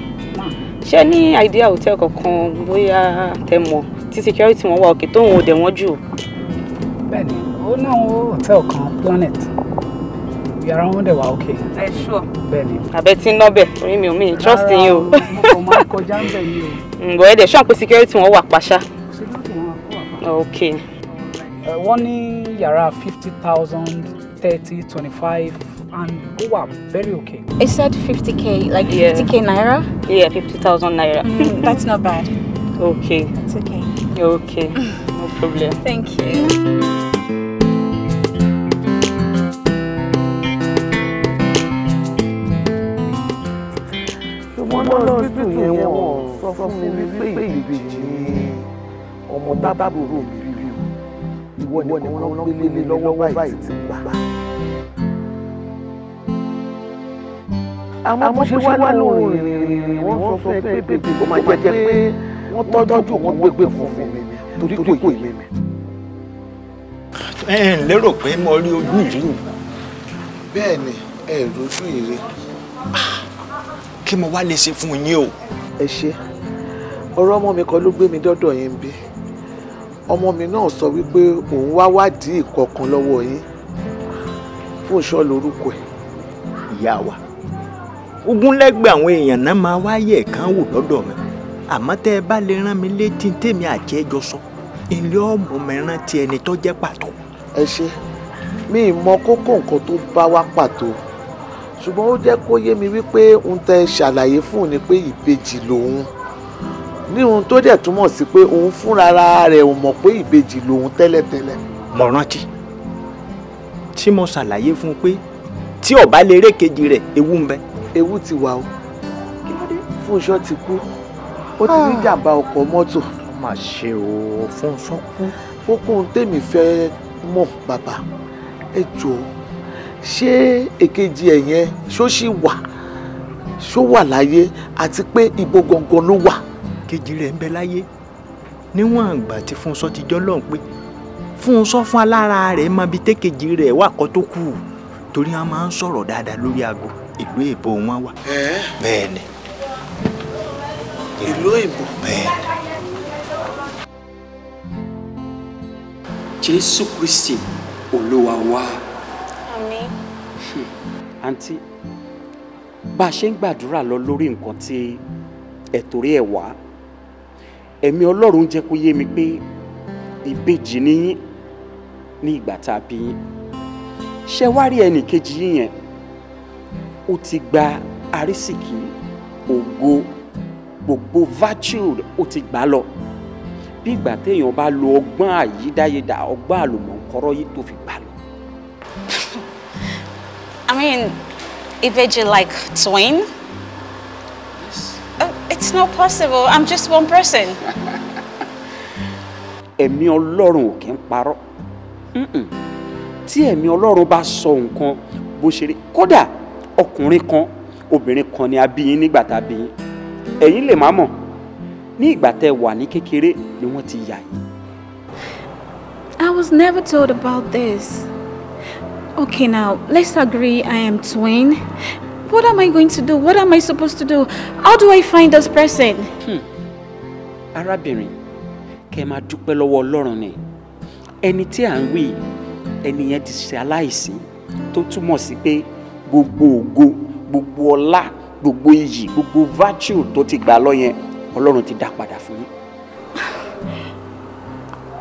ṣé ní idea hotel kankan bóyá tẹ mọ̀ tí security wọn wà òkè tóun ò dẹ̀ wọ́n jù. bẹ́ẹ̀ni ó náà hotel kan planet yàrá wọn dẹ̀ wá òkè. ẹ ṣù ọ bẹ́ẹ̀ni. àbẹ tí ń ná bẹ orí mi ò mí trust yín o. mo kò ń bẹ̀ ni o. ǹbọ̀ ẹ̀ dẹ̀ ṣọ́ security wọn wà pàṣá. security wọn wà pàṣá. ok. wọ́n ní yàrá fifty thousand thirty twenty five and ó wà very okay. it said fifty k like fifty yeah. k naira. yeah fifty thousand naira. Mm, that's not bad. okay. it's okay. okay no problem. thank you. ọmọ tábàbòrò mi rí rí o ìwọ nìkan wọn gbélé lọ́wọ́ báyìí ti gbà. àmọ́ ṣe wá lóhùn ìrìnrìn wọ́n sọ fún pé bèbè kó máa jẹ́ pé wọ́n tọ́jú wọn gbégbé funfun mi torí kò yé mi. ẹ ẹ lérò pé mo rí ojú ìrìn. bẹ́ẹ̀ ni ẹ rojú ìrìn. kí mo wá lè ṣe fún yín o. ẹ ṣe ọ̀rọ̀ ọmọ mi kan ló gbé mi dọ́dọ̀ yín bí ọmọ mi náà sọ wípé òun wá wádìí ìkọ̀kan lọ́wọ́ yín Fúnṣọ́ lórúkọ ẹ̀. ìyá wa ogunlẹ́gbẹ̀ àwọn èèyàn náà máa wáyé ẹ̀kan wò lọ́dọ̀ mi àmọ́ tẹ́ ẹ bá lè rán mi létí tèmi àti ẹjọ́ sọ ilé ọmọ mi rántí ẹni tó jẹ́ pàtó. ẹ ṣe mi ì mọ kókó nǹkan tó bá wá pàtó ṣùgbọ́n ó jẹ́ kó yé mi wípé ń tẹ ṣàlàyé fún un ni pé ìbejì lòun ní ohun tó dẹ̀ túmọ̀ sí pé òun fúnra rẹ̀ ò mọ̀ pé ìbejì lòun tẹ́lẹ̀tẹ́lẹ̀. mo rántí tí mo ṣàlàyé fún un pé tí ó bá lè ré kejì rẹ̀ ewu ń bẹ. ewu ti wà o Fúnṣọ́ ti kú ó ti ní ah. jàǹbá ọkọ̀ mọ́tò. má ṣe o Fúnṣọ́ kú. ó kún un tèmi fẹ́ mọ̀ bàbá ẹ jọ̀ọ́ ṣé èkejì ẹ̀ ṣó ṣì wà ṣó wà láyé àti pé ibo gangan ló wà kejì rẹ̀ ń bẹ láyé níwọ̀n àgbà tí Fúnṣọ́ ti jọ́ lọ́hùn pé Fúnṣọ́ fún alára rẹ̀ mọ ibi tẹ́kejì rẹ̀ wà kọ́ tó kù torí wọn máa ń sọ̀rọ̀ dáadáa lórí aago ìlú èbó wọn wà. bẹ́ẹ̀ ni. ìlú èbó. bẹ́ẹ̀ ni. Jésù Kristi Olúwa wa. àmín. Hmm. àǹtí bá a ṣe ń gbàdúrà lọ lórí nǹkan tí ẹ̀ torí ẹ̀ wá ẹ̀mí ọlọ́run jẹ́ kó yé mi pé ìbejì ni yín ní ìgbà tá a bí yín ṣe wá rí ẹnì kejì yín yẹn ó ti gba arísìkí ògo gbogbo virtue ó ti gbà lọ bí ìgbà téèyàn bá lo ọgbọ́n àyídáyédà ọgbọ́n àlùmọ̀ǹkọ́rọ́ yìí tó fi gbà lọ. I mean, ìbejì like twin. Uh, it's not possible. I'm just one person. Ẹ̀mí Ọlọ́run ò kí ń parọ́. Tí ẹ̀mí Ọlọ́run bá sọ nǹkan bó ṣe rí kódà ọkùnrin kan obìnrin kan ni a bí yín nígbà tá a bí yín. Ẹ̀yin lè má mọ̀ ní ìgbà tẹ́ wà ní kékeré ni wọ́n ti yà yín. I was never told about this. Okay, now let's agree I am twin What am I going to do? What am I supposed to do? How do I find this person? Hmm. Arábìnrin, kẹ́ máa dúpẹ́ lọ́wọ́ ni. Ẹni tí à ń wí, ẹni ti ṣe aláìsí tó túmọ̀ sí pé gbogbo ògo, gbogbo ọlá, gbogbo iyì, gbogbo virtue tó ti gbà lọ yẹn, Ọlọ́run ti dá padà fún yín.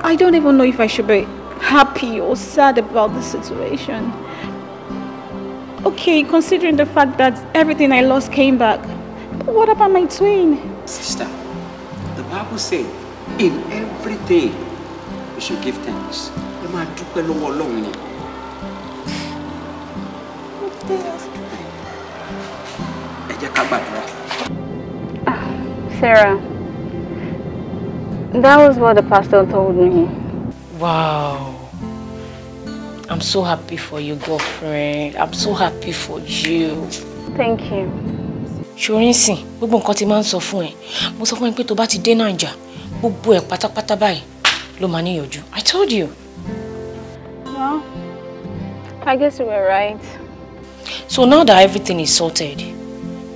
I don't even know if I should be happy or sad about the situation. Okay, considering the fact that everything I lost came back, but what about my twin? Sister, the Bible says, in everything, we should give thanks. Ẹ máa dúpẹ́ lọ́wọ́ Ọlọ́run ni. Ẹ jẹ́ ah, Sarah, that was what the pastor told me. Wow. I'm so happy for you, girlfriend. I'm so happy for you. Thank you. Ṣorin sìn, gbogbo nǹkan ti máa ń sọ fún ẹ. Mo sọ fún ẹ pé tó bá ti dé Nàìjà, gbogbo ẹ̀ pátápátá báyìí ló máa níyànjú. I told you. Well, I guess you were right. So now that everything is sorted,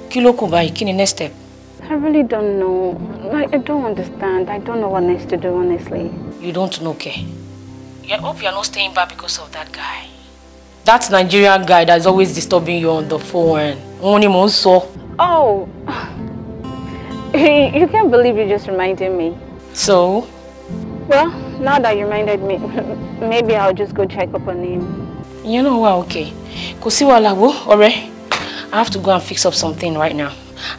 kí ló kù báyìí? Kí ni next step? I really don't know. I don't understand. I don't know what next to do, honestly. You don't know, okay? I hope you're not staying back because of that guy. That Nigerian guy that's always disturbing you on the phone. Oh, you can't believe you just reminded me. So? Well, now that you reminded me, maybe I'll just go check up on him. You know what, okay. Kusi wala wàhálà wo, ọ̀rẹ́. I have to go and fix up something right now.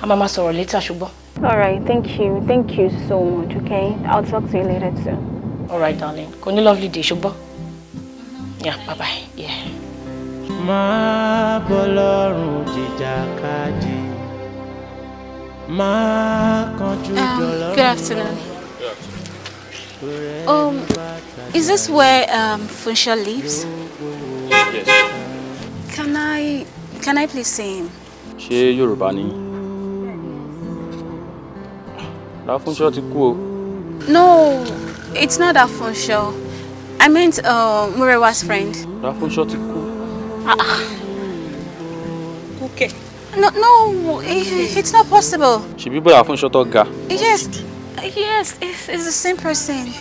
I'm a later, ṣùgbọ́n. Alright. thank you. Thank you so much, okay? I'll talk to you later too all right darling kò ní lovely day ṣùgbọ́n yeah bye bye yeah. máa bọ́ lọ́rùn jìjàkadì máa kanjú good afternoon. Um, is this where um, Funsha lives? Yes. Can I can I please see him? She Yorùbá ni? Láfúnṣọ́ ti kú o. No. It's not Afunsho. I meant uh, Murewa's friend. Afunsho to kú. Ah. Okay. No, no, it, it's not possible. She be boy Afunsho tó ga. Yes, yes, it's, it's the same person.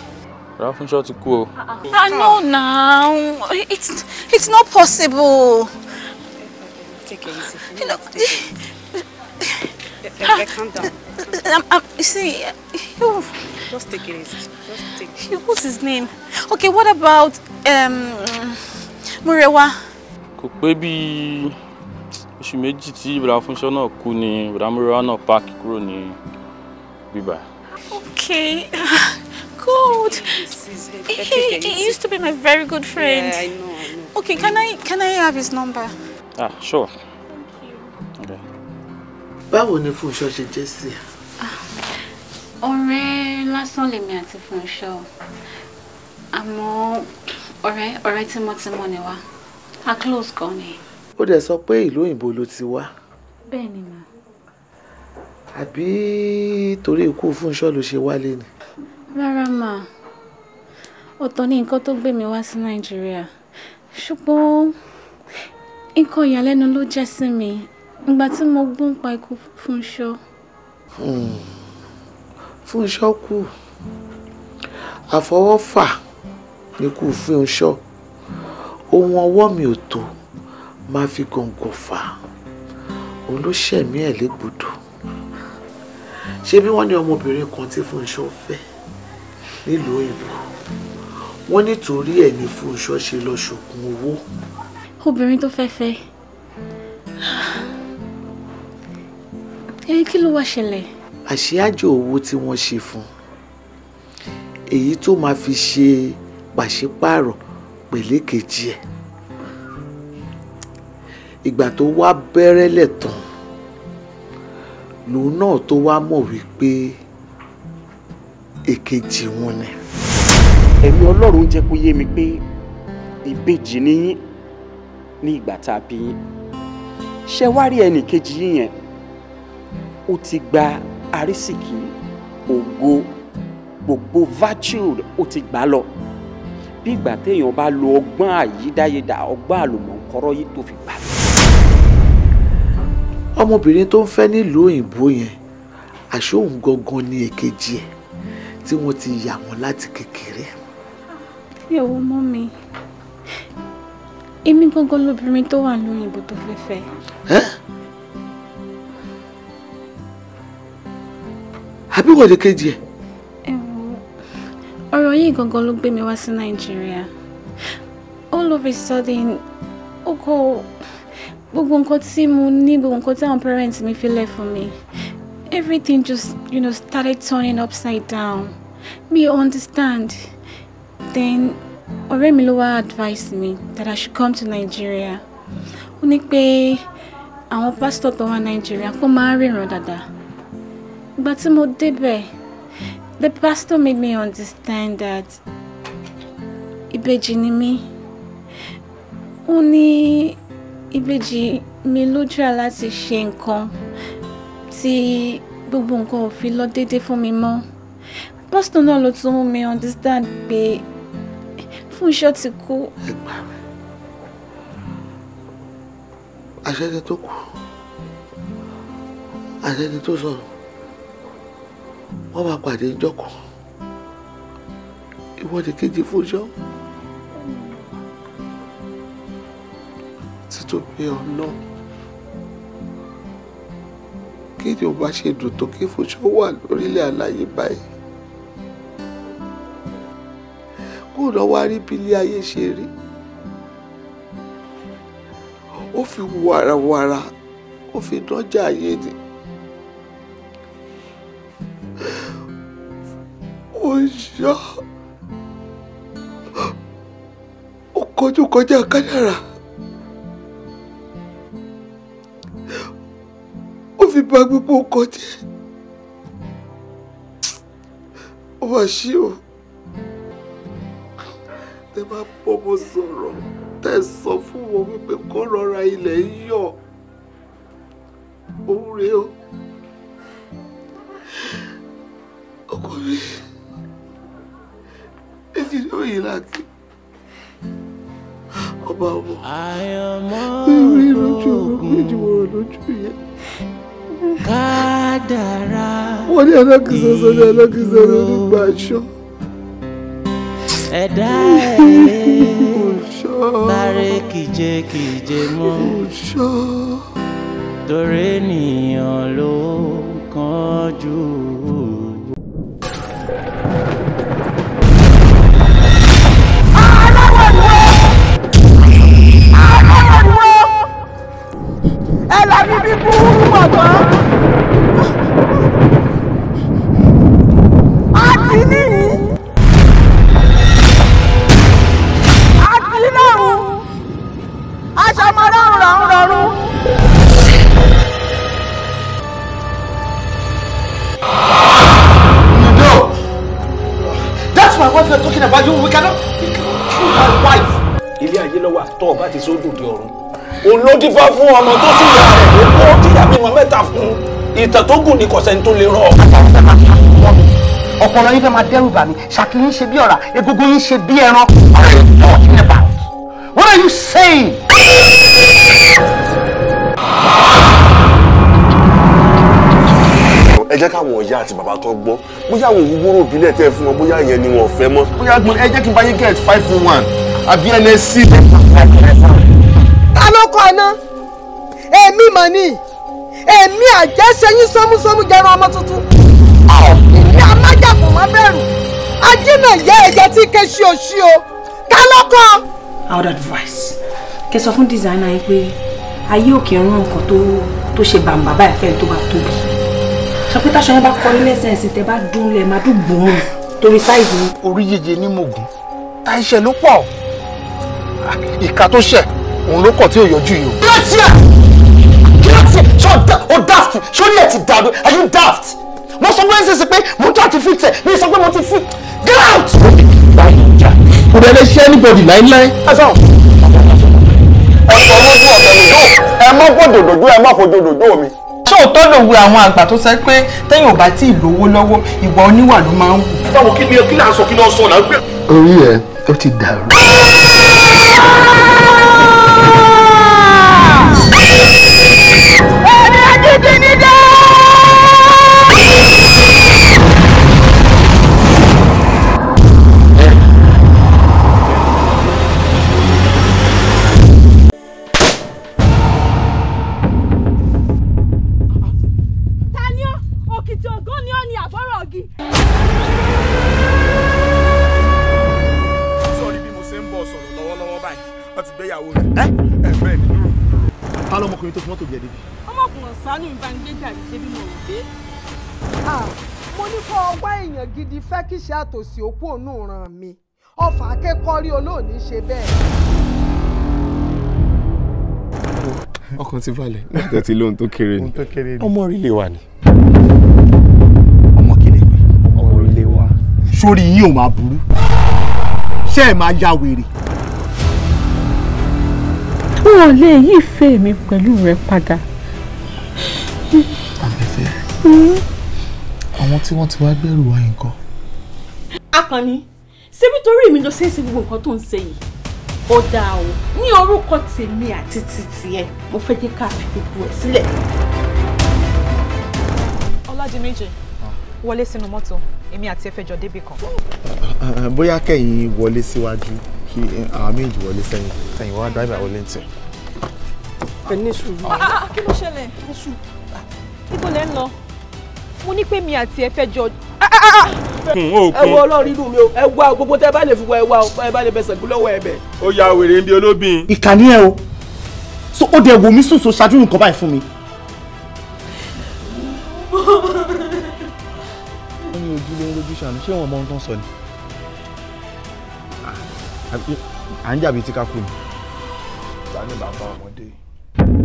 Afunsho ti kú o. Ah, ah, no, now. It's, it's not possible. Take it easy. You know, ah. Calm down. I'm, um, I'm, um, see, you... Just take it easy. Just take it. What's his name? Okay, what about um, Murewa? Baby, she made oṣù méjì tí ìbúra fúnṣọ́ náà kú ni ìbúra Murewa náà páàkì kúrò Okay. Good. He, he used to be my very good friend. Yeah, I know, I know. Okay, can I can I have his number? Ah, sure. Thank you. Okay. Báwo ni Fúnṣọ́ ṣe just sí? Ah ọ̀rẹ́ lásán lèmi àti Fúnṣọ́ àmọ́ ọ̀rẹ́ ọ̀rẹ́ tímọ́tímọ́ ni wá a close gan ni. ó dẹ̀ sọ pé ìlú òyìnbó ló ti wá. bẹ́ẹ̀ ni mà. àbí torí ikú Fúnṣọ́ ló ṣe wálé ni. rárá mà ọ̀tọ̀ ni nǹkan tó gbé mi wá sí Nàìjíríà ṣùgbọ́n nǹkan ìyàlẹ́nu ló jẹ́ sí mi ìgbà tí mo gbọ́ nípa ikú Fúnṣọ́. Hmm. Fúnṣọ́ kú àfọwọ́fà ni kú Fúnṣọ́ ohun ọwọ́ mi ò tó máa fi gòǹgò fà á òun ló ṣẹ̀mí ẹ̀ légbodò ṣé bí wọ́n ní ọmọbìnrin kan tí Fúnṣọ́ fẹ́ nílùú òyìnbó wọ́n nítorí ẹ̀ ní Fúnṣọ́ ṣe lọ ṣògùn owó. obìnrin tó fẹ́ fẹ́ ẹ kí ló wá ṣẹlẹ̀ àṣíájò owó tí wọ́n ṣe fún èyí tó máa fi ṣe pàṣípààrọ̀ pẹ̀lẹ́kejì ẹ̀ ìgbà tó wá bẹ̀rẹ̀lẹ̀ tán lòun náà tó wá mọ̀ wípé èkejì wọn ni. ẹ̀mí ọlọ́run jẹ́ kó yé mi pé ìbejì ni yín ní ìgbà tá a bí yín ṣé wá rí ẹnì kejì yín yẹn ó ti gba àrísìkí ògo gbogbo virtue ó ti gbà lọ bí ìgbà téèyàn bá lo ọgbọ́n àyídáyédà ọgbọ́n àlùmọ̀ǹkọ́rọ́ yìí tó fi gbà. ọmọbìnrin tó ń fẹ́ nílùú òyìnbó yẹn àṣé gangan ni èkejì ẹ̀ tí wọ́n ti yà wọ́n láti kékeré. ẹ mọ́ mi èmi gangan lóbìnrin tó wà lóyìnbó tó fẹ́ fẹ́. ẹ́ àbí wọlé kejì ẹ. ọ̀rọ̀ yìí gangan ló gbé mi wá sí nàìjíríà all of a sudden ó kọ gbogbo nǹkan tí mo ní gbogbo nǹkan tí àwọn parents mi fi lẹ̀ fún mi everything just you know, started turning upside down me understand then ọ̀rẹ́ mi ló wá advice me that I should come to Nigeria ó ní pé àwọn pásítọ̀ tó wà Nàìjíríà kó máa ríran dáadáa ìgbà tí mo débẹ̀ the pastor made me understand that ìbejì ni mí ó ní ìbejì mi lójú à láti ṣe nǹkan tí gbogbo nǹkan ò fi lọ déédéé fún mi mọ́ pastor náà ló tún mú mi understand pé Fúnṣọ́ ti kú. ẹgbà rẹ àṣẹjẹ tó kù àṣẹjẹ tó sọ̀rọ̀ wọ́n máa pàdé ìjọkọ̀ ìwọ́de kejì fúnṣọ́ títóbi ọ̀nà kéde ò bá ṣe dùn tó kí fúnṣọ́ wà lórílẹ̀ aláyé báyìí kó lọ wá rí bí ilé ayé ṣe rí ó fi wàràwàrà ó fi dọ́jà ayé ni òòyà ó kọjú kọjá kádàrá ó fi bà gbogbo nǹkan ó wá sí o tẹ bá bọ́mọ sọ̀rọ̀ tẹ sọ fún wọn wípé kó rọra ilẹ̀ yọ òun rèé o. me. If you know you like it. Ọba ọmọ. Irú ìlójú ọ̀rọ̀ méjì wọ̀rọ̀ lójú yẹn. Kádàrá. Wọ́n ní ọlọ́kìsọ̀ sọ ní ọlọ́kìsọ̀ ló ń gbà ṣọ́. Ẹ̀dá ẹ̀ bárẹ̀ kìjekìje mọ́. Torí ènìyàn ló kánjú. la ní bíbú ọ̀gbọ́n. a ti níyì a ti lọ́rùn aṣọ ọmọ rọrùn rọrùn rọrùn. That's my wife you're talking about. You, we cannot, we cannot kill my wife. Ilé ayé lọ́wọ́ àtọ́ ọba ti sódò di ọ̀run. Olódìbá fún ọmọ tó sì yá ìtàn tó gùn tó lè rán ọ. yín fẹ́ máa dẹ́rù bà mí ṣàkí yín ṣe bí ọ̀rá egungun yín ṣe bí ẹran. What are you saying? ẹ jẹ́ káwọn ìyá àti bàbá tó gbọ́ bóyá àwọn òwúwúrò òbílẹ̀ tẹ́ fún wọn bóyá ìyẹn ni wọn ò fẹ́ mọ́ bóyá gbọ́n ẹ jẹ́ kí n bá yín get five one one àbí nsc. ta ló kọ́ ọ ná èmi mọ̀ ni èmi àjẹsẹyìn sọmúsọmú jẹran ọmọ tuntun èmi amájàpọ̀ mọ́ bẹ̀rù ajínà yẹ ẹ̀jẹ̀ tí ké ṣí o o ká lọ́kọ́. I would advise kẹ sọ fún designer yín pé ayé òkè ń rán nǹkan tó tó ṣe bàǹbà báyìí fẹ́ tó bá tóbi sọ pé táṣọ yẹn bá kọrí lẹ́sẹ̀ẹ̀sì tẹ bá dún lẹ̀ máa dùn gbòòrùn torí sáìzì. orí yeye ní mògùn ta iṣẹ́ ló pọ̀ ìka tó ṣẹ̀ òun ló kọ̀ tí ò yọjú yìí o fifteen ṣé o daft ṣé o ní ẹ̀ ti dàrú are you daft mo sọ fún ncc pé mo tún àti fix ẹ mi sọ pé mo ti fi get out. kò dẹ̀ lè ṣe anybody láíláí. ẹ̀sán ọ̀sán lójú ọ̀sẹ̀ mi yóò ẹ mọ́ fòdò dòdò ẹ mọ́ fòdò dòdò mi sóòótọ́ lòwe àwọn àgbà tó sẹ pé tẹ́yìn ò bá tí ì lówó lọ́wọ́ ìwà oníwà ló máa ń wù. báwo kí ni kí là ń sọ kí ló ń sọ là ń gbé. orí ẹ ó mọ́tò jẹ débi. ọmọkùnrin sanu ìbánigbèjà yìí ṣe bí ah, mo ní kó ọwọ́ èèyàn gidi fẹ́ kí ṣe àtòsí òkú òun ràn mí ọfà akẹ́kọ̀ọ́ rí olóòní ṣe bẹ́ẹ̀. ọkàn ti balẹ̀ nígbà tí lóhun tó kéré ni ọmọ orílẹ̀ wa ni. ọmọ kìnìún pé ọmọ orílẹ̀ wa. sórí yín ò máa burú ṣé ẹ máa ya wèrè wọn ò lè yí ìfẹ́ mi pẹ̀lú rẹ padà. àbẹ̀fẹ́ àwọn tí wọ́n ti wá gbẹ́rù wa nǹkan. akànnì ṣé nítorí mi ló ṣe é ṣe gbogbo nǹkan tó ń ṣe yìí ó dáa o ní orúkọ tèmi àti títì ẹ mo fẹ́ jẹ́ ká fi gbogbo ẹ̀ sílẹ̀. ọládiméjì ah. wọlé sínú mọ́tò èmi àti ẹ fẹ́ jọ débi kan. bóyá kẹ́yìn wọlé síwájú kí àwọn méjì wọlé sẹ́yìn sẹ́yìn wá dáìbà wọlé ń tẹ̀ ẹ ní sùúrù. kí ló ṣẹlẹ̀? ní sùúrù. níbo lẹ́ ń lọ? mo ní pé mi àti ẹ fẹ́ jọ. Ah, ah, ah, hmm, ẹ wọ ọlọ́run inú mi o ẹ wá gbogbo tẹ bá lè fi wá ẹ wá ẹ bá lè bẹsẹ̀ gbé lọ́wọ́ ẹ bẹ̀. ó ya wèrè ń bí olóbìn. ìkànnì ẹ o so ó dẹ wò mí sùn so ṣáájú nǹkan báyìí fún mi. wọ́n ní ojú ló ń rojú ṣàánú ṣé wọ́n mọ ohun tó ń sọ ni. à ń jàbí tí ká kú ni. ta ni bàbá ọmọ you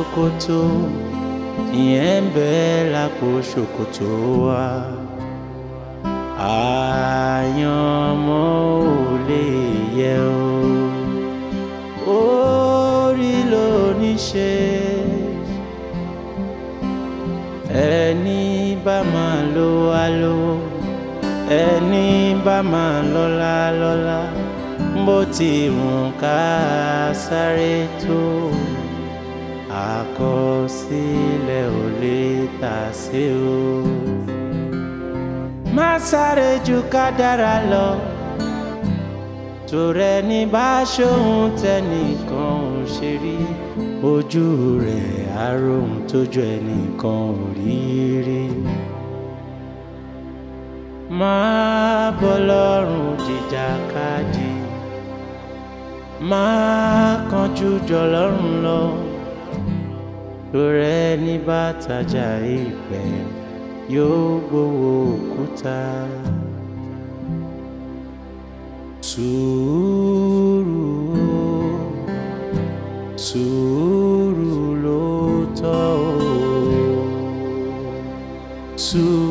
ṣòkòtò ìyẹn ń bẹ lápò ṣòkòtò wa àyàn ọmọ ò lè yẹ o orí ló ní ṣe ẹni bá máa lo wa lo ẹni bá máa lọ́la lọ́la bó ti wùn ká sáré tó àkọsílẹ̀ ò lè tà sí o. má sáré ju kádàrá lọ torẹ ní bá ṣóhun tẹnìkan ò ṣe rí ojú rẹ̀ aróhun tójú ẹnìkan ò rí rí. má bọ́lọ́run jìjàkadì má kánjú jọlọ́run lọ. Lo lórẹ́ ní bàtàjà ìpẹ́ yóò gbowó òkúta. sùúrù sùúrù ló sùúrù.